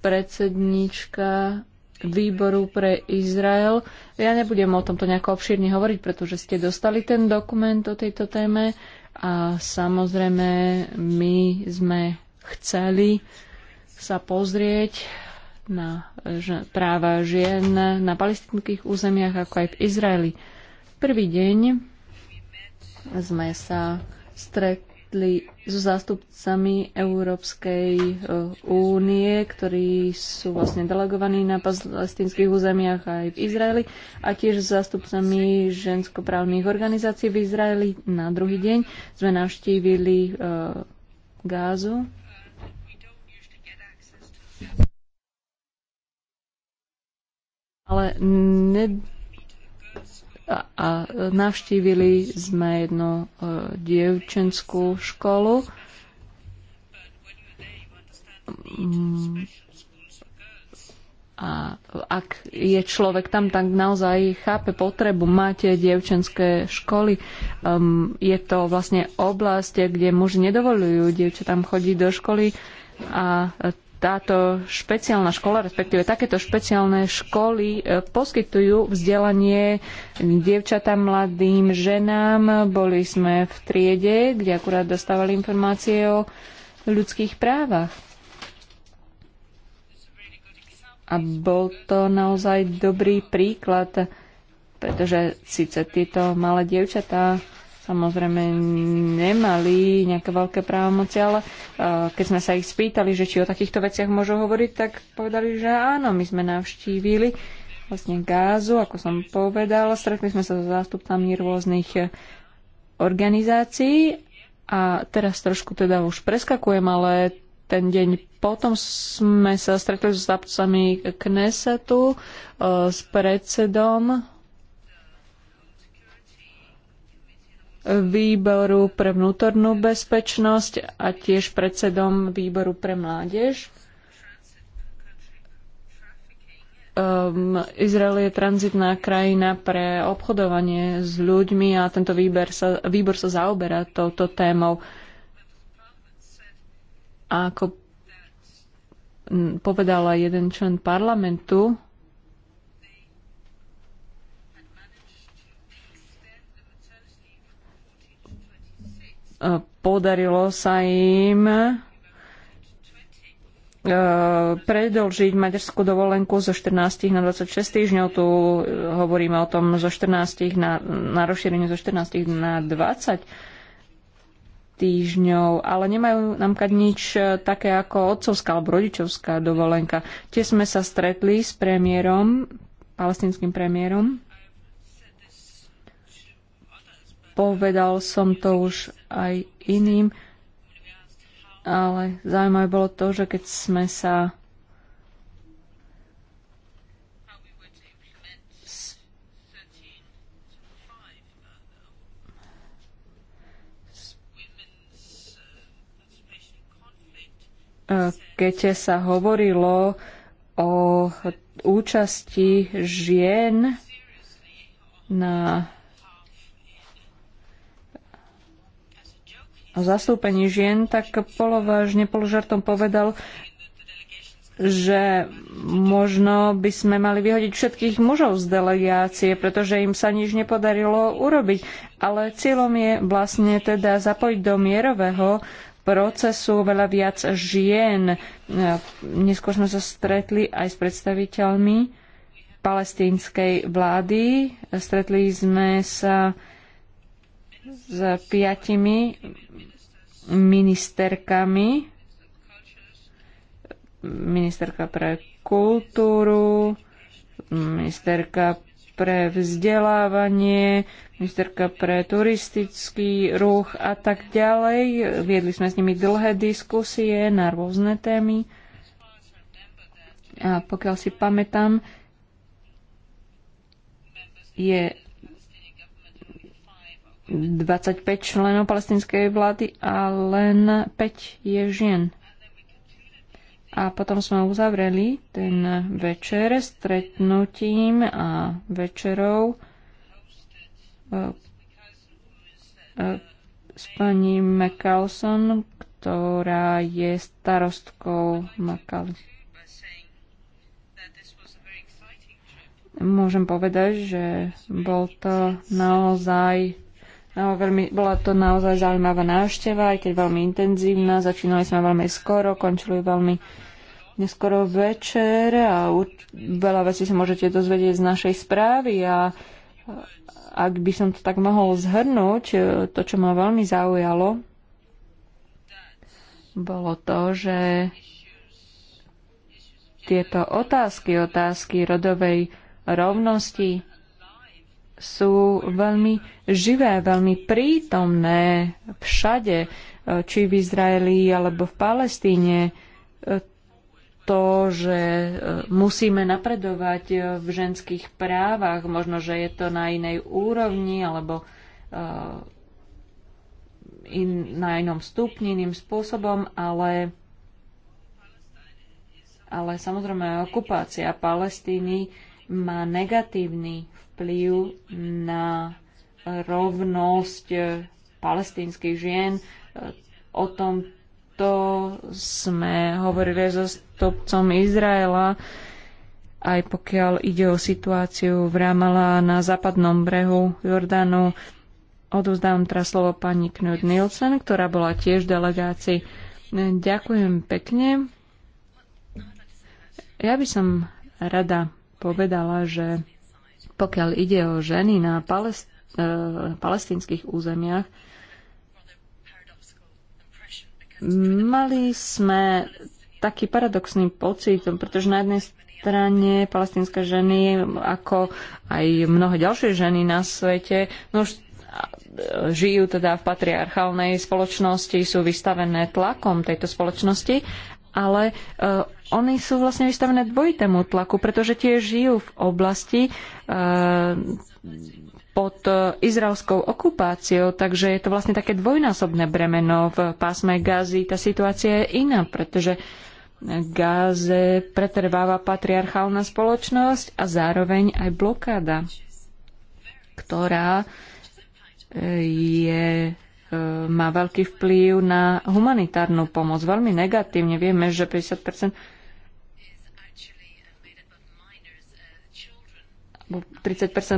predsedníčka výboru pre Izrael. Ja nebudem o tomto nejako obšírne hovoriť, pretože ste dostali ten dokument o tejto téme a samozrejme my sme chceli sa pozrieť na práva žien na palestinských územiach, ako aj v Izraeli. Prvý deň sme sa stretli so zástupcami Európskej eh, únie, ktorí sú vlastne delegovaní na palestinských územiach aj v Izraeli a tiež s zástupcami ženskoprávnych organizácií v Izraeli. Na druhý deň sme navštívili eh, Gázu, ale ne... a, a navštívili sme jednu uh, dievčenskú školu. Mm, a ak je človek tam, tak naozaj chápe potrebu. Máte dievčenské školy. Um, je to vlastne oblasť, kde muži nedovolujú dievčatám chodiť do školy a táto špeciálna škola, respektíve takéto špeciálne školy e, poskytujú vzdelanie dievčatám, mladým ženám. Boli sme v triede, kde akurát dostávali informácie o ľudských právach. A bol to naozaj dobrý príklad, pretože síce tieto malé dievčatá samozrejme nemali nejaké veľké právomoci, ale e, keď sme sa ich spýtali, že či o takýchto veciach môžu hovoriť, tak povedali, že áno, my sme navštívili vlastne gázu, ako som povedala, stretli sme sa so zástupcami rôznych e, organizácií a teraz trošku teda už preskakujem, ale ten deň potom sme sa stretli so zástupcami Knesetu, e, s predsedom výboru pre vnútornú bezpečnosť a tiež predsedom výboru pre mládež. um, Izrael je tranzitná krajina pre obchodovanie s ľuďmi a tento výber sa, výbor sa zaoberá touto témou. A ako povedala jeden člen parlamentu, Podarilo sa im e, predlžiť materskú dovolenku zo 14 na 26 týždňov. Tu e, hovoríme o tom zo 14 na, na rozšírenie zo 14 na 20 týždňov, ale nemajú nám kať nič e, také ako otcovská alebo rodičovská dovolenka. Tie sme sa stretli s premiérom, palestinským premiérom, Povedal som to už aj iným, ale zaujímavé bolo to, že keď sme sa keď sa hovorilo o účasti žien na zastúpení žien, tak polovážne, položartom povedal, že možno by sme mali vyhodiť všetkých mužov z delegácie, pretože im sa nič nepodarilo urobiť. Ale cieľom je vlastne teda zapojiť do mierového procesu veľa viac žien. Neskôr sme sa stretli aj s predstaviteľmi palestínskej vlády. Stretli sme sa s piatimi ministerkami. Ministerka pre kultúru, ministerka pre vzdelávanie, ministerka pre turistický ruch a tak ďalej. Viedli sme s nimi dlhé diskusie na rôzne témy. A pokiaľ si pamätám, je 25 členov palestinskej vlády a len 5 je žien. A potom sme uzavreli ten večer stretnutím a večerou e, e, s pani McCallson, ktorá je starostkou Makali. Môžem povedať, že bol to naozaj No, veľmi, bola to naozaj zaujímavá návšteva, aj keď veľmi intenzívna. Začínali sme veľmi skoro, končili veľmi neskoro večer a veľa vecí sa môžete dozvedieť z našej správy a ak by som to tak mohol zhrnúť, e, to, čo ma veľmi zaujalo, bolo to, že tieto otázky, otázky rodovej rovnosti, sú veľmi živé, veľmi prítomné všade, e, či v Izraeli alebo v Palestíne. E, to, že e, musíme napredovať v ženských právach, možno, že je to na inej úrovni alebo in, na inom stupni, iným spôsobom, ale, ale samozrejme okupácia Palestíny má negatívny vplyv na rovnosť eh, palestínskych žien. Eh, o tomto sme hovorili so stopcom Izraela, aj pokiaľ ide o situáciu v Ramala na západnom brehu Jordánu. Odozdávam teraz slovo pani Knud Nielsen, ktorá bola tiež v delegácii. Ďakujem pekne. Ja by som rada povedala, že pokiaľ ide o ženy na e, palestinských územiach, mali sme taký paradoxný pocit, pretože na jednej strane palestinské ženy, ako aj mnohé ďalšie ženy na svete, no už žijú teda v patriarchálnej spoločnosti, sú vystavené tlakom tejto spoločnosti ale uh, oni sú vlastne vystavené dvojitému tlaku, pretože tie žijú v oblasti uh, pod e, izraelskou okupáciou, takže je to vlastne také dvojnásobné bremeno v pásme Gazy. Tá situácia je iná, pretože Gáze pretrváva patriarchálna spoločnosť a zároveň aj blokáda, ktorá je E, má veľký vplyv na humanitárnu pomoc. Veľmi negatívne vieme, že 50 30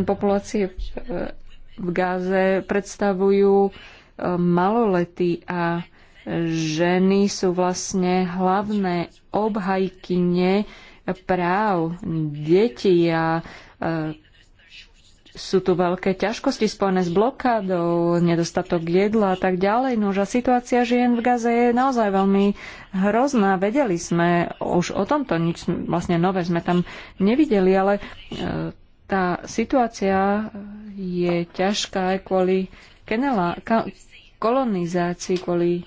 populácie e, v Gáze predstavujú e, maloletí a ženy sú vlastne hlavné obhajkyne práv detí a sú tu veľké ťažkosti spojené s blokádou, nedostatok jedla a tak ďalej. No a situácia žien v Gaze je naozaj veľmi hrozná. Vedeli sme už o tomto, nič vlastne nové sme tam nevideli, ale e, tá situácia je ťažká aj kvôli kenela, ka, kolonizácii, kvôli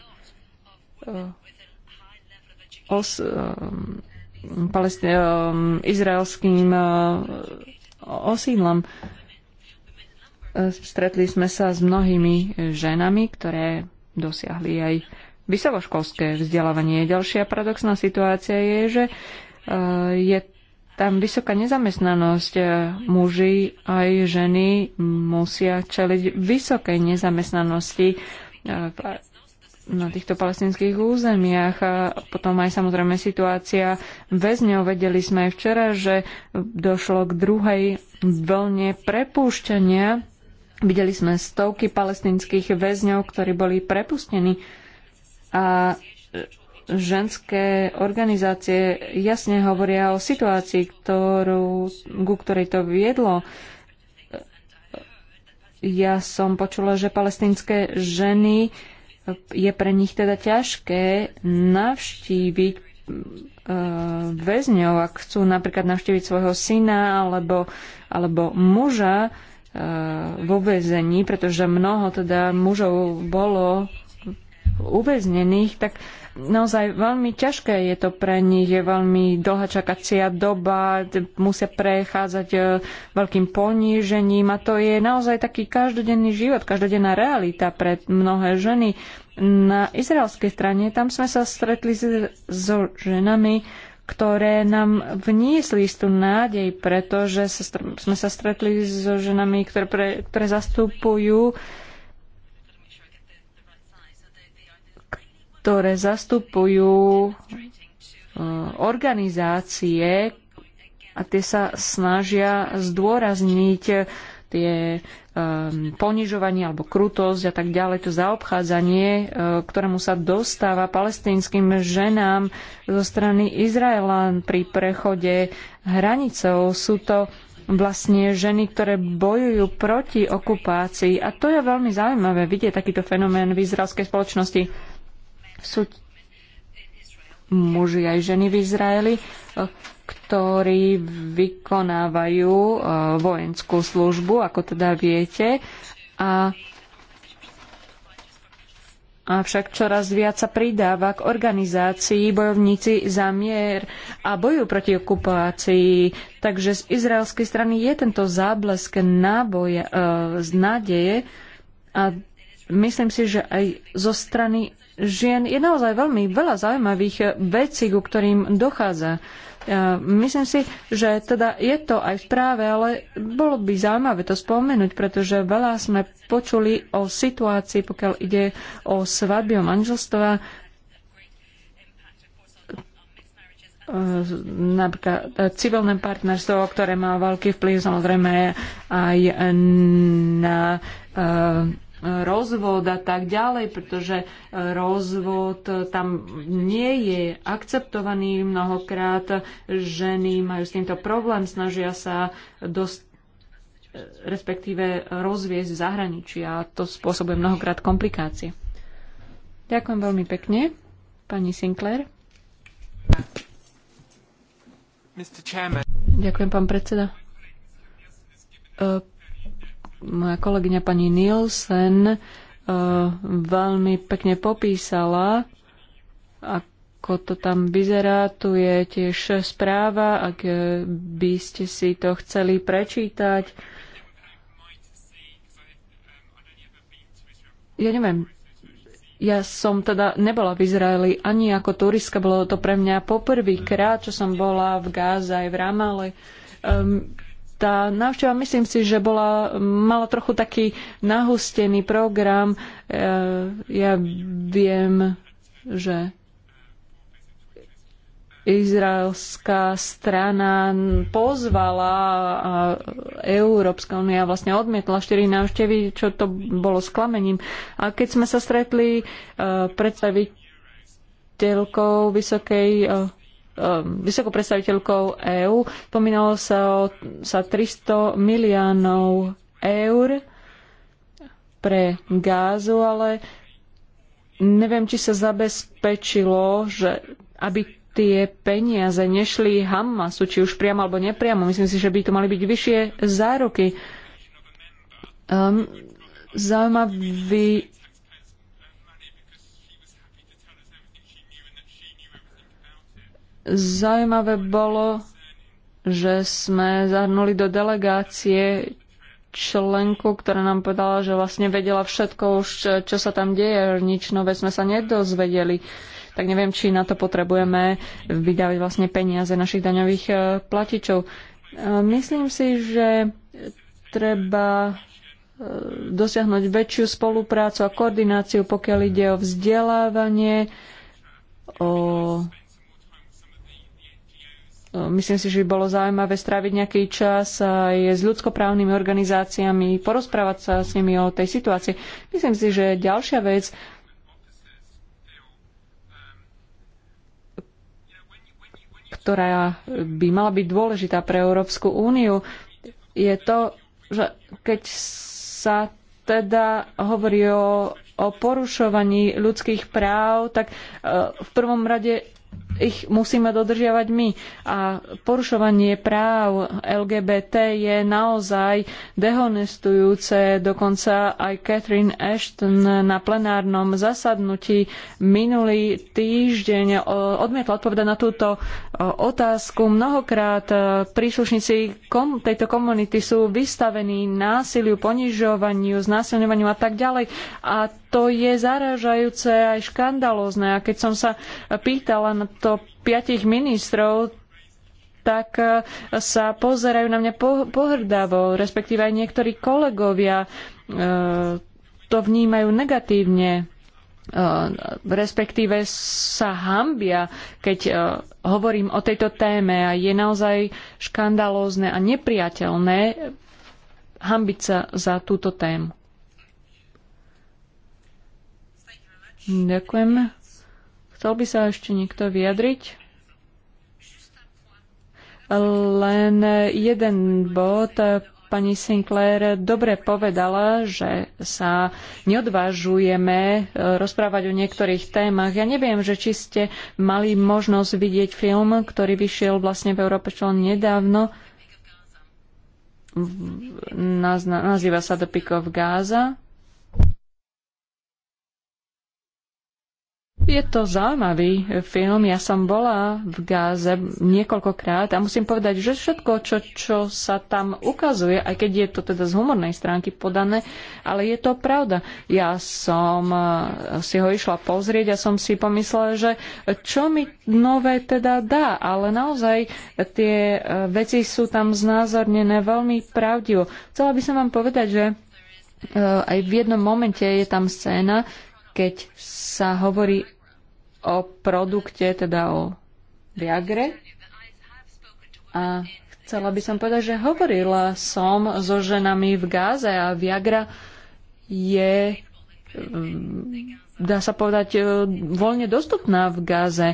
e, os, e, palestin, izraelským osídlom. Stretli sme sa s mnohými ženami, ktoré dosiahli aj vysokoškolské vzdelávanie. Ďalšia paradoxná situácia je, že e, je tam vysoká nezamestnanosť. E, muži aj ženy musia čeliť vysokej nezamestnanosti e, na týchto palestinských územiach. A potom aj samozrejme situácia väzňov. Vedeli sme aj včera, že došlo k druhej vlne prepúšťania Videli sme stovky palestinských väzňov, ktorí boli prepustení a e, ženské organizácie jasne hovoria o situácii, ktorú, ku ktorej to viedlo. Ja som počula, že palestinské ženy je pre nich teda ťažké navštíviť e, väzňov, ak chcú napríklad navštíviť svojho syna alebo, alebo muža, Eh, vo väzení, pretože mnoho teda mužov bolo uväznených, tak naozaj veľmi ťažké je to pre nich, je veľmi dlhá čakacia doba, musia prechádzať eh, veľkým ponížením a to je naozaj taký každodenný život, každodenná realita pre mnohé ženy. Na izraelskej strane tam sme sa stretli so ženami, ktoré nám vniesli istú nádej, pretože sa, sme sa stretli so ženami, ktoré, pre, ktoré zastupujú ktoré zastupujú e, organizácie a tie sa snažia zdôrazniť tie Um, ponižovanie alebo krutosť a tak ďalej, to zaobchádzanie, uh, ktorému sa dostáva palestínskym ženám zo strany Izraela pri prechode hranicou. Sú to vlastne ženy, ktoré bojujú proti okupácii. A to je veľmi zaujímavé vidieť takýto fenomén v izraelskej spoločnosti. Sú muži aj ženy v Izraeli, ktorí vykonávajú e, vojenskú službu, ako teda viete. A Avšak čoraz viac sa pridáva k organizácii bojovníci za mier a boju proti okupácii. Takže z izraelskej strany je tento záblesk náboja, e, z nádeje a myslím si, že aj zo strany žien je naozaj veľmi veľa zaujímavých vecí, ku ktorým dochádza. E, myslím si, že teda je to aj v práve, ale bolo by zaujímavé to spomenúť, pretože veľa sme počuli o situácii, pokiaľ ide o svadby, o manželstva, e, napríklad e, civilné partnerstvo, ktoré má veľký vplyv samozrejme aj na rozvod a tak ďalej, pretože rozvod tam nie je akceptovaný mnohokrát. Ženy majú s týmto problém, snažia sa dosť respektíve rozviesť v zahraničí a to spôsobuje mnohokrát komplikácie. Ďakujem veľmi pekne, pani Sinclair. Ďakujem, pán predseda e, moja kolegyňa pani Nielsen eh, veľmi pekne popísala, ako to tam vyzerá. Tu je tiež správa, ak eh, by ste si to chceli prečítať. Ja neviem, ja som teda nebola v Izraeli ani ako turistka, bolo to pre mňa poprvýkrát, čo som bola v Gáze aj v Ramale. Um, tá návšteva, myslím si, že bola, mala trochu taký nahustený program. E, ja viem, že izraelská strana pozvala a Európska únia vlastne odmietla štyri návštevy, čo to bolo sklamením. A keď sme sa stretli uh, predstaviteľkou vysokej uh, Um, vysokou predstaviteľkou EÚ. Spomínalo sa, o, sa 300 miliónov eur pre gázu, ale neviem, či sa zabezpečilo, že aby tie peniaze nešli Hamasu, či už priamo alebo nepriamo. Myslím si, že by to mali byť vyššie záruky. Um, zaujímavý Zaujímavé bolo, že sme zahrnuli do delegácie členku, ktorá nám povedala, že vlastne vedela všetko už, čo sa tam deje, nič nové sme sa nedozvedeli. Tak neviem, či na to potrebujeme vydávať vlastne peniaze našich daňových e, platičov. E, myslím si, že treba e, dosiahnuť väčšiu spoluprácu a koordináciu, pokiaľ ide o vzdelávanie, o Myslím si, že by bolo zaujímavé stráviť nejaký čas aj s ľudskoprávnymi organizáciami, porozprávať sa s nimi o tej situácii. Myslím si, že ďalšia vec, ktorá by mala byť dôležitá pre Európsku úniu, je to, že keď sa teda hovorí o, o porušovaní ľudských práv, tak e, v prvom rade ich musíme dodržiavať my. A porušovanie práv LGBT je naozaj dehonestujúce. Dokonca aj Catherine Ashton na plenárnom zasadnutí minulý týždeň e, odmietla odpovedať na túto e, otázku. Mnohokrát e, príslušníci kom tejto komunity sú vystavení násiliu, ponižovaniu, znásilňovaniu a tak ďalej. A to je zaražajúce aj škandalózne. A keď som sa pýtala na to piatich ministrov, tak e, sa pozerajú na mňa pohrdavo, respektíve aj niektorí kolegovia e, to vnímajú negatívne, e, respektíve sa hambia, keď hovorím o tejto téme a je naozaj škandalózne a nepriateľné hambiť sa za túto tému. Ďakujem. Chcel by sa ešte niekto vyjadriť? Len jeden bod. Pani Sinclair dobre povedala, že sa neodvážujeme eh, rozprávať o niektorých témach. Ja neviem, že či ste mali možnosť vidieť film, ktorý vyšiel vlastne v Európe čo nedávno. Nazýva sa The Pick of Gaza Je to zaujímavý film. Ja som bola v Gáze niekoľkokrát a musím povedať, že všetko, čo, čo sa tam ukazuje, aj keď je to teda z humornej stránky podané, ale je to pravda. Ja som eh, si ho išla pozrieť a som si pomyslela, že čo mi nové teda dá, ale naozaj tie eh, veci sú tam znázornené veľmi pravdivo. Chcela by som vám povedať, že eh, aj v jednom momente je tam scéna, keď sa hovorí o produkte, teda o Viagre. A chcela by som povedať, že hovorila som so ženami v Gáze a Viagra je, mm, dá sa povedať, e, voľne dostupná v Gáze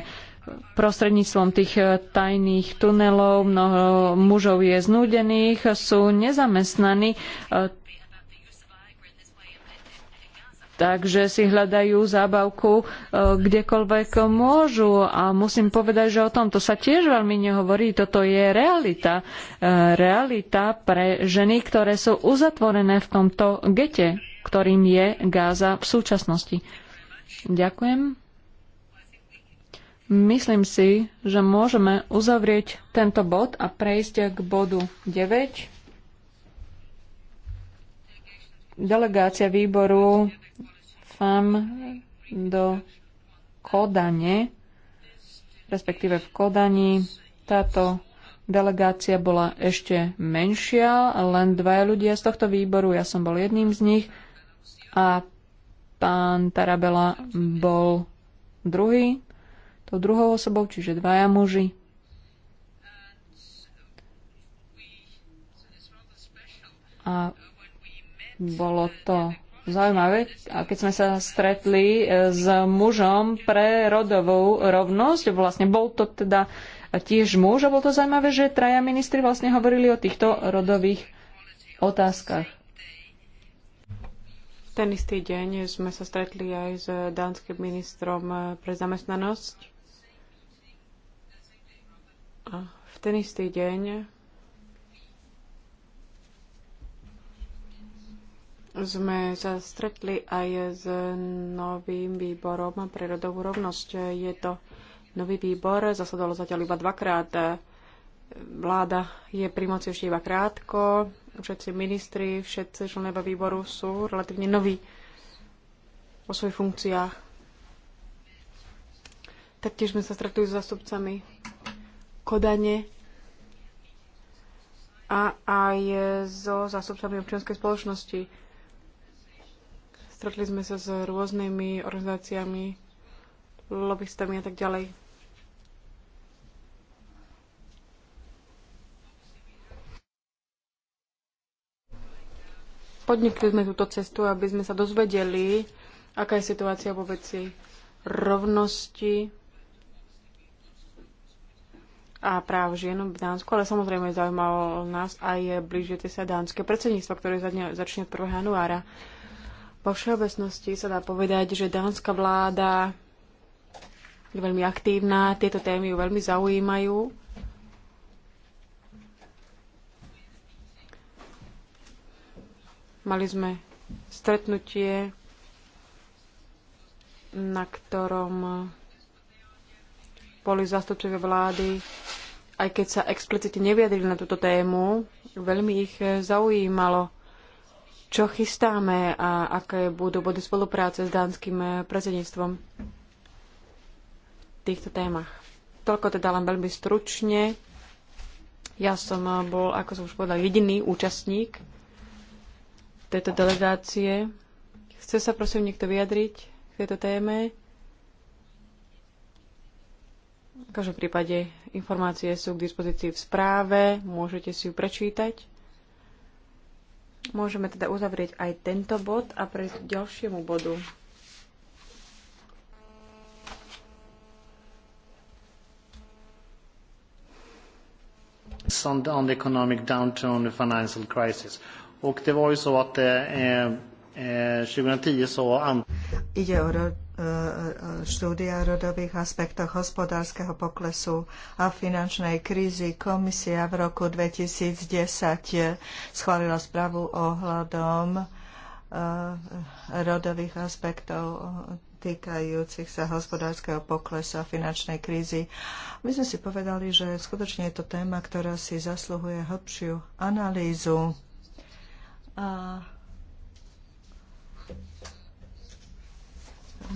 prostredníctvom tých tajných tunelov. Mnoho mužov je znúdených, sú nezamestnaní. E, takže si hľadajú zábavku e, kdekoľvek môžu. A musím povedať, že o tomto sa tiež veľmi nehovorí. Toto je realita. E, realita pre ženy, ktoré sú uzatvorené v tomto gete, ktorým je Gáza v súčasnosti. Ďakujem. Myslím si, že môžeme uzavrieť tento bod a prejsť k bodu 9. Delegácia výboru dúfam, do Kodane, respektíve v Kodani táto delegácia bola ešte menšia, len dvaja ľudia z tohto výboru, ja som bol jedným z nich a pán Tarabela bol druhý, tou druhou osobou, čiže dvaja muži. A bolo to zaujímavé, keď sme sa stretli e, s mužom pre rodovú rovnosť, vlastne bol to teda tiež muž a bolo to zaujímavé, že traja ministri vlastne hovorili o týchto rodových otázkach.
Ten istý deň sme sa stretli aj s dánskym ministrom e, pre zamestnanosť. A v ten istý deň sme sa stretli aj s novým výborom pre rodovú rovnosť. Je to nový výbor, zasadalo zatiaľ iba dvakrát. Vláda je pri moci ešte iba krátko, všetci ministri, všetci členovia výboru sú relatívne noví o svojich funkciách. Taktiež sme sa stretli s zastupcami Kodane a aj so zastupcami občianskej spoločnosti Stretli sme sa s rôznymi organizáciami, lobbystami a tak ďalej. Podnikli sme túto cestu, aby sme sa dozvedeli, aká je situácia vo veci rovnosti a práv žien v Dánsku, ale samozrejme zaujímalo nás aj blížite sa dánske predsedníctvo, ktoré začne od 1. januára. Vo všeobecnosti sa dá povedať, že dánska vláda je veľmi aktívna, tieto témy ju veľmi zaujímajú. Mali sme stretnutie, na ktorom boli zastupcovia vlády, aj keď sa explicitne neviadili na túto tému, veľmi ich zaujímalo čo chystáme a aké budú body spolupráce s dánskym eh, predsedníctvom v týchto témach. Toľko teda len veľmi stručne. Ja som eh, bol, ako som už povedal, jediný účastník tejto delegácie. Chce sa prosím niekto vyjadriť k tejto téme? V každom prípade informácie sú k dispozícii v správe, môžete si ju prečítať. Môžeme teda uzavrieť aj tento bod a prejsť k ďalšiemu bodu.
on the economic downturn, the financial crisis. Och det var ju så att eh, eh, 2010 eh, så... Ide o
E, e, štúdia o rodových aspektoch hospodárskeho poklesu a finančnej krízy. Komisia v roku 2010 schválila správu ohľadom e, rodových aspektov týkajúcich sa hospodárskeho poklesu a finančnej krízy. My sme si povedali, že skutočne je to téma, ktorá si zasluhuje hĺbšiu analýzu. A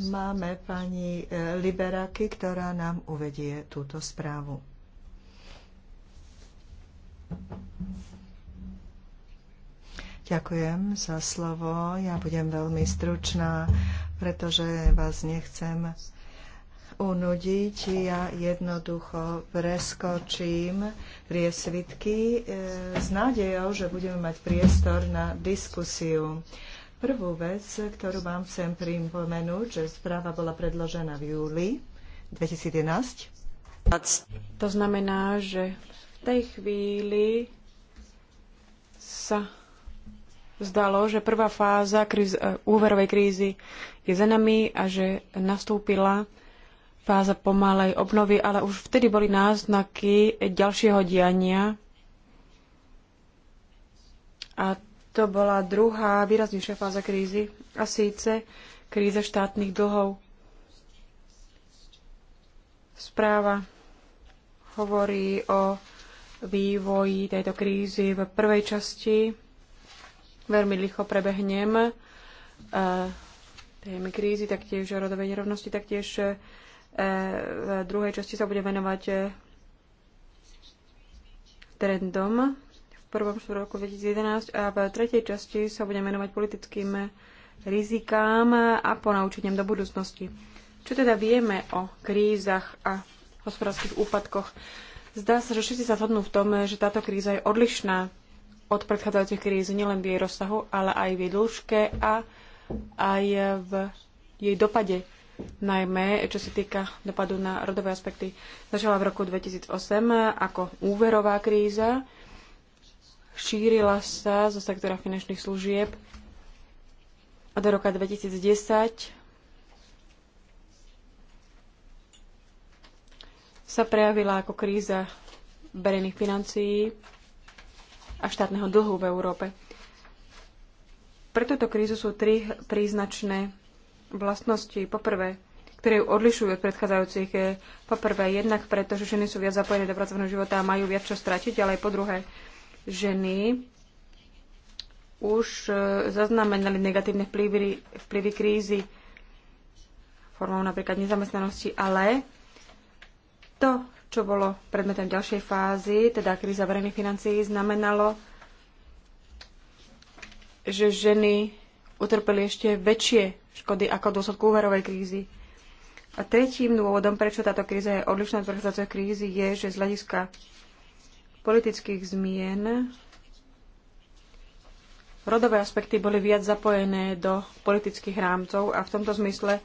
máme pani e, Liberaky, ktorá nám uvedie túto správu. Ďakujem za slovo. Ja budem veľmi stručná, pretože vás nechcem unudiť. Ja jednoducho preskočím priesvitky e, s nádejou, že budeme mať priestor na diskusiu. E, Prvú vec, ktorú vám chcem pripomenúť, že
správa bola predložená v júli 2011. To znamená, že v tej chvíli sa zdalo, že prvá fáza kríz, úverovej krízy je za nami a že nastúpila fáza pomalej obnovy, ale už vtedy boli náznaky ďalšieho diania a to bola druhá výraznejšia fáza krízy a síce kríza štátnych dlhov. Správa hovorí o vývoji tejto krízy v prvej časti. Veľmi rýchlo prebehnem e, témy krízy, taktiež rodovej nerovnosti, taktiež e, v druhej časti sa bude venovať trendom prvom štvrtom roku 2011 a v tretej časti sa budeme venovať politickým rizikám a ponaučeniam do budúcnosti. Čo teda vieme o krízach a hospodárskych úpadkoch? Zdá sa, že všetci sa zhodnú v tom, že táto kríza je odlišná od predchádzajúcich kríz nielen v jej rozsahu, ale aj v jej dĺžke a aj v jej dopade najmä čo sa týka dopadu na rodové aspekty. Začala v roku 2008 ako úverová kríza, šírila sa zo sektora finančných služieb a do roka 2010 sa prejavila ako kríza verejných financií a štátneho dlhu v Európe. Pre túto krízu sú tri príznačné vlastnosti. Poprvé, ktoré ju odlišujú od predchádzajúcich. Poprvé, jednak preto, že ženy sú viac zapojené do pracovného života a majú viac čo stratiť, ale aj po druhé, ženy už e, zaznamenali negatívne vplyvy, vplyvy krízy formou napríklad nezamestnanosti, ale to, čo bolo predmetom ďalšej fázy, teda kríza verejných financií, znamenalo, že ženy utrpeli ešte väčšie škody ako dôsledku úverovej krízy. A tretím dôvodom, prečo táto kríza je odlišná od predchádzajúcej krízy, je, že z hľadiska politických zmien rodové aspekty boli viac zapojené do politických rámcov a v tomto zmysle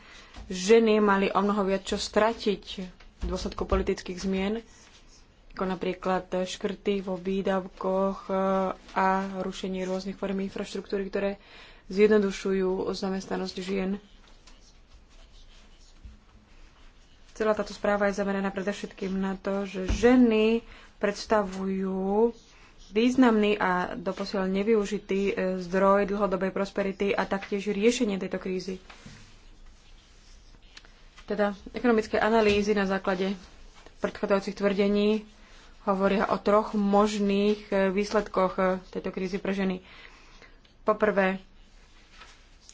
ženy mali o mnoho viac čo stratiť v dôsledku politických zmien, ako napríklad škrty vo výdavkoch e, a rušenie rôznych form infraštruktúry, ktoré zjednodušujú zamestnanosť žien. Celá táto správa je zameraná predovšetkým na to, že ženy predstavujú významný a doposiaľ nevyužitý e, zdroj dlhodobej prosperity a taktiež riešenie tejto krízy. Teda ekonomické analýzy na základe predchádzajúcich tvrdení hovoria o troch možných e, výsledkoch e, tejto krízy pre ženy. Poprvé,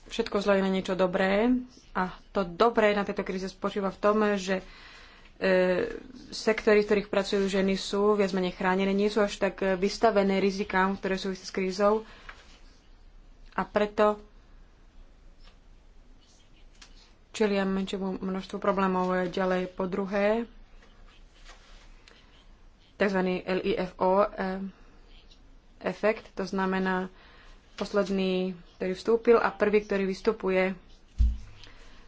všetko zlo je na niečo dobré a to dobré na tejto kríze spočíva v tom, že E, sektory, v ktorých pracujú ženy, sú viac menej chránené, nie sú až tak e, vystavené rizikám, ktoré súvisia s krízou. A preto čelia menšiemu množstvu problémov e, ďalej po druhé. Tzv. LIFO efekt, to znamená posledný, ktorý vstúpil a prvý, ktorý vystupuje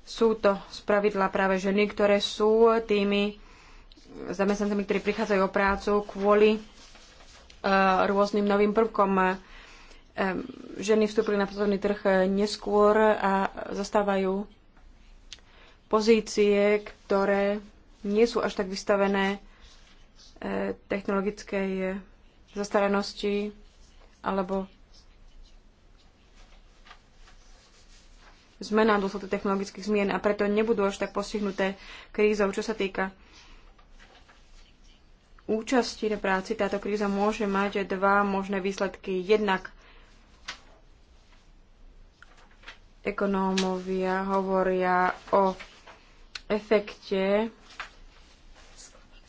sú to spravidla práve ženy, ktoré sú tými zamestnancami, ktorí prichádzajú o prácu kvôli e, rôznym novým prvkom. E, ženy vstúpili na pracovný trh e, neskôr a zastávajú pozície, ktoré nie sú až tak vystavené technologickej zastaranosti alebo v dôsledku technologických zmien a preto nebudú až tak postihnuté krízou. Čo sa týka účasti na práci, táto kríza môže mať dva možné výsledky. Jednak ekonómovia hovoria o efekte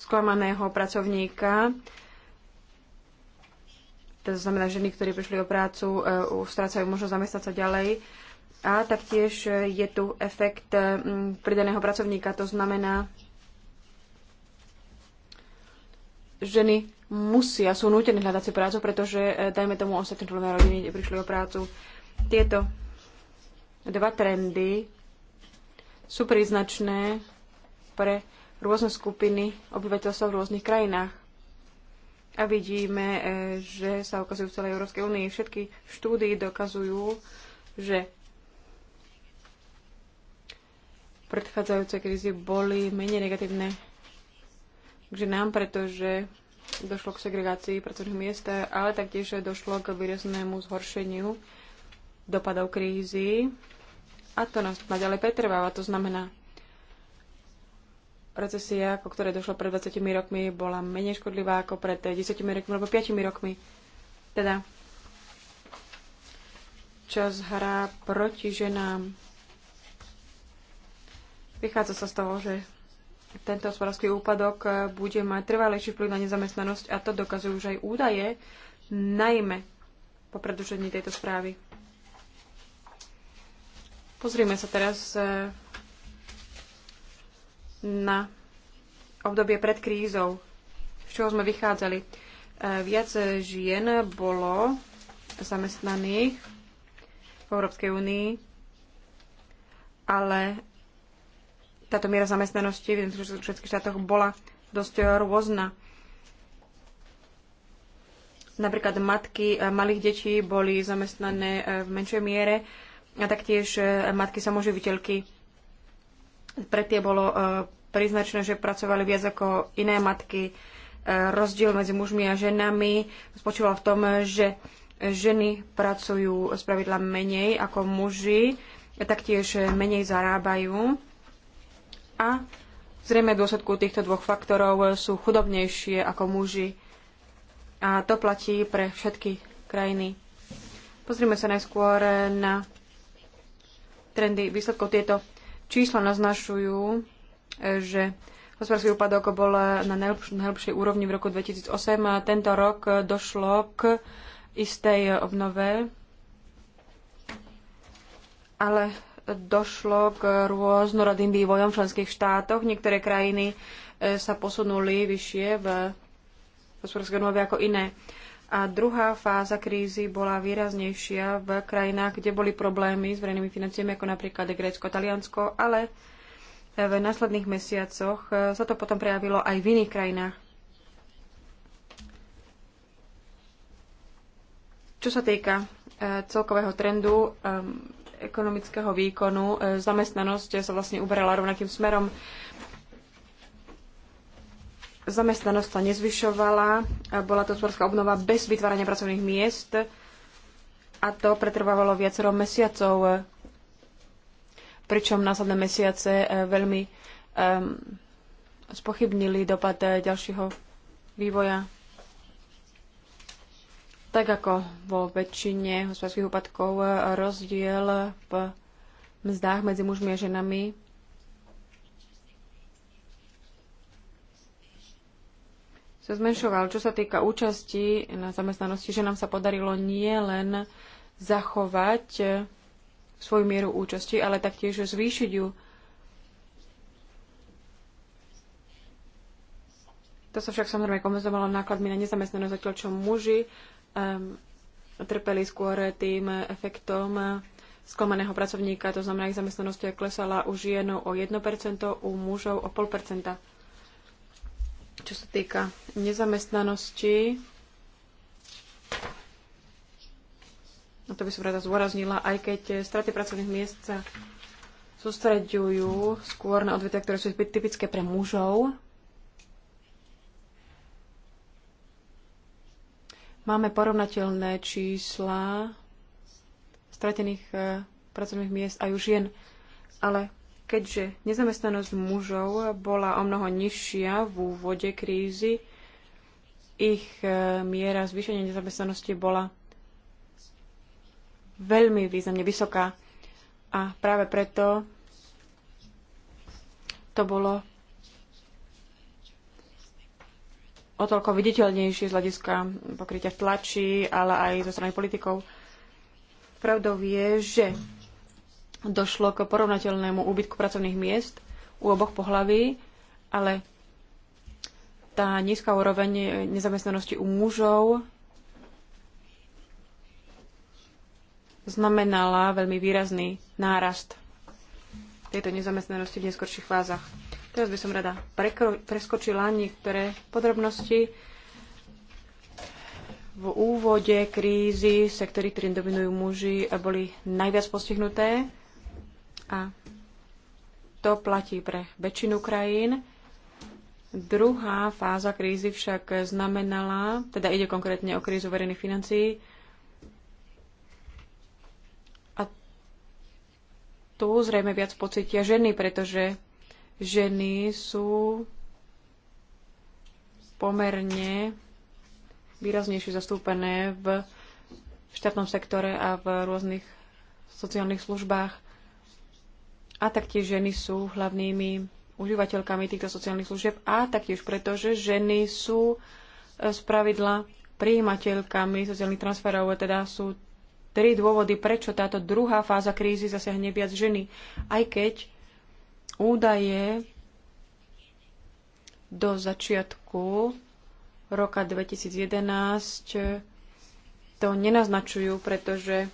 sklamaného pracovníka, to znamená ženy, ktorí prišli o prácu, e, strácajú možnosť zamestnať sa ďalej. A taktiež je tu efekt mm, pridaného pracovníka, to znamená, ženy musia, sú nútené hľadať si prácu, pretože, e, dajme tomu, ostatní členovia rodiny prišli o prácu. Tieto dva trendy sú príznačné pre rôzne skupiny obyvateľstva v rôznych krajinách. A vidíme, e, že sa ukazujú v celej Európskej únii. Všetky štúdie dokazujú, že predchádzajúce krízy boli menej negatívne k ženám, pretože došlo k segregácii pracovných miest, ale taktiež došlo k výraznému zhoršeniu dopadov krízy. A to nás naďalej pretrváva. To znamená, recesia, ku ktoré došlo pred 20 rokmi, bola menej škodlivá ako pred 10 rokmi alebo 5 rokmi. Teda čas hrá proti ženám Vychádza sa z toho, že tento hospodársky úpadok eh, bude mať trvalejší vplyv na nezamestnanosť a to dokazujú už aj údaje, najmä po predlžení tejto správy. Pozrime sa teraz eh, na obdobie pred krízou, z čoho sme vychádzali. Eh, viac žien bolo zamestnaných v Európskej únii, ale táto miera zamestnanosti v členských štátoch bola dosť e, rôzna. Napríklad matky e, malých detí boli zamestnané e, v menšej miere a taktiež matky samoživiteľky. Pre tie bolo príznačné, že pracovali viac ako iné matky. Rozdiel medzi mužmi a ženami spočíval v tom, že ženy pracujú spravidla menej ako muži, taktiež menej zarábajú a zrejme v dôsledku týchto dvoch faktorov sú chudobnejšie ako muži. A to platí pre všetky krajiny. Pozrime sa najskôr na trendy výsledkov. Tieto čísla naznačujú, že hospodársky úpadok bol na najlepšej úrovni v roku 2008 a tento rok došlo k istej obnove, ale došlo k rôznorodým vývojom v členských štátoch. Niektoré krajiny e, sa posunuli vyššie v hospodárskej obnove ako iné. A druhá fáza krízy bola výraznejšia v krajinách, kde boli problémy s verejnými financiami, ako napríklad Grécko, Taliansko, ale v následných mesiacoch e, sa to potom prejavilo aj v iných krajinách. Čo sa týka e, celkového trendu, ekonomického výkonu e, zamestnanosť sa vlastne uberala rovnakým smerom. Zamestnanosť sa nezvyšovala, e, bola to hospodárska obnova bez vytvárania pracovných miest a to pretrvávalo viacero mesiacov, e, pričom následné mesiace veľmi um, spochybnili dopad ďalšieho vývoja tak ako vo väčšine hospodárskych úpadkov, rozdiel v mzdách medzi mužmi a ženami sa zmenšoval. Čo sa týka účasti na zamestnanosti, že nám sa podarilo nie len zachovať svoju mieru účasti, ale taktiež zvýšiť ju. To sa však samozrejme kompenzovalo nákladmi na nezamestnanosť, zatiaľ čo muži Ehm, trpeli skôr tým efektom sklamaného pracovníka, to znamená, ich zamestnanosť klesala u žien o 1%, u mužov o 0,5%. Čo sa týka nezamestnanosti, no to by som rada zdôraznila, aj keď straty pracovných miest sa sústreďujú skôr na odvetvia, ktoré sú typické pre mužov, Máme porovnateľné čísla stratených eh, pracovných miest aj u žien. Ale keďže nezamestnanosť mužov bola o mnoho nižšia v úvode krízy, ich eh, miera zvýšenia nezamestnanosti bola veľmi významne vysoká. A práve preto to bolo o toľko viditeľnejší z hľadiska pokrytia v tlači, ale aj zo strany politikov. Pravdou je, že došlo k porovnateľnému úbytku pracovných miest u oboch pohlaví, ale tá nízka úroveň nezamestnanosti u mužov znamenala veľmi výrazný nárast tejto nezamestnanosti v neskorších fázach. Teraz by som rada preskočila niektoré podrobnosti. V úvode krízy sektory, ktorým dominujú muži, boli najviac postihnuté a to platí pre väčšinu krajín. Druhá fáza krízy však znamenala, teda ide konkrétne o krízu verejných financií, tu zrejme viac pocitia ženy, pretože ženy sú pomerne výraznejšie zastúpené v štátnom sektore a v rôznych sociálnych službách. A taktiež ženy sú hlavnými užívateľkami týchto sociálnych služieb a taktiež preto, že ženy sú e, z pravidla prijímateľkami sociálnych transferov, teda sú tri dôvody, prečo táto druhá fáza krízy zasiahne viac ženy, aj keď údaje do začiatku roka 2011 to nenaznačujú, pretože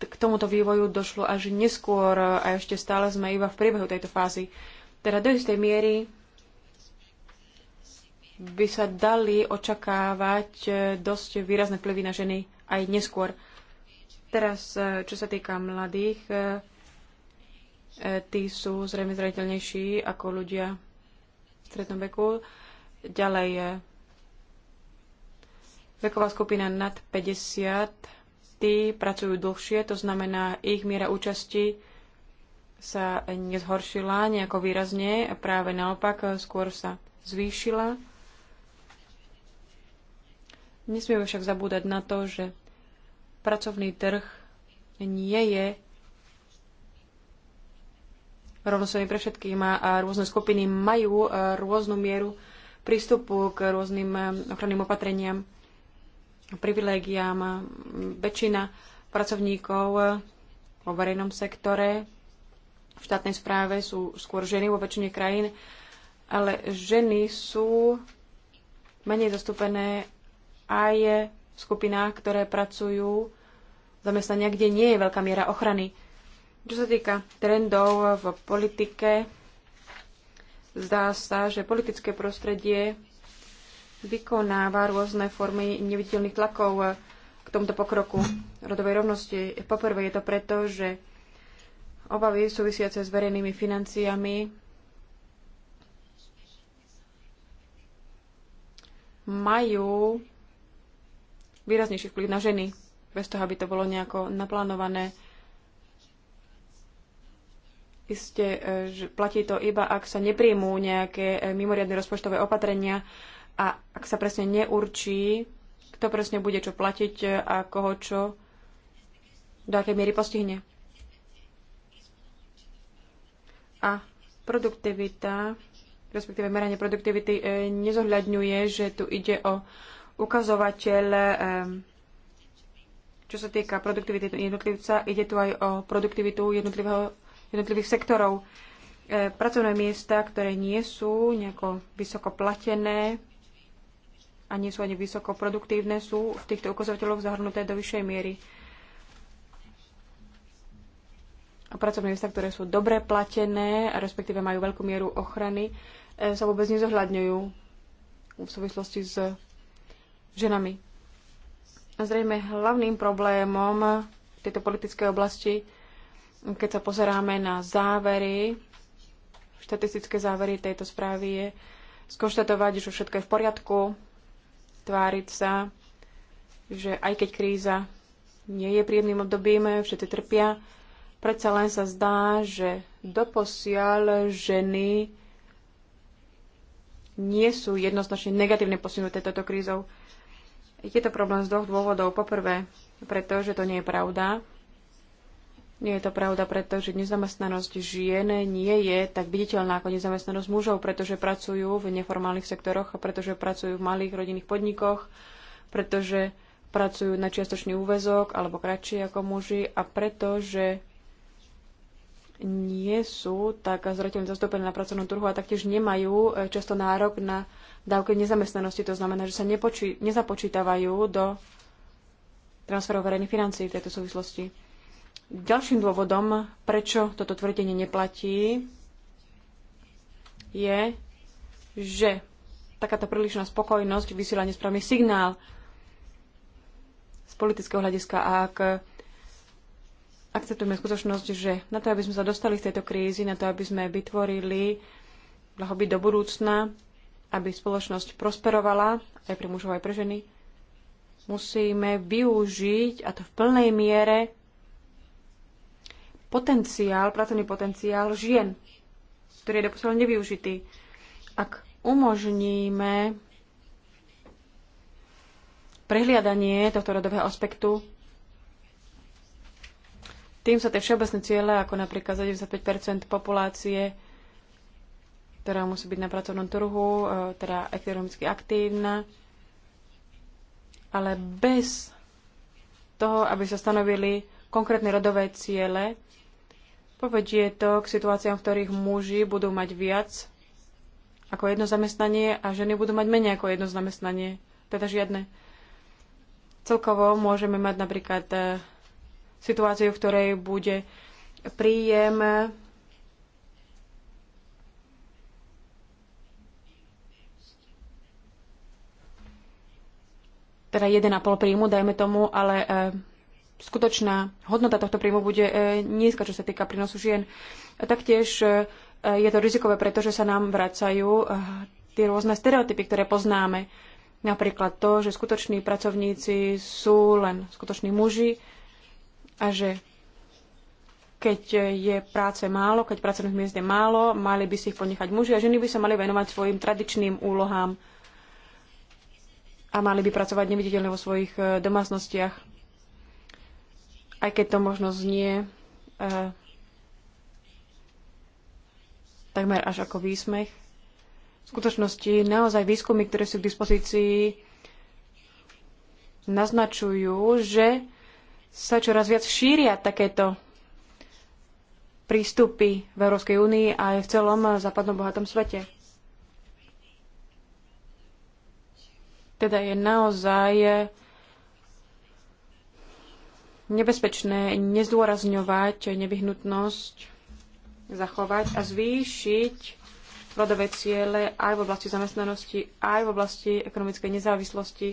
k tomuto vývoju došlo až neskôr a ešte stále sme iba v priebehu tejto fázy. Teda do istej miery by sa dali očakávať dosť výrazné vplyvy na ženy aj neskôr. Teraz, e, čo sa týka mladých, e, e, tí sú zrejme zraniteľnejší ako ľudia v strednom veku. Ďalej je veková skupina nad 50. Tí pracujú dlhšie, to znamená, ich miera účasti sa nezhoršila nejako výrazne, práve naopak skôr sa zvýšila. Nesmieme však zabúdať na to, že pracovný trh nie je rovnocený pre všetkým a rôzne skupiny majú rôznu mieru prístupu k rôznym ochranným opatreniam, privilégiám. Väčšina pracovníkov vo verejnom sektore, v štátnej správe sú skôr ženy vo väčšine krajín, ale ženy sú menej zastúpené aj skupinách, ktoré pracujú zamestnania, kde nie je veľká miera ochrany. Čo sa týka trendov v politike, zdá sa, že politické prostredie vykonáva rôzne formy neviditeľných tlakov k tomuto pokroku rodovej rovnosti. Poprvé je to preto, že obavy súvisiace s verejnými financiami majú výraznejší vplyv na ženy, bez toho, aby to bolo nejako naplánované. Isté, e, že platí to iba, ak sa nepríjmú nejaké e, mimoriadne rozpočtové opatrenia a ak sa presne neurčí, kto presne bude čo platiť e, a koho čo do akej miery postihne. A produktivita, respektíve meranie produktivity, nezohľadňuje, že tu ide o ukazovateľ, čo sa týka produktivity jednotlivca, ide tu aj o produktivitu jednotlivých sektorov. E, pracovné miesta, ktoré nie sú nejako vysoko platené a nie sú ani vysoko produktívne, sú v týchto ukazovateľoch zahrnuté do vyššej miery. A pracovné miesta, ktoré sú dobre platené, a respektíve majú veľkú mieru ochrany, e, sa vôbec nezohľadňujú v súvislosti s ženami. A zrejme hlavným problémom tejto politickej oblasti, keď sa pozeráme na závery, štatistické závery tejto správy, je skonštatovať, že všetko je v poriadku, tváriť sa, že aj keď kríza nie je príjemným obdobím, všetci trpia, predsa len sa zdá, že doposiaľ ženy nie sú jednoznačne negatívne posunuté toto krízou. Je to problém z dvoch dôvodov. Poprvé, pretože to nie je pravda. Nie je to pravda, pretože nezamestnanosť žien nie je tak viditeľná ako nezamestnanosť mužov, pretože pracujú v neformálnych sektoroch a pretože pracujú v malých rodinných podnikoch, pretože pracujú na čiastočný úvezok alebo kratšie ako muži a pretože nie sú tak zreteľne zastúpené na pracovnom trhu a taktiež nemajú eh, často nárok na dávky nezamestnanosti. To znamená, že sa nepočí, nezapočítavajú do transferov verejných financií v tejto súvislosti. Ďalším dôvodom, prečo toto tvrdenie neplatí, je, že takáto prílišná spokojnosť vysiela nesprávny signál z politického hľadiska. A ak akceptujeme skutočnosť, že na to, aby sme sa dostali z tejto krízy, na to, aby sme vytvorili blahobyt do budúcna, aby spoločnosť prosperovala aj pre mužov, aj pre ženy, musíme využiť, a to v plnej miere, potenciál, pracovný potenciál žien, ktorý je doposiaľ nevyužitý. Ak umožníme prehliadanie tohto rodového aspektu, tým sa tie všeobecné ciele, ako napríklad 95 populácie, ktorá musí byť na pracovnom trhu, e, teda ekonomicky aktívna, ale bez toho, aby sa stanovili konkrétne rodové ciele, povedie to k situáciám, v ktorých muži budú mať viac ako jedno zamestnanie a ženy budú mať menej ako jedno zamestnanie, teda žiadne. Celkovo môžeme mať napríklad e, situáciu, v ktorej bude príjem teda 1,5 príjmu, dajme tomu, ale e, skutočná hodnota tohto príjmu bude e, nízka, čo sa týka prínosu žien. Taktiež e, je to rizikové, pretože sa nám vracajú tie rôzne stereotypy, ktoré poznáme. Napríklad to, že skutoční pracovníci sú len skutoční muži a že keď je práce málo, keď pracovných miest je málo, mali by si ich ponechať muži a ženy by sa mali venovať svojim tradičným úlohám a mali by pracovať neviditeľne vo svojich e, domácnostiach. Aj keď to možno znie eh, takmer až ako výsmech. V skutočnosti naozaj výskumy, ktoré sú k dispozícii, naznačujú, že sa čoraz viac šíria takéto prístupy v Európskej únii a aj v celom západnom bohatom svete. teda je naozaj nebezpečné nezdôrazňovať nevyhnutnosť zachovať a zvýšiť rodové ciele aj v oblasti zamestnanosti, aj v oblasti ekonomickej nezávislosti,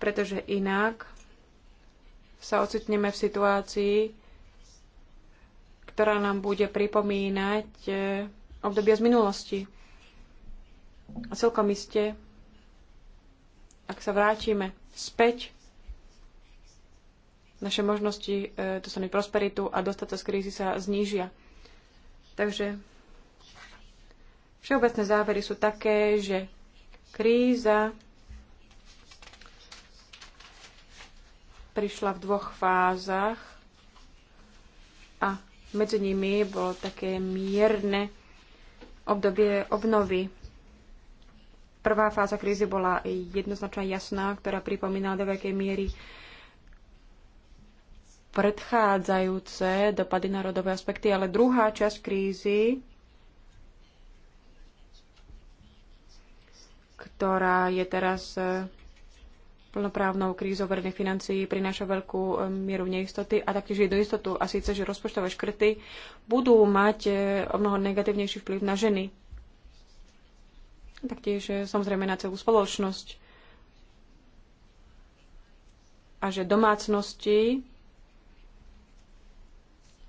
pretože inak sa ocitneme v situácii, ktorá nám bude pripomínať eh, obdobia z minulosti. A celkom iste ak sa vrátime späť, naše možnosti e, dostanúť prosperitu a dostať sa z krízy sa znížia. Takže všeobecné závery sú také, že kríza prišla v dvoch fázach a medzi nimi bolo také mierne obdobie obnovy prvá fáza krízy bola jednoznačne jasná, ktorá pripomínala do veľkej miery predchádzajúce dopady na rodové aspekty, ale druhá časť krízy, ktorá je teraz e, plnoprávnou krízou verejných financií, prináša veľkú e, mieru neistoty a taktiež je doistotu a síce, že rozpočtové škrty budú mať e, o mnoho negatívnejší vplyv na ženy taktiež e, samozrejme na celú spoločnosť. A že domácnosti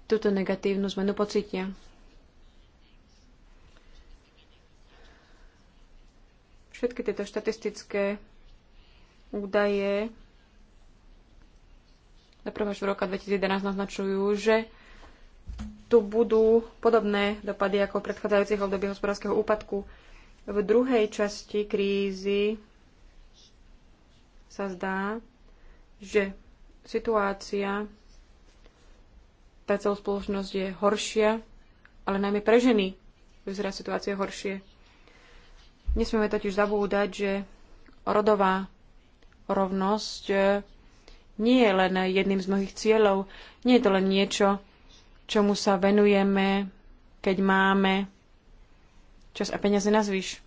túto negatívnu zmenu pocítia. Všetky tieto štatistické údaje na prvého roka 2011 naznačujú, že tu budú podobné dopady ako v predchádzajúcich období hospodárskeho úpadku. V druhej časti krízy sa zdá, že situácia tá celá spoločnosť je horšia, ale najmä pre ženy vyzerá situácia horšie. Nesmieme totiž zabúdať, že rodová rovnosť e, nie je len jedným z mnohých cieľov, nie je to len niečo, čomu sa venujeme, keď máme čas a peniaze na zvyš.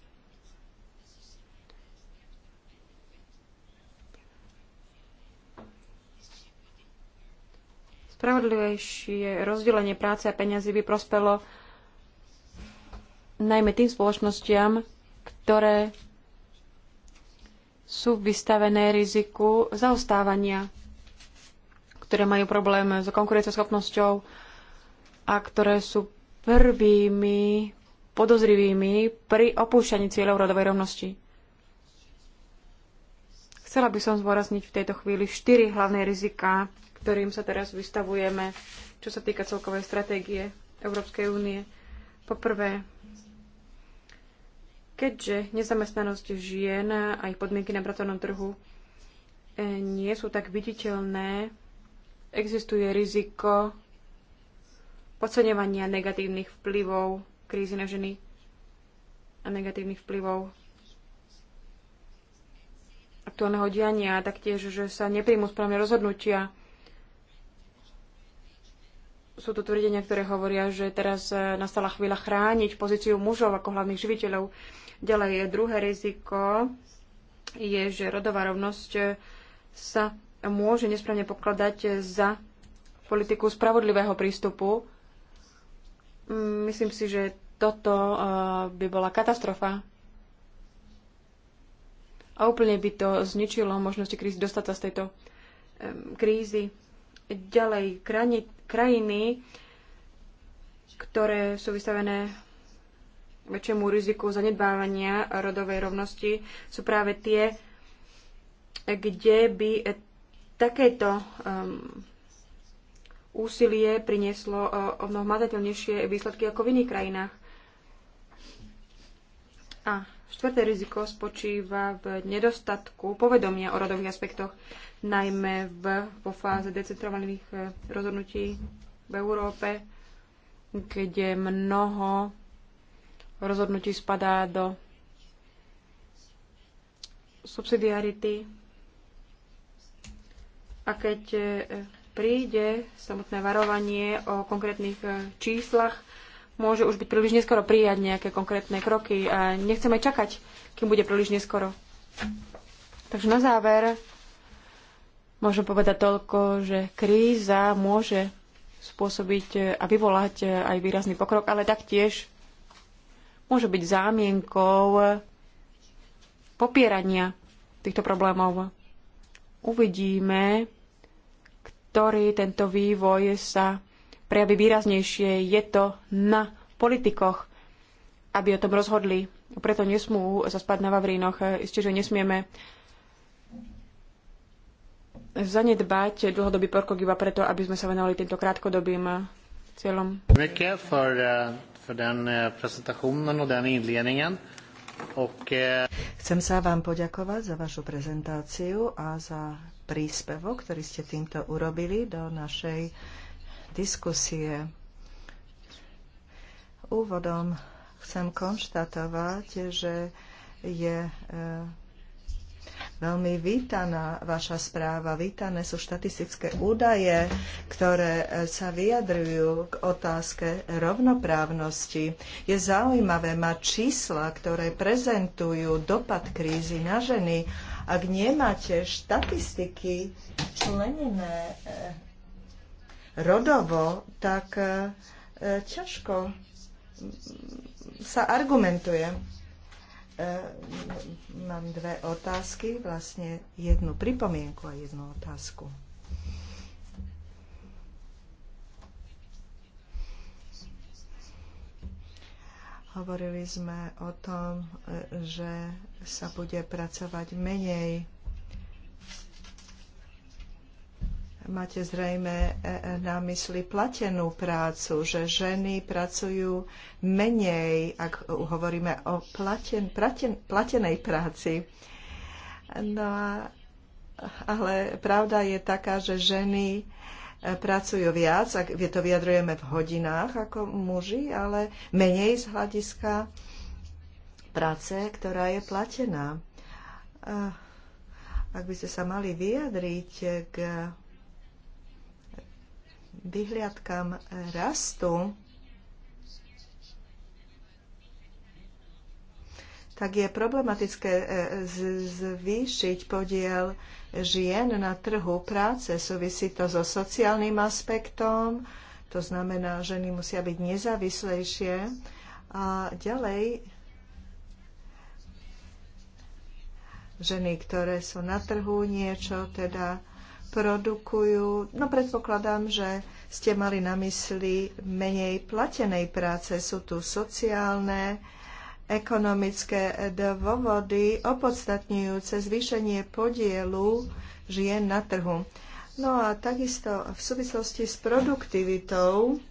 Spravodlivejšie rozdelenie práce a peniazy by prospelo najmä tým spoločnostiam, ktoré sú vystavené riziku zaostávania, ktoré majú problém s konkurenceschopnosťou a ktoré sú prvými podozrivými pri opúšťaní cieľov rodovej rovnosti. Chcela by som zvorazniť v tejto chvíli štyri hlavné rizika, ktorým sa teraz vystavujeme, čo sa týka celkovej stratégie Európskej únie. Poprvé, keďže nezamestnanosť žien a ich podmienky na pracovnom trhu eh, nie sú tak viditeľné, existuje riziko podceňovania negatívnych vplyvov krízy na ženy a negatívnych vplyvov aktuálneho diania a taktiež, že sa nepríjmu správne rozhodnutia. Sú to tvrdenia, ktoré hovoria, že teraz e, nastala chvíľa chrániť pozíciu mužov ako hlavných živiteľov. Ďalej je druhé riziko, je, že rodová rovnosť e, sa môže nesprávne pokladať za politiku spravodlivého prístupu Myslím si, že toto eh, by bola katastrofa. A úplne by to zničilo možnosti krízy dostať sa z tejto krízy. Ďalej, krajiny, ktoré sú vystavené väčšiemu riziku zanedbávania rodovej rovnosti, sú práve tie, kde by takéto um, úsilie prinieslo e, o mnoho matateľnejšie výsledky ako v iných krajinách. A štvrté riziko spočíva v nedostatku povedomia o rodových aspektoch, najmä v, vo fáze decentrovaných e, rozhodnutí v Európe, kde mnoho rozhodnutí spadá do subsidiarity. A keď e, príde samotné varovanie o konkrétnych e, číslach, môže už byť príliš neskoro prijať nejaké konkrétne kroky a nechceme čakať, kým bude príliš neskoro. Takže na záver môžem povedať toľko, že kríza môže spôsobiť e, a vyvolať e, aj výrazný pokrok, ale taktiež môže byť zámienkou popierania týchto problémov. Uvidíme, ktorý tento vývoj sa prejaví výraznejšie. Je to na politikoch, aby o tom rozhodli. Preto nesmú sa spať na Vavrínoch. Isté, že nesmieme zanedbať dlhodobý porkok iba preto, aby sme sa venovali týmto krátkodobým cieľom.
Eh,
Chcem sa vám poďakovať za vašu prezentáciu a za príspevok, ktorý ste týmto urobili do našej diskusie. Úvodom chcem konštatovať, že je e, Veľmi vítaná vaša správa. Vítané sú štatistické údaje, ktoré e, sa vyjadrujú k otázke rovnoprávnosti. Je zaujímavé mať čísla, ktoré prezentujú dopad krízy na ženy ak nemáte štatistiky členené eh, rodovo, tak eh, ťažko sa argumentuje. Eh, mám dve otázky, vlastne jednu pripomienku a jednu otázku. Hovorili sme o tom, že sa bude pracovať menej. Máte zrejme e, e, na mysli platenú prácu, že ženy pracujú menej, ak hovoríme o platen, praten, platenej práci. No a, ale pravda je taká, že ženy pracujú viac, ak to vyjadrujeme v hodinách ako muži, ale menej z hľadiska práce, ktorá je platená. Ak by ste sa mali vyjadriť k vyhliadkam rastu, tak je problematické e, e, zvýšiť podiel žien na trhu práce. Súvisí to so sociálnym aspektom, to znamená, ženy musia byť nezávislejšie. A ďalej, ženy, ktoré sú na trhu, niečo teda produkujú. No predpokladám, že ste mali na mysli menej platenej práce. Sú tu sociálne ekonomické dôvody opodstatňujúce zvýšenie podielu žien na trhu. No a takisto v súvislosti s produktivitou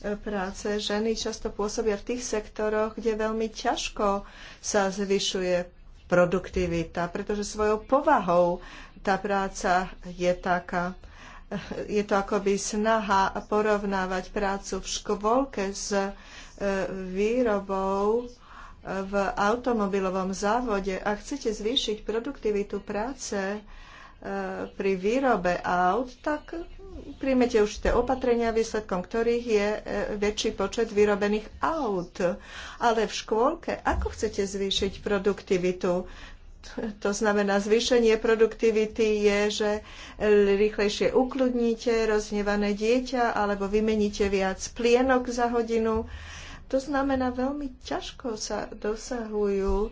e, práce ženy často pôsobia v tých sektoroch, kde veľmi ťažko sa zvyšuje produktivita, pretože svojou povahou tá práca je taká je to akoby snaha porovnávať prácu v škôlke s e, výrobou e, v automobilovom závode. a chcete zvýšiť produktivitu práce e, pri výrobe aut, tak príjmete určité opatrenia, výsledkom ktorých je väčší počet vyrobených aut. Ale v škôlke, ako chcete zvýšiť produktivitu? to znamená zvýšenie produktivity je, že rýchlejšie ukludníte roznevané dieťa alebo vymeníte viac plienok za hodinu. To znamená, veľmi ťažko sa dosahujú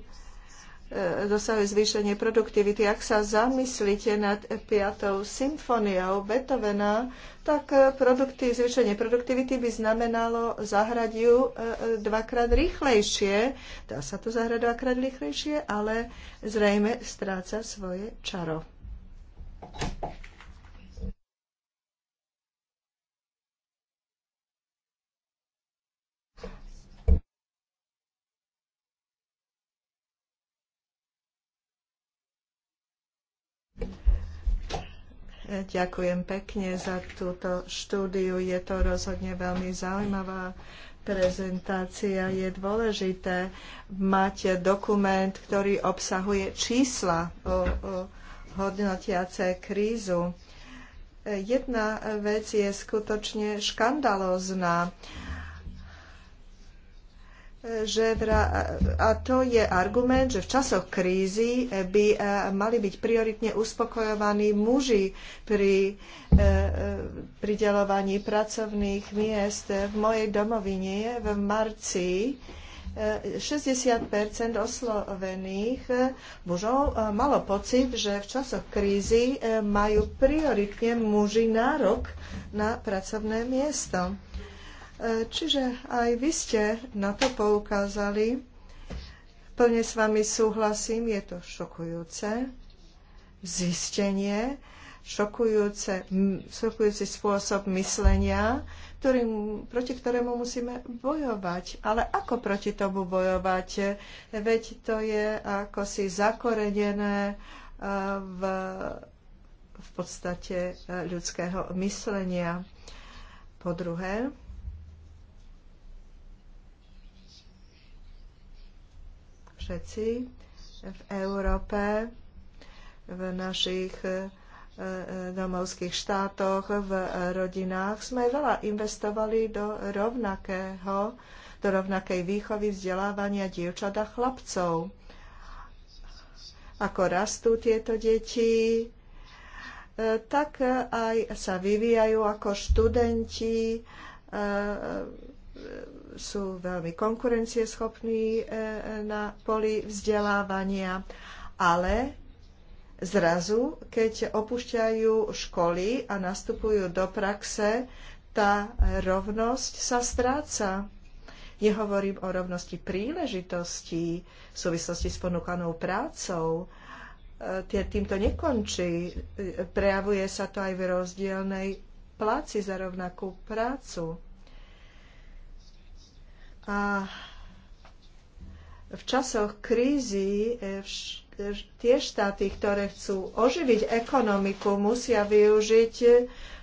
dosahuje zvýšenie produktivity. Ak sa zamyslíte nad piatou symfóniou Beethovena, tak produkty, zvýšenie produktivity by znamenalo zahrať ju e, dvakrát rýchlejšie. Dá sa to zahrať dvakrát rýchlejšie, ale zrejme stráca svoje čaro. Ďakujem pekne za túto štúdiu. Je to rozhodne veľmi zaujímavá prezentácia. Je dôležité mať dokument, ktorý obsahuje čísla o, o hodnotiace krízu. Jedna vec je skutočne škandalózna že vra, a to je argument, že v časoch krízy by e, mali byť prioritne uspokojovaní muži pri e, e, pridelovaní pracovných miest. V mojej domovine v marci 60 oslovených mužov malo pocit, že v časoch krízy majú prioritne muži nárok na pracovné miesto. Čiže aj vy ste na to poukázali. Plne s vami súhlasím, je to šokujúce zistenie, šokujúce, šokujúci spôsob myslenia, ktorým, proti ktorému musíme bojovať. Ale ako proti tomu bojovať? Veď to je ako si zakorenené e, v, v podstate e, ľudského myslenia. Po druhé, všetci v Európe, v našich e, e, domovských štátoch, v rodinách sme veľa investovali do rovnakého, do rovnakej výchovy vzdelávania dievčat a chlapcov. Ako rastú tieto deti, e, tak aj sa vyvíjajú ako študenti sú veľmi konkurencieschopní e, e, na poli vzdelávania, ale zrazu, keď opúšťajú školy a nastupujú do praxe, tá rovnosť sa stráca. Nehovorím o rovnosti príležitostí v súvislosti s ponúkanou prácou. E, týmto nekončí. Prejavuje sa to aj v rozdielnej pláci za rovnakú prácu a v časoch krízy e, e, tie štáty, ktoré chcú oživiť ekonomiku, musia využiť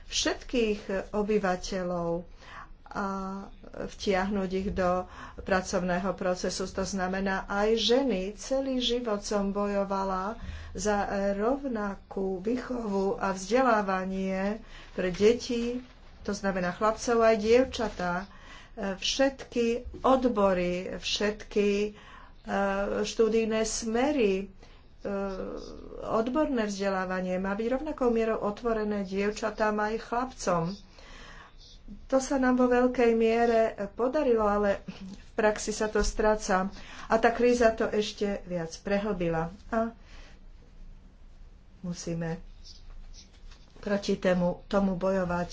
všetkých obyvateľov a vtiahnuť ich do pracovného procesu. To znamená aj ženy. Celý život som bojovala za rovnakú výchovu a vzdelávanie pre deti, to znamená chlapcov aj dievčatá všetky odbory, všetky eh, štúdijné smery, eh, odborné vzdelávanie má byť rovnakou mierou otvorené dievčatám aj chlapcom. To sa nám vo veľkej miere podarilo, ale v praxi sa to stráca. A tá kríza to ešte viac prehlbila. A musíme proti tému, tomu bojovať.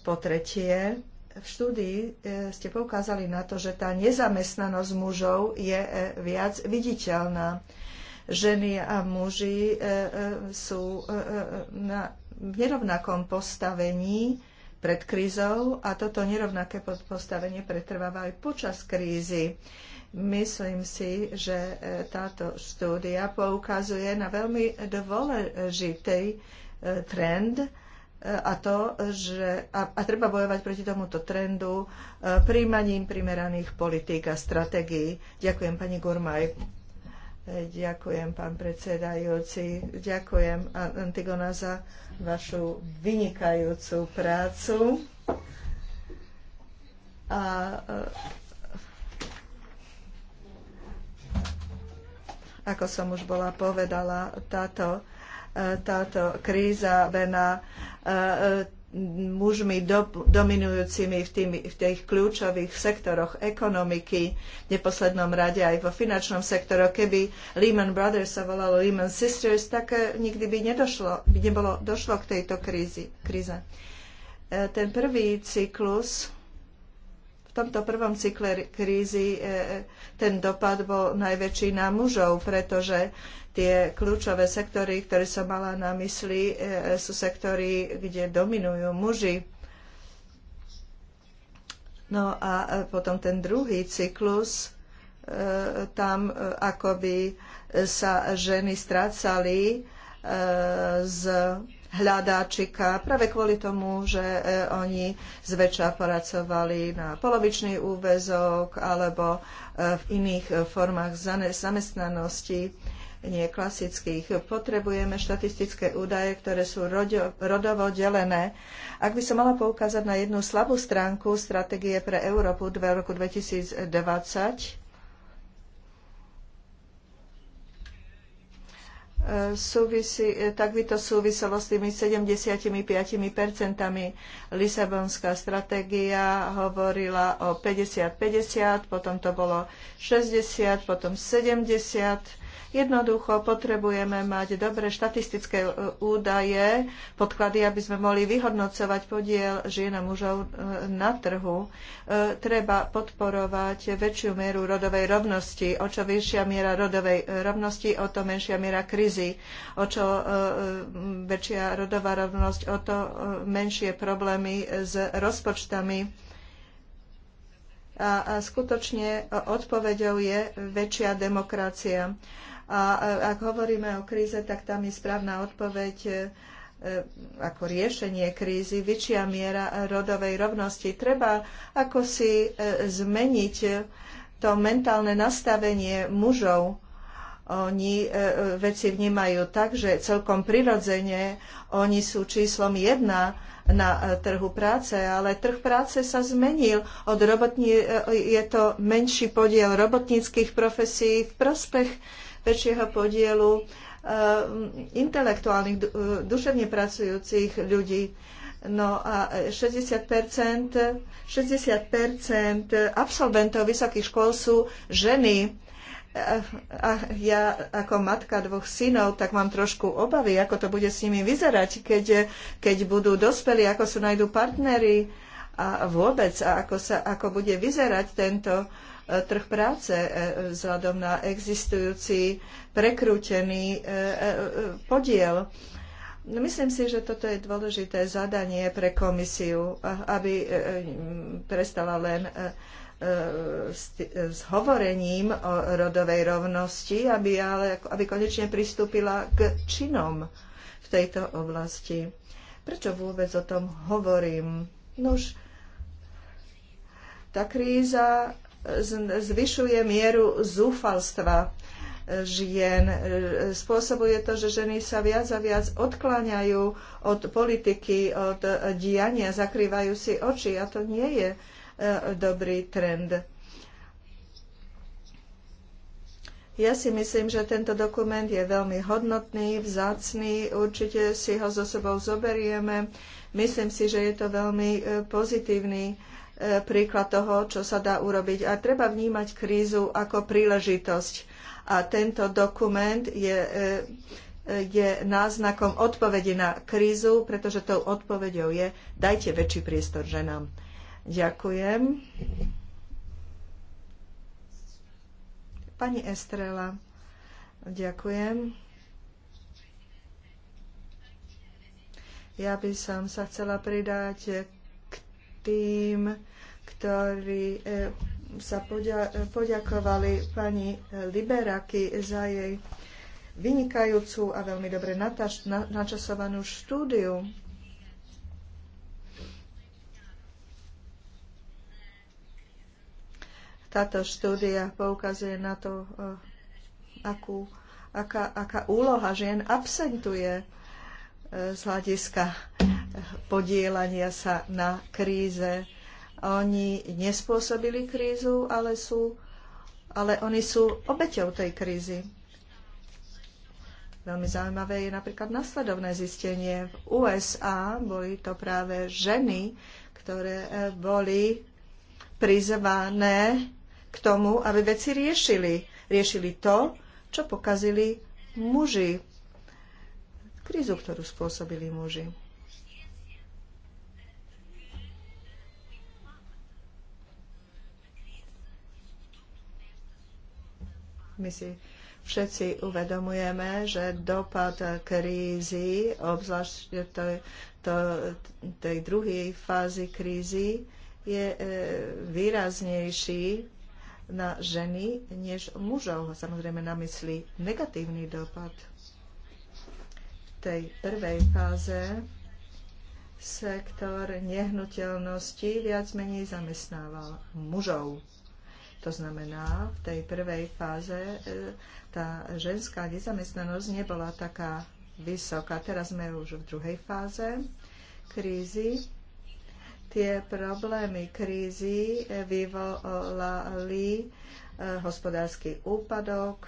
Po tretie, v štúdii e, ste poukázali na to, že tá nezamestnanosť mužov je e, viac viditeľná. Ženy a muži e, sú na nerovnakom postavení pred krízou a toto nerovnaké postavenie pretrváva aj počas krízy. Myslím si, že táto štúdia poukazuje na veľmi dôležitý trend, E, a to, že a, a treba bojovať proti tomuto trendu e, príjmaním primeraných politík a stratégií. Ďakujem pani Gurmaj. E, ďakujem, pán predsedajúci. Ďakujem, Antigona, za vašu vynikajúcu prácu. A, ako som už bola povedala, táto táto kríza vená eh, eh, mužmi do, dominujúcimi v, tým, v tých kľúčových sektoroch ekonomiky, v neposlednom rade aj vo finančnom sektore. Keby Lehman Brothers sa volalo Lehman Sisters, tak eh, nikdy by nedošlo, by nebolo došlo k tejto krízi, kríze. Ten prvý cyklus, v tomto prvom cykle krízy, ten dopad bol najväčší na mužov, pretože tie kľúčové sektory, ktoré som mala na mysli, e, sú sektory, kde dominujú muži. No a e, potom ten druhý cyklus, e, tam akoby sa ženy strácali z hľadáčika práve kvôli tomu, že oni zväčša pracovali na polovičný úväzok alebo v iných formách zamestnanosti nie klasických. Potrebujeme štatistické údaje, ktoré sú rodovo delené. Ak by som mala poukázať na jednu slabú stránku stratégie pre Európu v roku 2020, e, Súvisí, e, tak by to súviselo s tými 75% Lisabonská stratégia hovorila o 50-50, potom to bolo 60, potom 70 Jednoducho potrebujeme mať dobré štatistické e, údaje, podklady, aby sme mohli vyhodnocovať podiel žien a mužov e, na trhu. E, treba podporovať väčšiu mieru rodovej rovnosti. O čo vyššia miera rodovej rovnosti, o to menšia miera krízy. O čo väčšia rodová rovnosť, o to menšie problémy s rozpočtami a, skutočne odpoveďou je väčšia demokracia. A ak hovoríme o kríze, tak tam je správna odpoveď e, e, ako riešenie krízy, väčšia miera rodovej rovnosti. Treba ako si e, zmeniť to mentálne nastavenie mužov. Oni veci vnímajú tak, že celkom prirodzene oni sú číslom jedna na trhu práce, ale trh práce sa zmenil. Od robotní, je to menší podiel robotníckých profesí v prospech väčšieho podielu eh, intelektuálnych, eh, duševne pracujúcich ľudí. No a 60%, 60% absolventov vysokých škôl sú ženy. Eh, a ja ako matka dvoch synov, tak mám trošku obavy, ako to bude s nimi vyzerať, keď, keď budú dospelí, ako sa nájdú partnery a vôbec, a ako, sa, ako bude vyzerať tento uh, trh práce e, e, vzhľadom na existujúci prekrútený e, podiel. No, myslím si, že toto je dôležité zadanie pre komisiu, aby prestala len s hovorením o rodovej rovnosti, aby, ale, aby konečne pristúpila k činom v tejto oblasti. Prečo vôbec o tom hovorím? Nuž, tá kríza zvyšuje mieru zúfalstva žien. Spôsobuje to, že ženy sa viac a viac odkláňajú od politiky, od diania, zakrývajú si oči a to nie je e, dobrý trend. Ja si myslím, že tento dokument je veľmi hodnotný, vzácný, určite si ho so zo sebou zoberieme. Myslím si, že je to veľmi e, pozitívny E, príklad toho, čo sa dá urobiť. A treba vnímať krízu ako príležitosť. A tento dokument je, e, je náznakom odpovede na krízu, pretože tou odpovedou je dajte väčší priestor ženám. Ďakujem. Pani Estrela, ďakujem. Ja by som sa chcela pridať tým, ktorí e, sa podia- poďakovali pani e, Liberaky za jej vynikajúcu a veľmi dobre nataš- na- načasovanú štúdiu. Táto štúdia poukazuje na to, e, akú, aká, aká úloha žien absentuje z hľadiska podielania sa na kríze. Oni nespôsobili krízu, ale, sú, ale oni sú obeťou tej krízy. Veľmi zaujímavé je napríklad nasledovné zistenie. V USA boli to práve ženy, ktoré e, boli prizvané k tomu, aby veci riešili. Riešili to, čo pokazili muži. Krízu, ktorú spôsobili muži. My si všetci uvedomujeme, že dopad krízy, obzvlášť to, to, tej druhej fázy krízy, je e, výraznejší na ženy než mužov. Samozrejme na mysli negatívny dopad. V tej prvej fáze sektor nehnuteľnosti viac menej zamestnával mužov to znamená, v tej prvej fáze e, tá ženská nezamestnanosť nebola taká vysoká. Teraz sme už v druhej fáze krízy. Tie problémy krízy vyvolali e, hospodársky úpadok,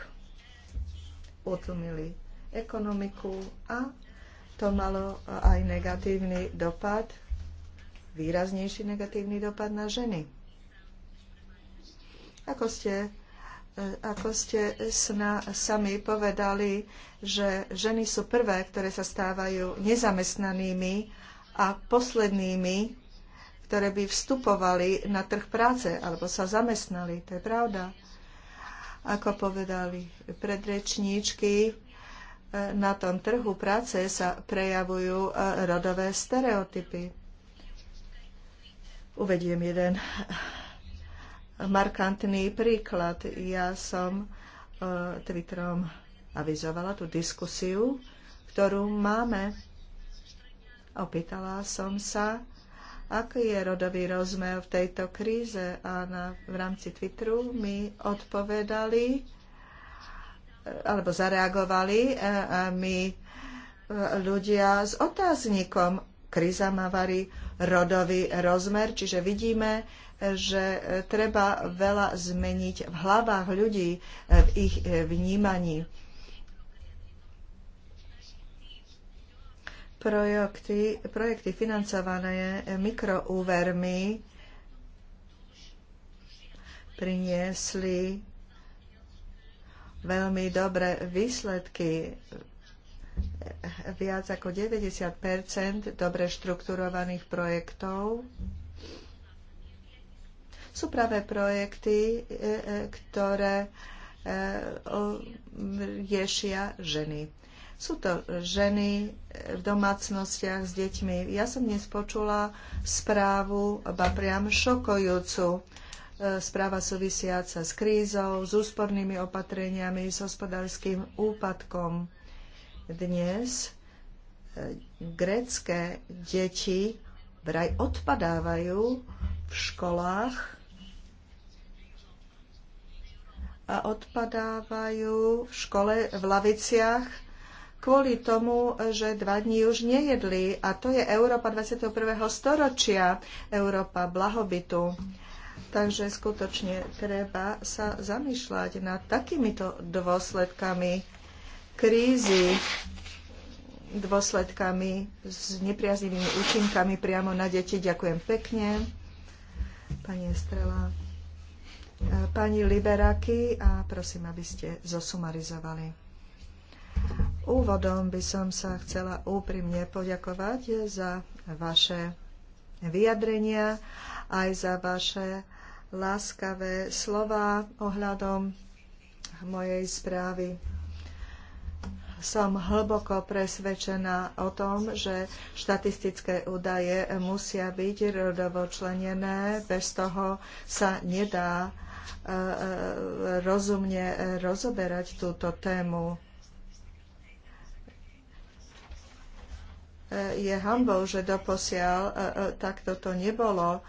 utlmili ekonomiku a to malo aj negatívny dopad, výraznejší negatívny dopad na ženy ako ste, e, ako ste sna, sami povedali, že ženy sú prvé, ktoré sa stávajú nezamestnanými a poslednými, ktoré by vstupovali na trh práce alebo sa zamestnali. To je pravda. Ako povedali predrečníčky, e, na tom trhu práce sa prejavujú e, rodové stereotypy. Uvediem jeden markantný príklad. Ja som e, Twitterom avizovala tú diskusiu, ktorú máme. Opýtala som sa, aký je rodový rozmer v tejto kríze a na, v rámci Twitteru mi odpovedali e, alebo zareagovali e, mi ľudia s otáznikom. Kríza má varí rodový rozmer, čiže vidíme, že e, treba veľa zmeniť v hlavách ľudí, e, v ich e, vnímaní. Projekty, projekty financované mikroúvermi priniesli veľmi dobré výsledky viac ako 90 dobre štrukturovaných projektov sú práve projekty, e, e, ktoré e, riešia ženy. Sú to ženy v domácnostiach s deťmi. Ja som dnes počula správu, ba priam šokujúcu, správa súvisiaca s krízou, s úspornými opatreniami, s hospodárským úpadkom. Dnes grecké deti vraj odpadávajú v školách a odpadávajú v škole v laviciach kvôli tomu, že dva dní už nejedli. A to je Európa 21. storočia, Európa blahobytu. Takže skutočne treba sa zamýšľať nad takýmito dôsledkami krízy, dôsledkami s nepriaznivými účinkami priamo na deti. Ďakujem pekne. Pani Estrela pani Liberaky a prosím, aby ste zosumarizovali. Úvodom by som sa chcela úprimne poďakovať za vaše vyjadrenia, aj za vaše láskavé slova ohľadom mojej správy som hlboko presvedčená o tom, že štatistické údaje musia byť rodovo členené, bez toho sa nedá e, e, rozumne rozoberať túto tému. E, je hambou, že doposiaľ takto to nebolo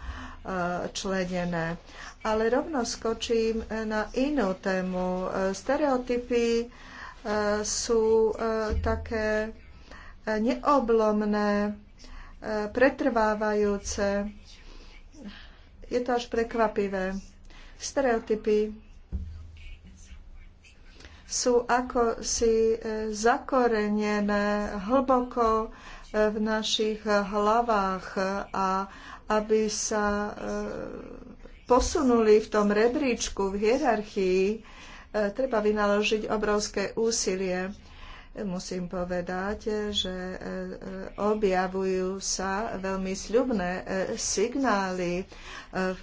členené. Ale rovno skočím na inú tému. Stereotypy sú e, také e, neoblomné, e, pretrvávajúce. Je to až prekvapivé. Stereotypy sú ako si zakorenené hlboko v našich hlavách a aby sa posunuli v tom rebríčku, v hierarchii, E, treba vynaložiť obrovské úsilie. Musím povedať, že e, objavujú sa veľmi sľubné e, signály v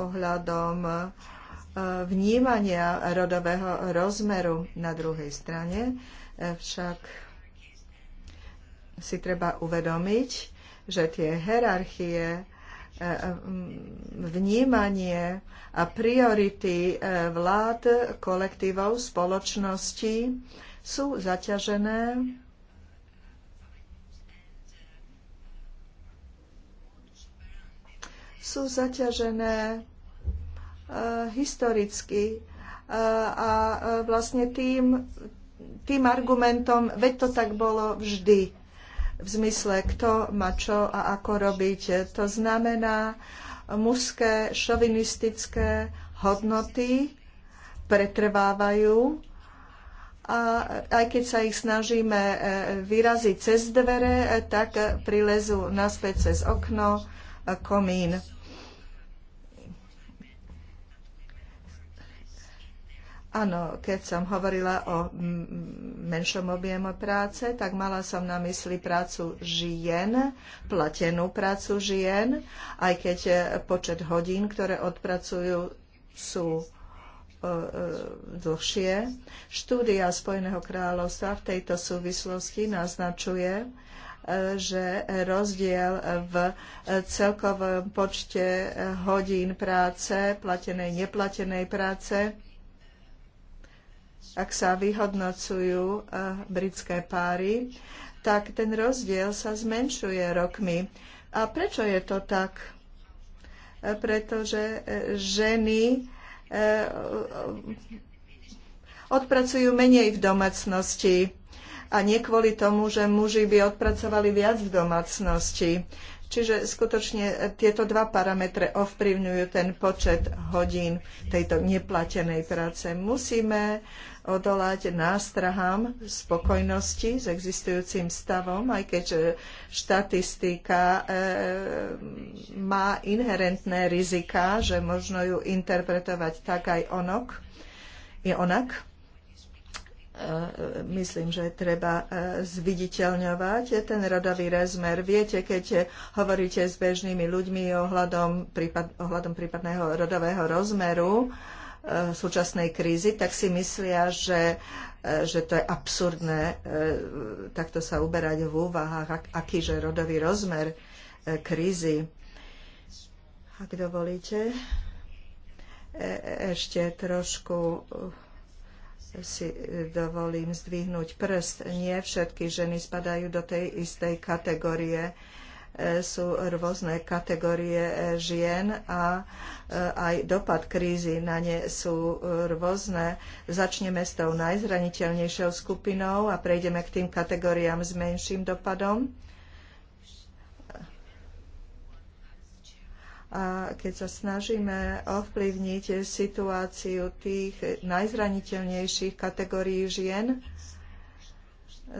ohľadom vnímania rodového rozmeru. Na druhej strane však si treba uvedomiť, že tie hierarchie vnímanie a priority e, vlád, kolektívov, spoločnosti sú zaťažené sú zaťažené e, historicky e, a vlastne tým, tým argumentom, veď to tak bolo vždy v zmysle, kto má čo a ako robiť. To znamená mužské šovinistické hodnoty pretrvávajú a aj keď sa ich snažíme e, vyraziť cez dvere, e, tak prilezú naspäť cez okno e, komín. Áno, keď som hovorila o menšom objemu práce, tak mala som na mysli prácu žien, platenú prácu žien, aj keď e, počet hodín, ktoré odpracujú, sú e, e, dlhšie. Štúdia Spojeného kráľovstva v tejto súvislosti naznačuje, že rozdiel v celkovom počte hodín práce, platenej, neplatenej práce, ak sa vyhodnocujú eh, britské páry, tak ten rozdiel sa zmenšuje rokmi. A prečo je to tak? Eh, pretože eh, ženy odpracujú menej v domácnosti a nie kvôli tomu, že muži by odpracovali viac v domácnosti. Čiže skutočne tieto dva parametre ovplyvňujú ten počet hodín tejto neplatenej práce. Musíme odolať nástrahám spokojnosti s existujúcim stavom, aj keď e, štatistika e, má inherentné rizika, že možno ju interpretovať tak aj onok, je onak. E, myslím, že treba zviditeľňovať ten rodový rozmer. Viete, keď hovoríte s bežnými ľuďmi ohľadom, prípad, ohľadom prípadného rodového rozmeru, E, súčasnej krízy, tak si myslia, že, e, že to je absurdné e, takto sa uberať v úvahách, akýže rodový rozmer krízy. Ak dovolíte, ešte trošku si dovolím zdvihnúť prst. Nie všetky ženy spadajú do tej istej kategórie sú rôzne kategórie e, žien a e, aj dopad krízy na ne sú e, rôzne. Začneme s tou najzraniteľnejšou skupinou a prejdeme k tým kategóriám s menším dopadom. A keď sa snažíme ovplyvniť situáciu tých najzraniteľnejších kategórií žien,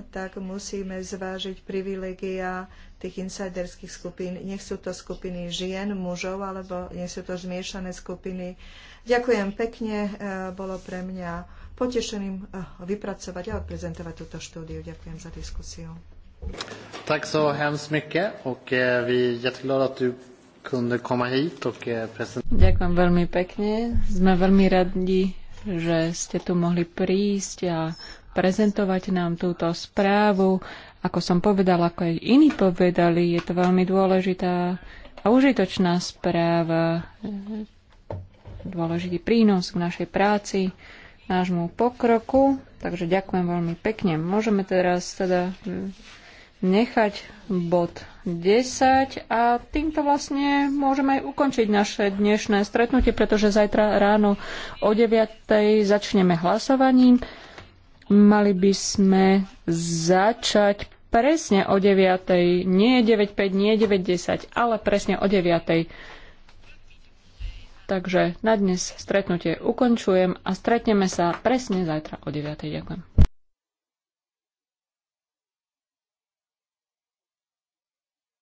tak musíme zvážiť privilegia tých insiderských skupín. Nech sú to skupiny žien, mužov, alebo nech sú to zmiešané skupiny. Ďakujem pekne, e, bolo pre mňa potešeným e, vypracovať a odprezentovať túto štúdiu. Ďakujem za diskusiu.
Tak so hemskt mycket och e, vi är jätteglada att du kunde komma hit och presentera. Ďakujem
veľmi pekne. Sme veľmi radi, že ste tu mohli prísť a prezentovať nám túto správu. Ako som povedala, ako aj iní povedali, je to veľmi dôležitá a užitočná správa, dôležitý prínos k našej práci, nášmu pokroku. Takže ďakujem veľmi pekne. Môžeme teraz teda nechať bod 10 a týmto vlastne môžeme aj ukončiť naše dnešné stretnutie, pretože zajtra ráno o 9.00 začneme hlasovaním. Mali by sme začať presne o 9. Nie 9.5, nie 9.10, ale presne o 9. Takže na dnes stretnutie ukončujem a stretneme sa presne
zajtra o 9. Ďakujem.